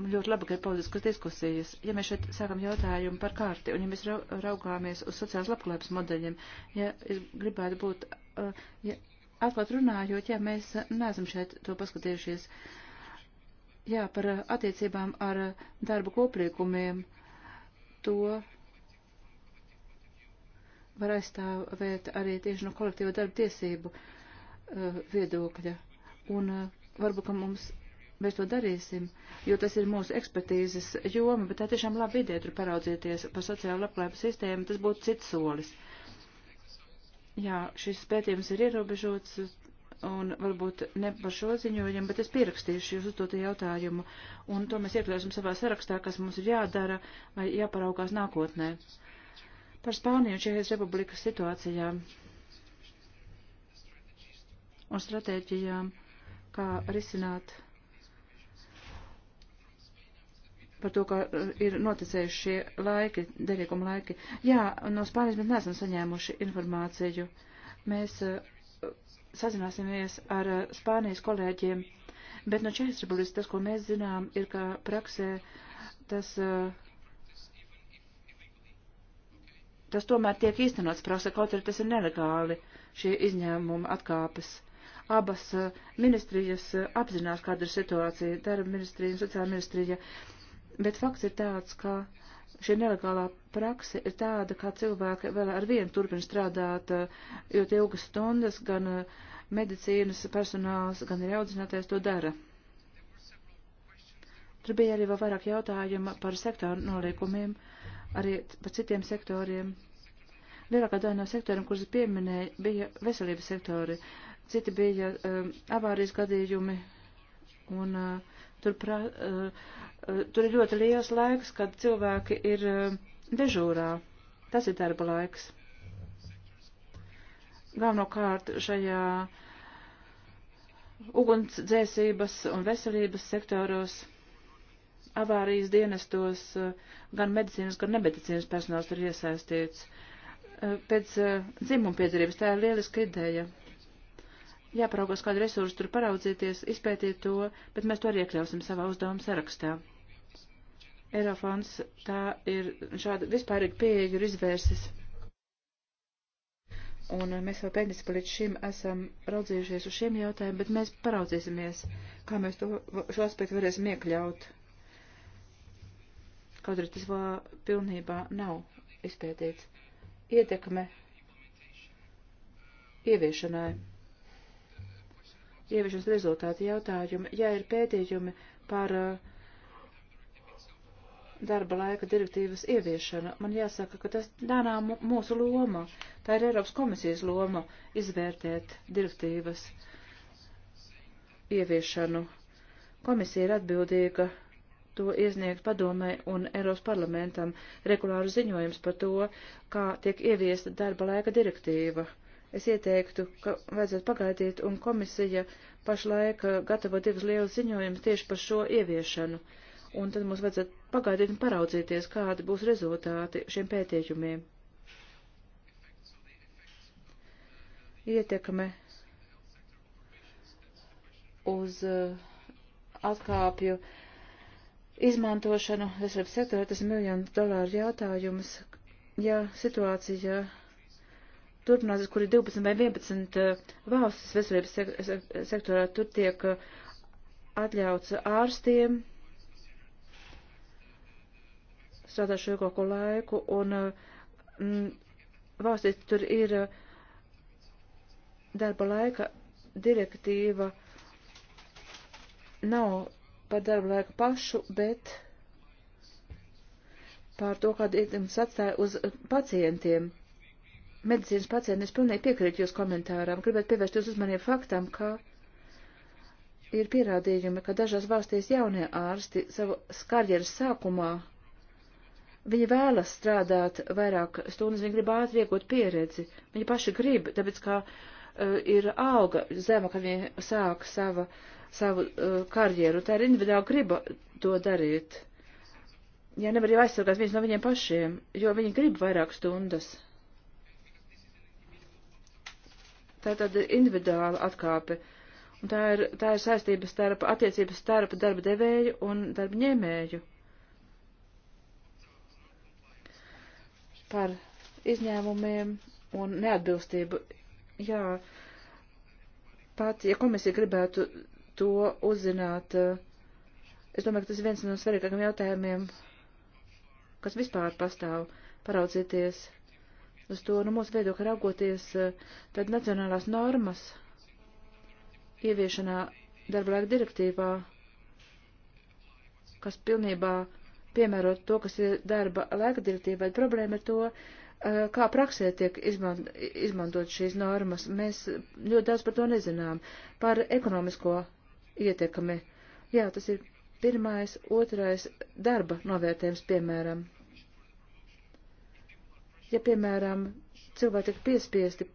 ļoti labi, ka ir politiskas diskusijas. Ja mēs šeit sākam jautājumu par kārti, un ja mēs raugāmies uz sociālas labklājības modeļiem, ja gribētu būt, uh, ja atklāt runājot, jā, mēs neesam šeit to paskatījušies. Jā, par attiecībām ar darba koplīkumiem to var aizstāvēt arī tieši no kolektīva darba tiesību uh, viedokļa. Un uh, varbūt, ka mums mēs to darīsim, jo tas ir mūsu ekspertīzes joma, bet tā tiešām laba ideja tur paraudzieties par sociālu labklājības sistēmu, tas būtu cits solis. Uh, Jā, šis pētījums ir ierobežots un varbūt ne par šo ziņojumu, bet es pierakstīšu jūs uz to jautājumu, un to mēs iekļausim savā sarakstā, kas mums ir jādara vai jāparaugās nākotnē. Par Spāniju un Čehijas republikas situācijām un stratēģijām, kā risināt par to, ka eh, ir noticējuši šie laiki, derīguma laiki. Jā, no Spānijas mēs neesam saņēmuši informāciju. Mēs eh, sazināsimies ar eh, Spānijas kolēģiem, bet no Čehijas republikas tas, ko mēs zinām, ir, ka praksē tas. Tas tomēr tiek īstenots praksē, kaut arī tas ir nelegāli, šie izņēmumi atkāpes abas ministrijas apzinās, kāda ir situācija, darba ministrija un sociāla ministrija. Uh, Bet fakts ir tāds, ka šī nelegālā prakse ir tāda, kā cilvēki vēl ar vienu turpina strādāt, jo eh, tie ilgas stundas gan eh, medicīnas personāls, gan ir audzinātais to dara. Tur bija arī vēl vairāk jautājumu par sektoru noliekumiem, arī par citiem sektoriem. Lielākā daļa no sektoriem, kurus pieminēja, bija veselības sektori, citi bija um, avārijas gadījumi, un uh, tur prā, uh, Eh, tur ir ļoti liels laiks, kad cilvēki ir eh, dežūrā. Tas ir darba laiks. Galvenokārt šajā ugunsdzēsības un veselības sektoros, avārijas dienestos, eh, gan medicīnas, gan nemedicīnas personāls ir iesaistīts. Pēc dzimuma piedzirības tā ir lieliska ideja jāparaugās kādu resursu tur paraudzīties, izpētīt to, bet mēs to arī iekļausim savā uzdevuma sarakstā. Eirofons tā ir šāda vispārīga pieeja ir izvērsis. Un eh, mēs jau pēdniecība līdz šim esam raudzījušies uz šiem jautājumiem, bet mēs paraudzīsimies, kā mēs to, šo aspektu varēsim iekļaut. Kaut arī tas vēl pilnībā nav izpētīts. Ietekme ieviešanai. Ieviešanas rezultāti jautājumi. Ja ir pētījumi par uh, darba laika direktīvas ieviešana. Man jāsaka, ka tas dānā mūsu loma. Tā ir Eiropas komisijas loma izvērtēt direktīvas ieviešanu. Komisija ir atbildīga to iesniegt padomē un Eiropas parlamentam regulāru ziņojums par to, kā tiek ieviesta darba laika direktīva. Es ieteiktu, ka vajadzētu pagaidīt, un komisija pašlaik gatavo divus lielus ziņojumus tieši par šo ieviešanu. Uh, un tad mums vajadzētu pagaidīt un paraudzīties, kādi būs rezultāti šiem pētījumiem. Ietekme uz uh, atkāpju izmantošanu veselības sektorā, tas ir miljonu dolāru jautājums, ja situācija turpināsies, kur ir 12 vai 11 uh, valstis veselības sek sektorā, tur tiek uh, atļauts ārstiem strādājuši ilgāko laiku, un mm, valstīs tur ir eh, darba laika direktīva, nav par darba laiku pašu, bet pār to, kāda ietekmes atstāja uz pacientiem. Medicīnas pacienti, es pilnīgi piekrītu jūs komentāram, gribētu pievērst jūs uzmanību faktam, ka ir pierādījumi, ka dažās valstīs jaunie ārsti savu karjeras sākumā Viņi vēlas strādāt vairāk stundas, viņi grib ātri iegūt pieredzi. Viņi paši grib, tāpēc kā uh, ir auga zema, kad viņi sāk sava, savu uh, karjeru. Tā ir individuāla griba to darīt. Ja nevar jau aizsargāt viens no viņiem pašiem, jo viņi grib vairāk stundas. Tā ir tāda individuāla atkāpe. Un tā ir, tā ir saistība starp attiecības starp darba devēju un darba ņēmēju. par izņēmumiem un neatbilstību. Jā, pat, ja komisija gribētu to uzzināt, eh, es domāju, ka tas ir viens no svarīgākiem jautājumiem, kas vispār pastāv, paraudzīties uz to, nu, mūsu viedokļa raugoties, eh, tad nacionālās normas ieviešanā darba laika direktīvā, kas pilnībā piemērot to, kas ir darba laika direktīva, bet problēma ir to, eh, kā praksē tiek izmant, izmantot šīs normas. Mēs ļoti daudz par to nezinām. Par ekonomisko ietekmi. Jā, tas ir pirmais, otrais darba novērtējums, piemēram. Ja, piemēram, cilvēki tiek piespiesti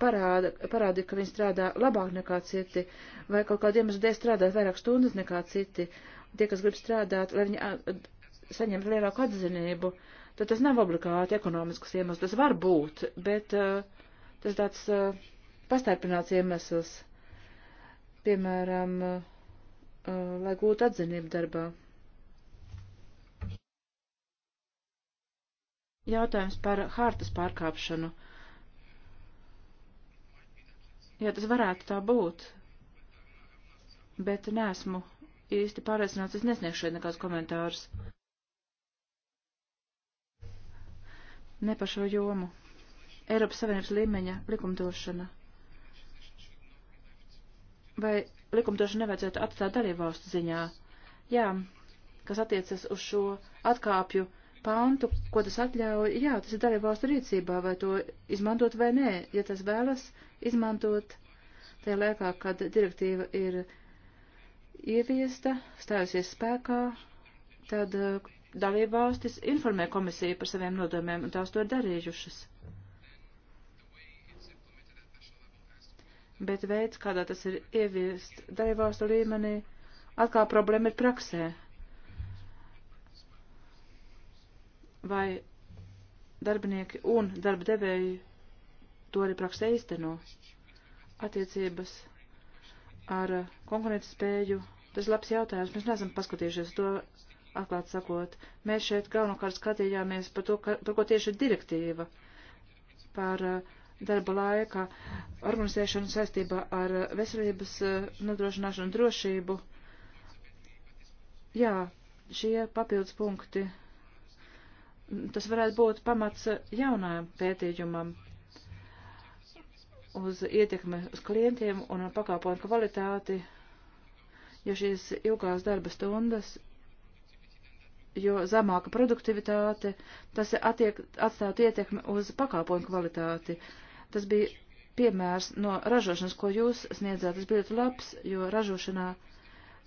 parāda, parādi, ka viņi strādā labāk nekā citi, vai kaut kādiem iemeslu dēļ strādāt vairāk stundas nekā citi, tie, kas grib strādāt, lai viņi saņemt lielāku atzinību, tad tas nav obligāti ekonomisks iemesls. Tas var būt, bet uh, tas tāds uh, pastarpināts iemesls, piemēram, uh, lai gūtu atzinību darbā. Jautājums par hārtas pārkāpšanu. Jā, tas varētu tā būt, bet nesmu īsti pārliecināts, es nesniegšu šeit nekādus komentārus. ne par šo jomu. Eiropas Savienības līmeņa likumdošana. Vai likumdošana nevajadzētu atstāt dalībvalstu ziņā? Jā, kas attiecas uz šo atkāpju pantu, ko tas atļauj, jā, tas ir dalībvalstu rīcībā, vai to izmantot vai nē, ja tas vēlas izmantot tajā laikā, kad direktīva ir ieviesta, stājusies spēkā, tad dalībvalstis informē komisiju par saviem nodomiem, un tās to ir darījušas. Bet veids, kādā tas ir ieviest dalībvalstu līmenī, atkal problēma ir praksē. Vai darbinieki un darba devēji to arī praksē īsteno? Attiecības ar konkurences spēju, tas ir labs jautājums, mēs neesam paskatījušies to atklāt sakot. Mēs šeit galvenokārt skatījāmies par to, ka, par ko tieši ir direktīva par eh, darba laika organizēšanu saistībā ar eh, veselības eh, nodrošināšanu un drošību. Jā, šie papildus punkti. Mm, tas varētu būt pamats jaunajam pētījumam uz ietekmi uz klientiem un pakāpojumu kvalitāti, ja šīs ilgās darba stundas jo zemāka produktivitāte, tas attiek, atstātu ietekmi uz pakāpojumu kvalitāti. Tas bija piemērs no ražošanas, ko jūs sniedzāt. Tas bija ļoti labs, jo ražošanā,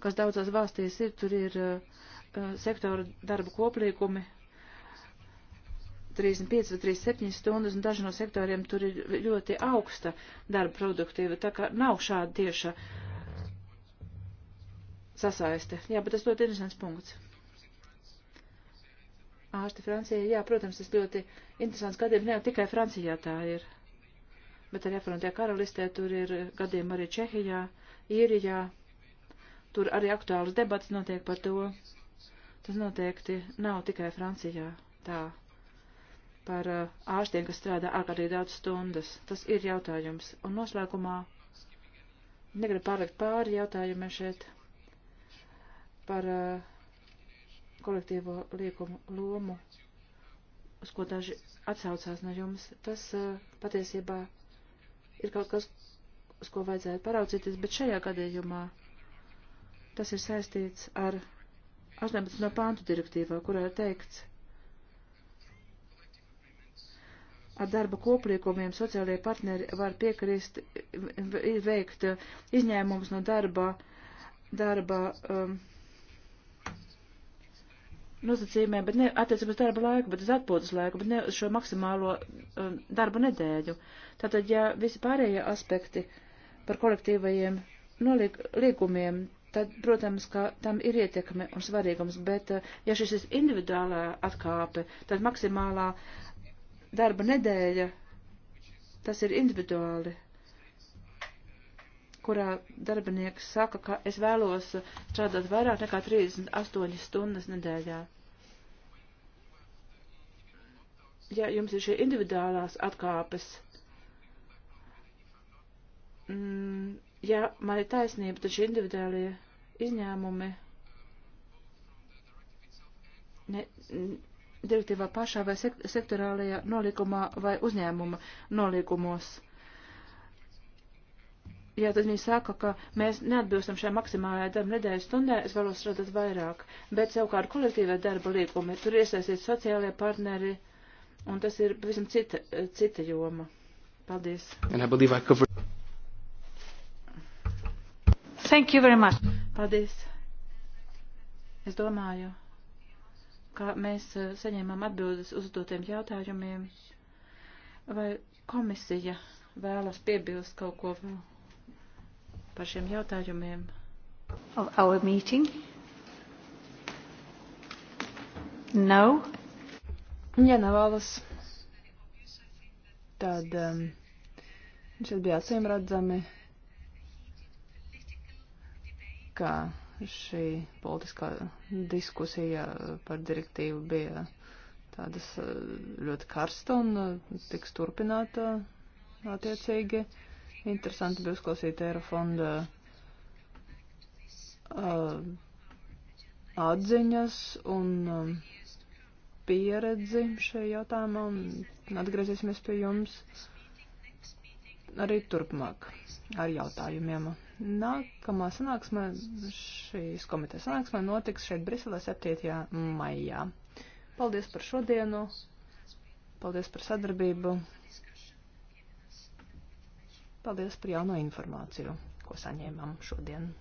kas daudzās valstīs ir, tur ir uh, sektora darba koplīgumi 35 vai 37 stundas, un daži no sektoriem tur ir ļoti augsta darba produktīva, tā kā nav šāda tieša sasaiste. Jā, bet tas ļoti interesants punkts ārsti Francijā. Jā, protams, tas ļoti interesants gadiem. Ne tikai Francijā tā ir, bet arī Afrontijā karalistē tur ir gadiem arī Čehijā, Īrijā. Tur arī aktuāls debats notiek par to. Tas noteikti nav tikai Francijā tā par uh, ārstiem, kas strādā ārkārtīgi daudz stundas. Tas ir jautājums. Un noslēgumā negribu pārlikt pāri jautājumiem šeit par uh, kolektīvo liekumu lomu, uz ko daži atsaucās no jums, tas uh, patiesībā ir kaut kas, uz ko vajadzētu paraudzīties, bet šajā gadījumā tas ir saistīts ar 18. No pāntu direktīvā, kurā ir teikts, ar darba kopliekumiem sociālajie partneri var piekrist veikt izņēmumus no darba, darba um, nosacījumiem, bet ne attiecībā uz darba laiku, bet uz atpūtas laiku, bet ne uz šo maksimālo um, darba nedēļu. Tātad, ja visi pārējie aspekti par kolektīvajiem nolīgumiem, tad, protams, ka tam ir ietekme un svarīgums, bet uh, ja šis ir individuālā atkāpe, tad maksimālā darba nedēļa, tas ir individuāli kurā darbinieks saka, ka es vēlos strādāt vairāk nekā 38 stundas nedēļā. Ja jums ir šie individuālās atkāpes, mm, ja man ir taisnība, tad šie individuālie izņēmumi ne, direktīvā pašā vai sektorālajā nolikumā vai uzņēmuma nolikumos Ja tad viņi saka, ka mēs neatbilstam šai maksimālajai darba nedēļas stundai, es varu strādāt vairāk, bet savukārt kolektīvā darba līgumi, tur iesaistīt sociālajie partneri, un tas ir pavisam cita, cita joma. Paldies. And I believe I covered... Thank you very much. Paldies. Es domāju, ka mēs eh, saņēmām atbildes uz dotiem jautājumiem. Vai komisija vēlas piebilst kaut ko vēl? par šiem jautājumiem. Of our meeting? No. Ja nevēlas, tad um, šeit bija acīm redzami, ka šī politiskā diskusija par direktīvu bija tādas uh, ļoti karsta un uh, tiks turpināta attiecīgi. Uh, Interesanti bija uzklausīt Eirofonda uh, atziņas un um, pieredzi šajā jautājumā un atgriezīsimies pie jums arī turpmāk ar jautājumiem. Nākamā sanāksme, šīs komitejas sanāksme notiks šeit Briselē 7. maijā. Paldies par šodienu, paldies par sadarbību. Paldies par jauno informāciju, ko saņēmām šodien.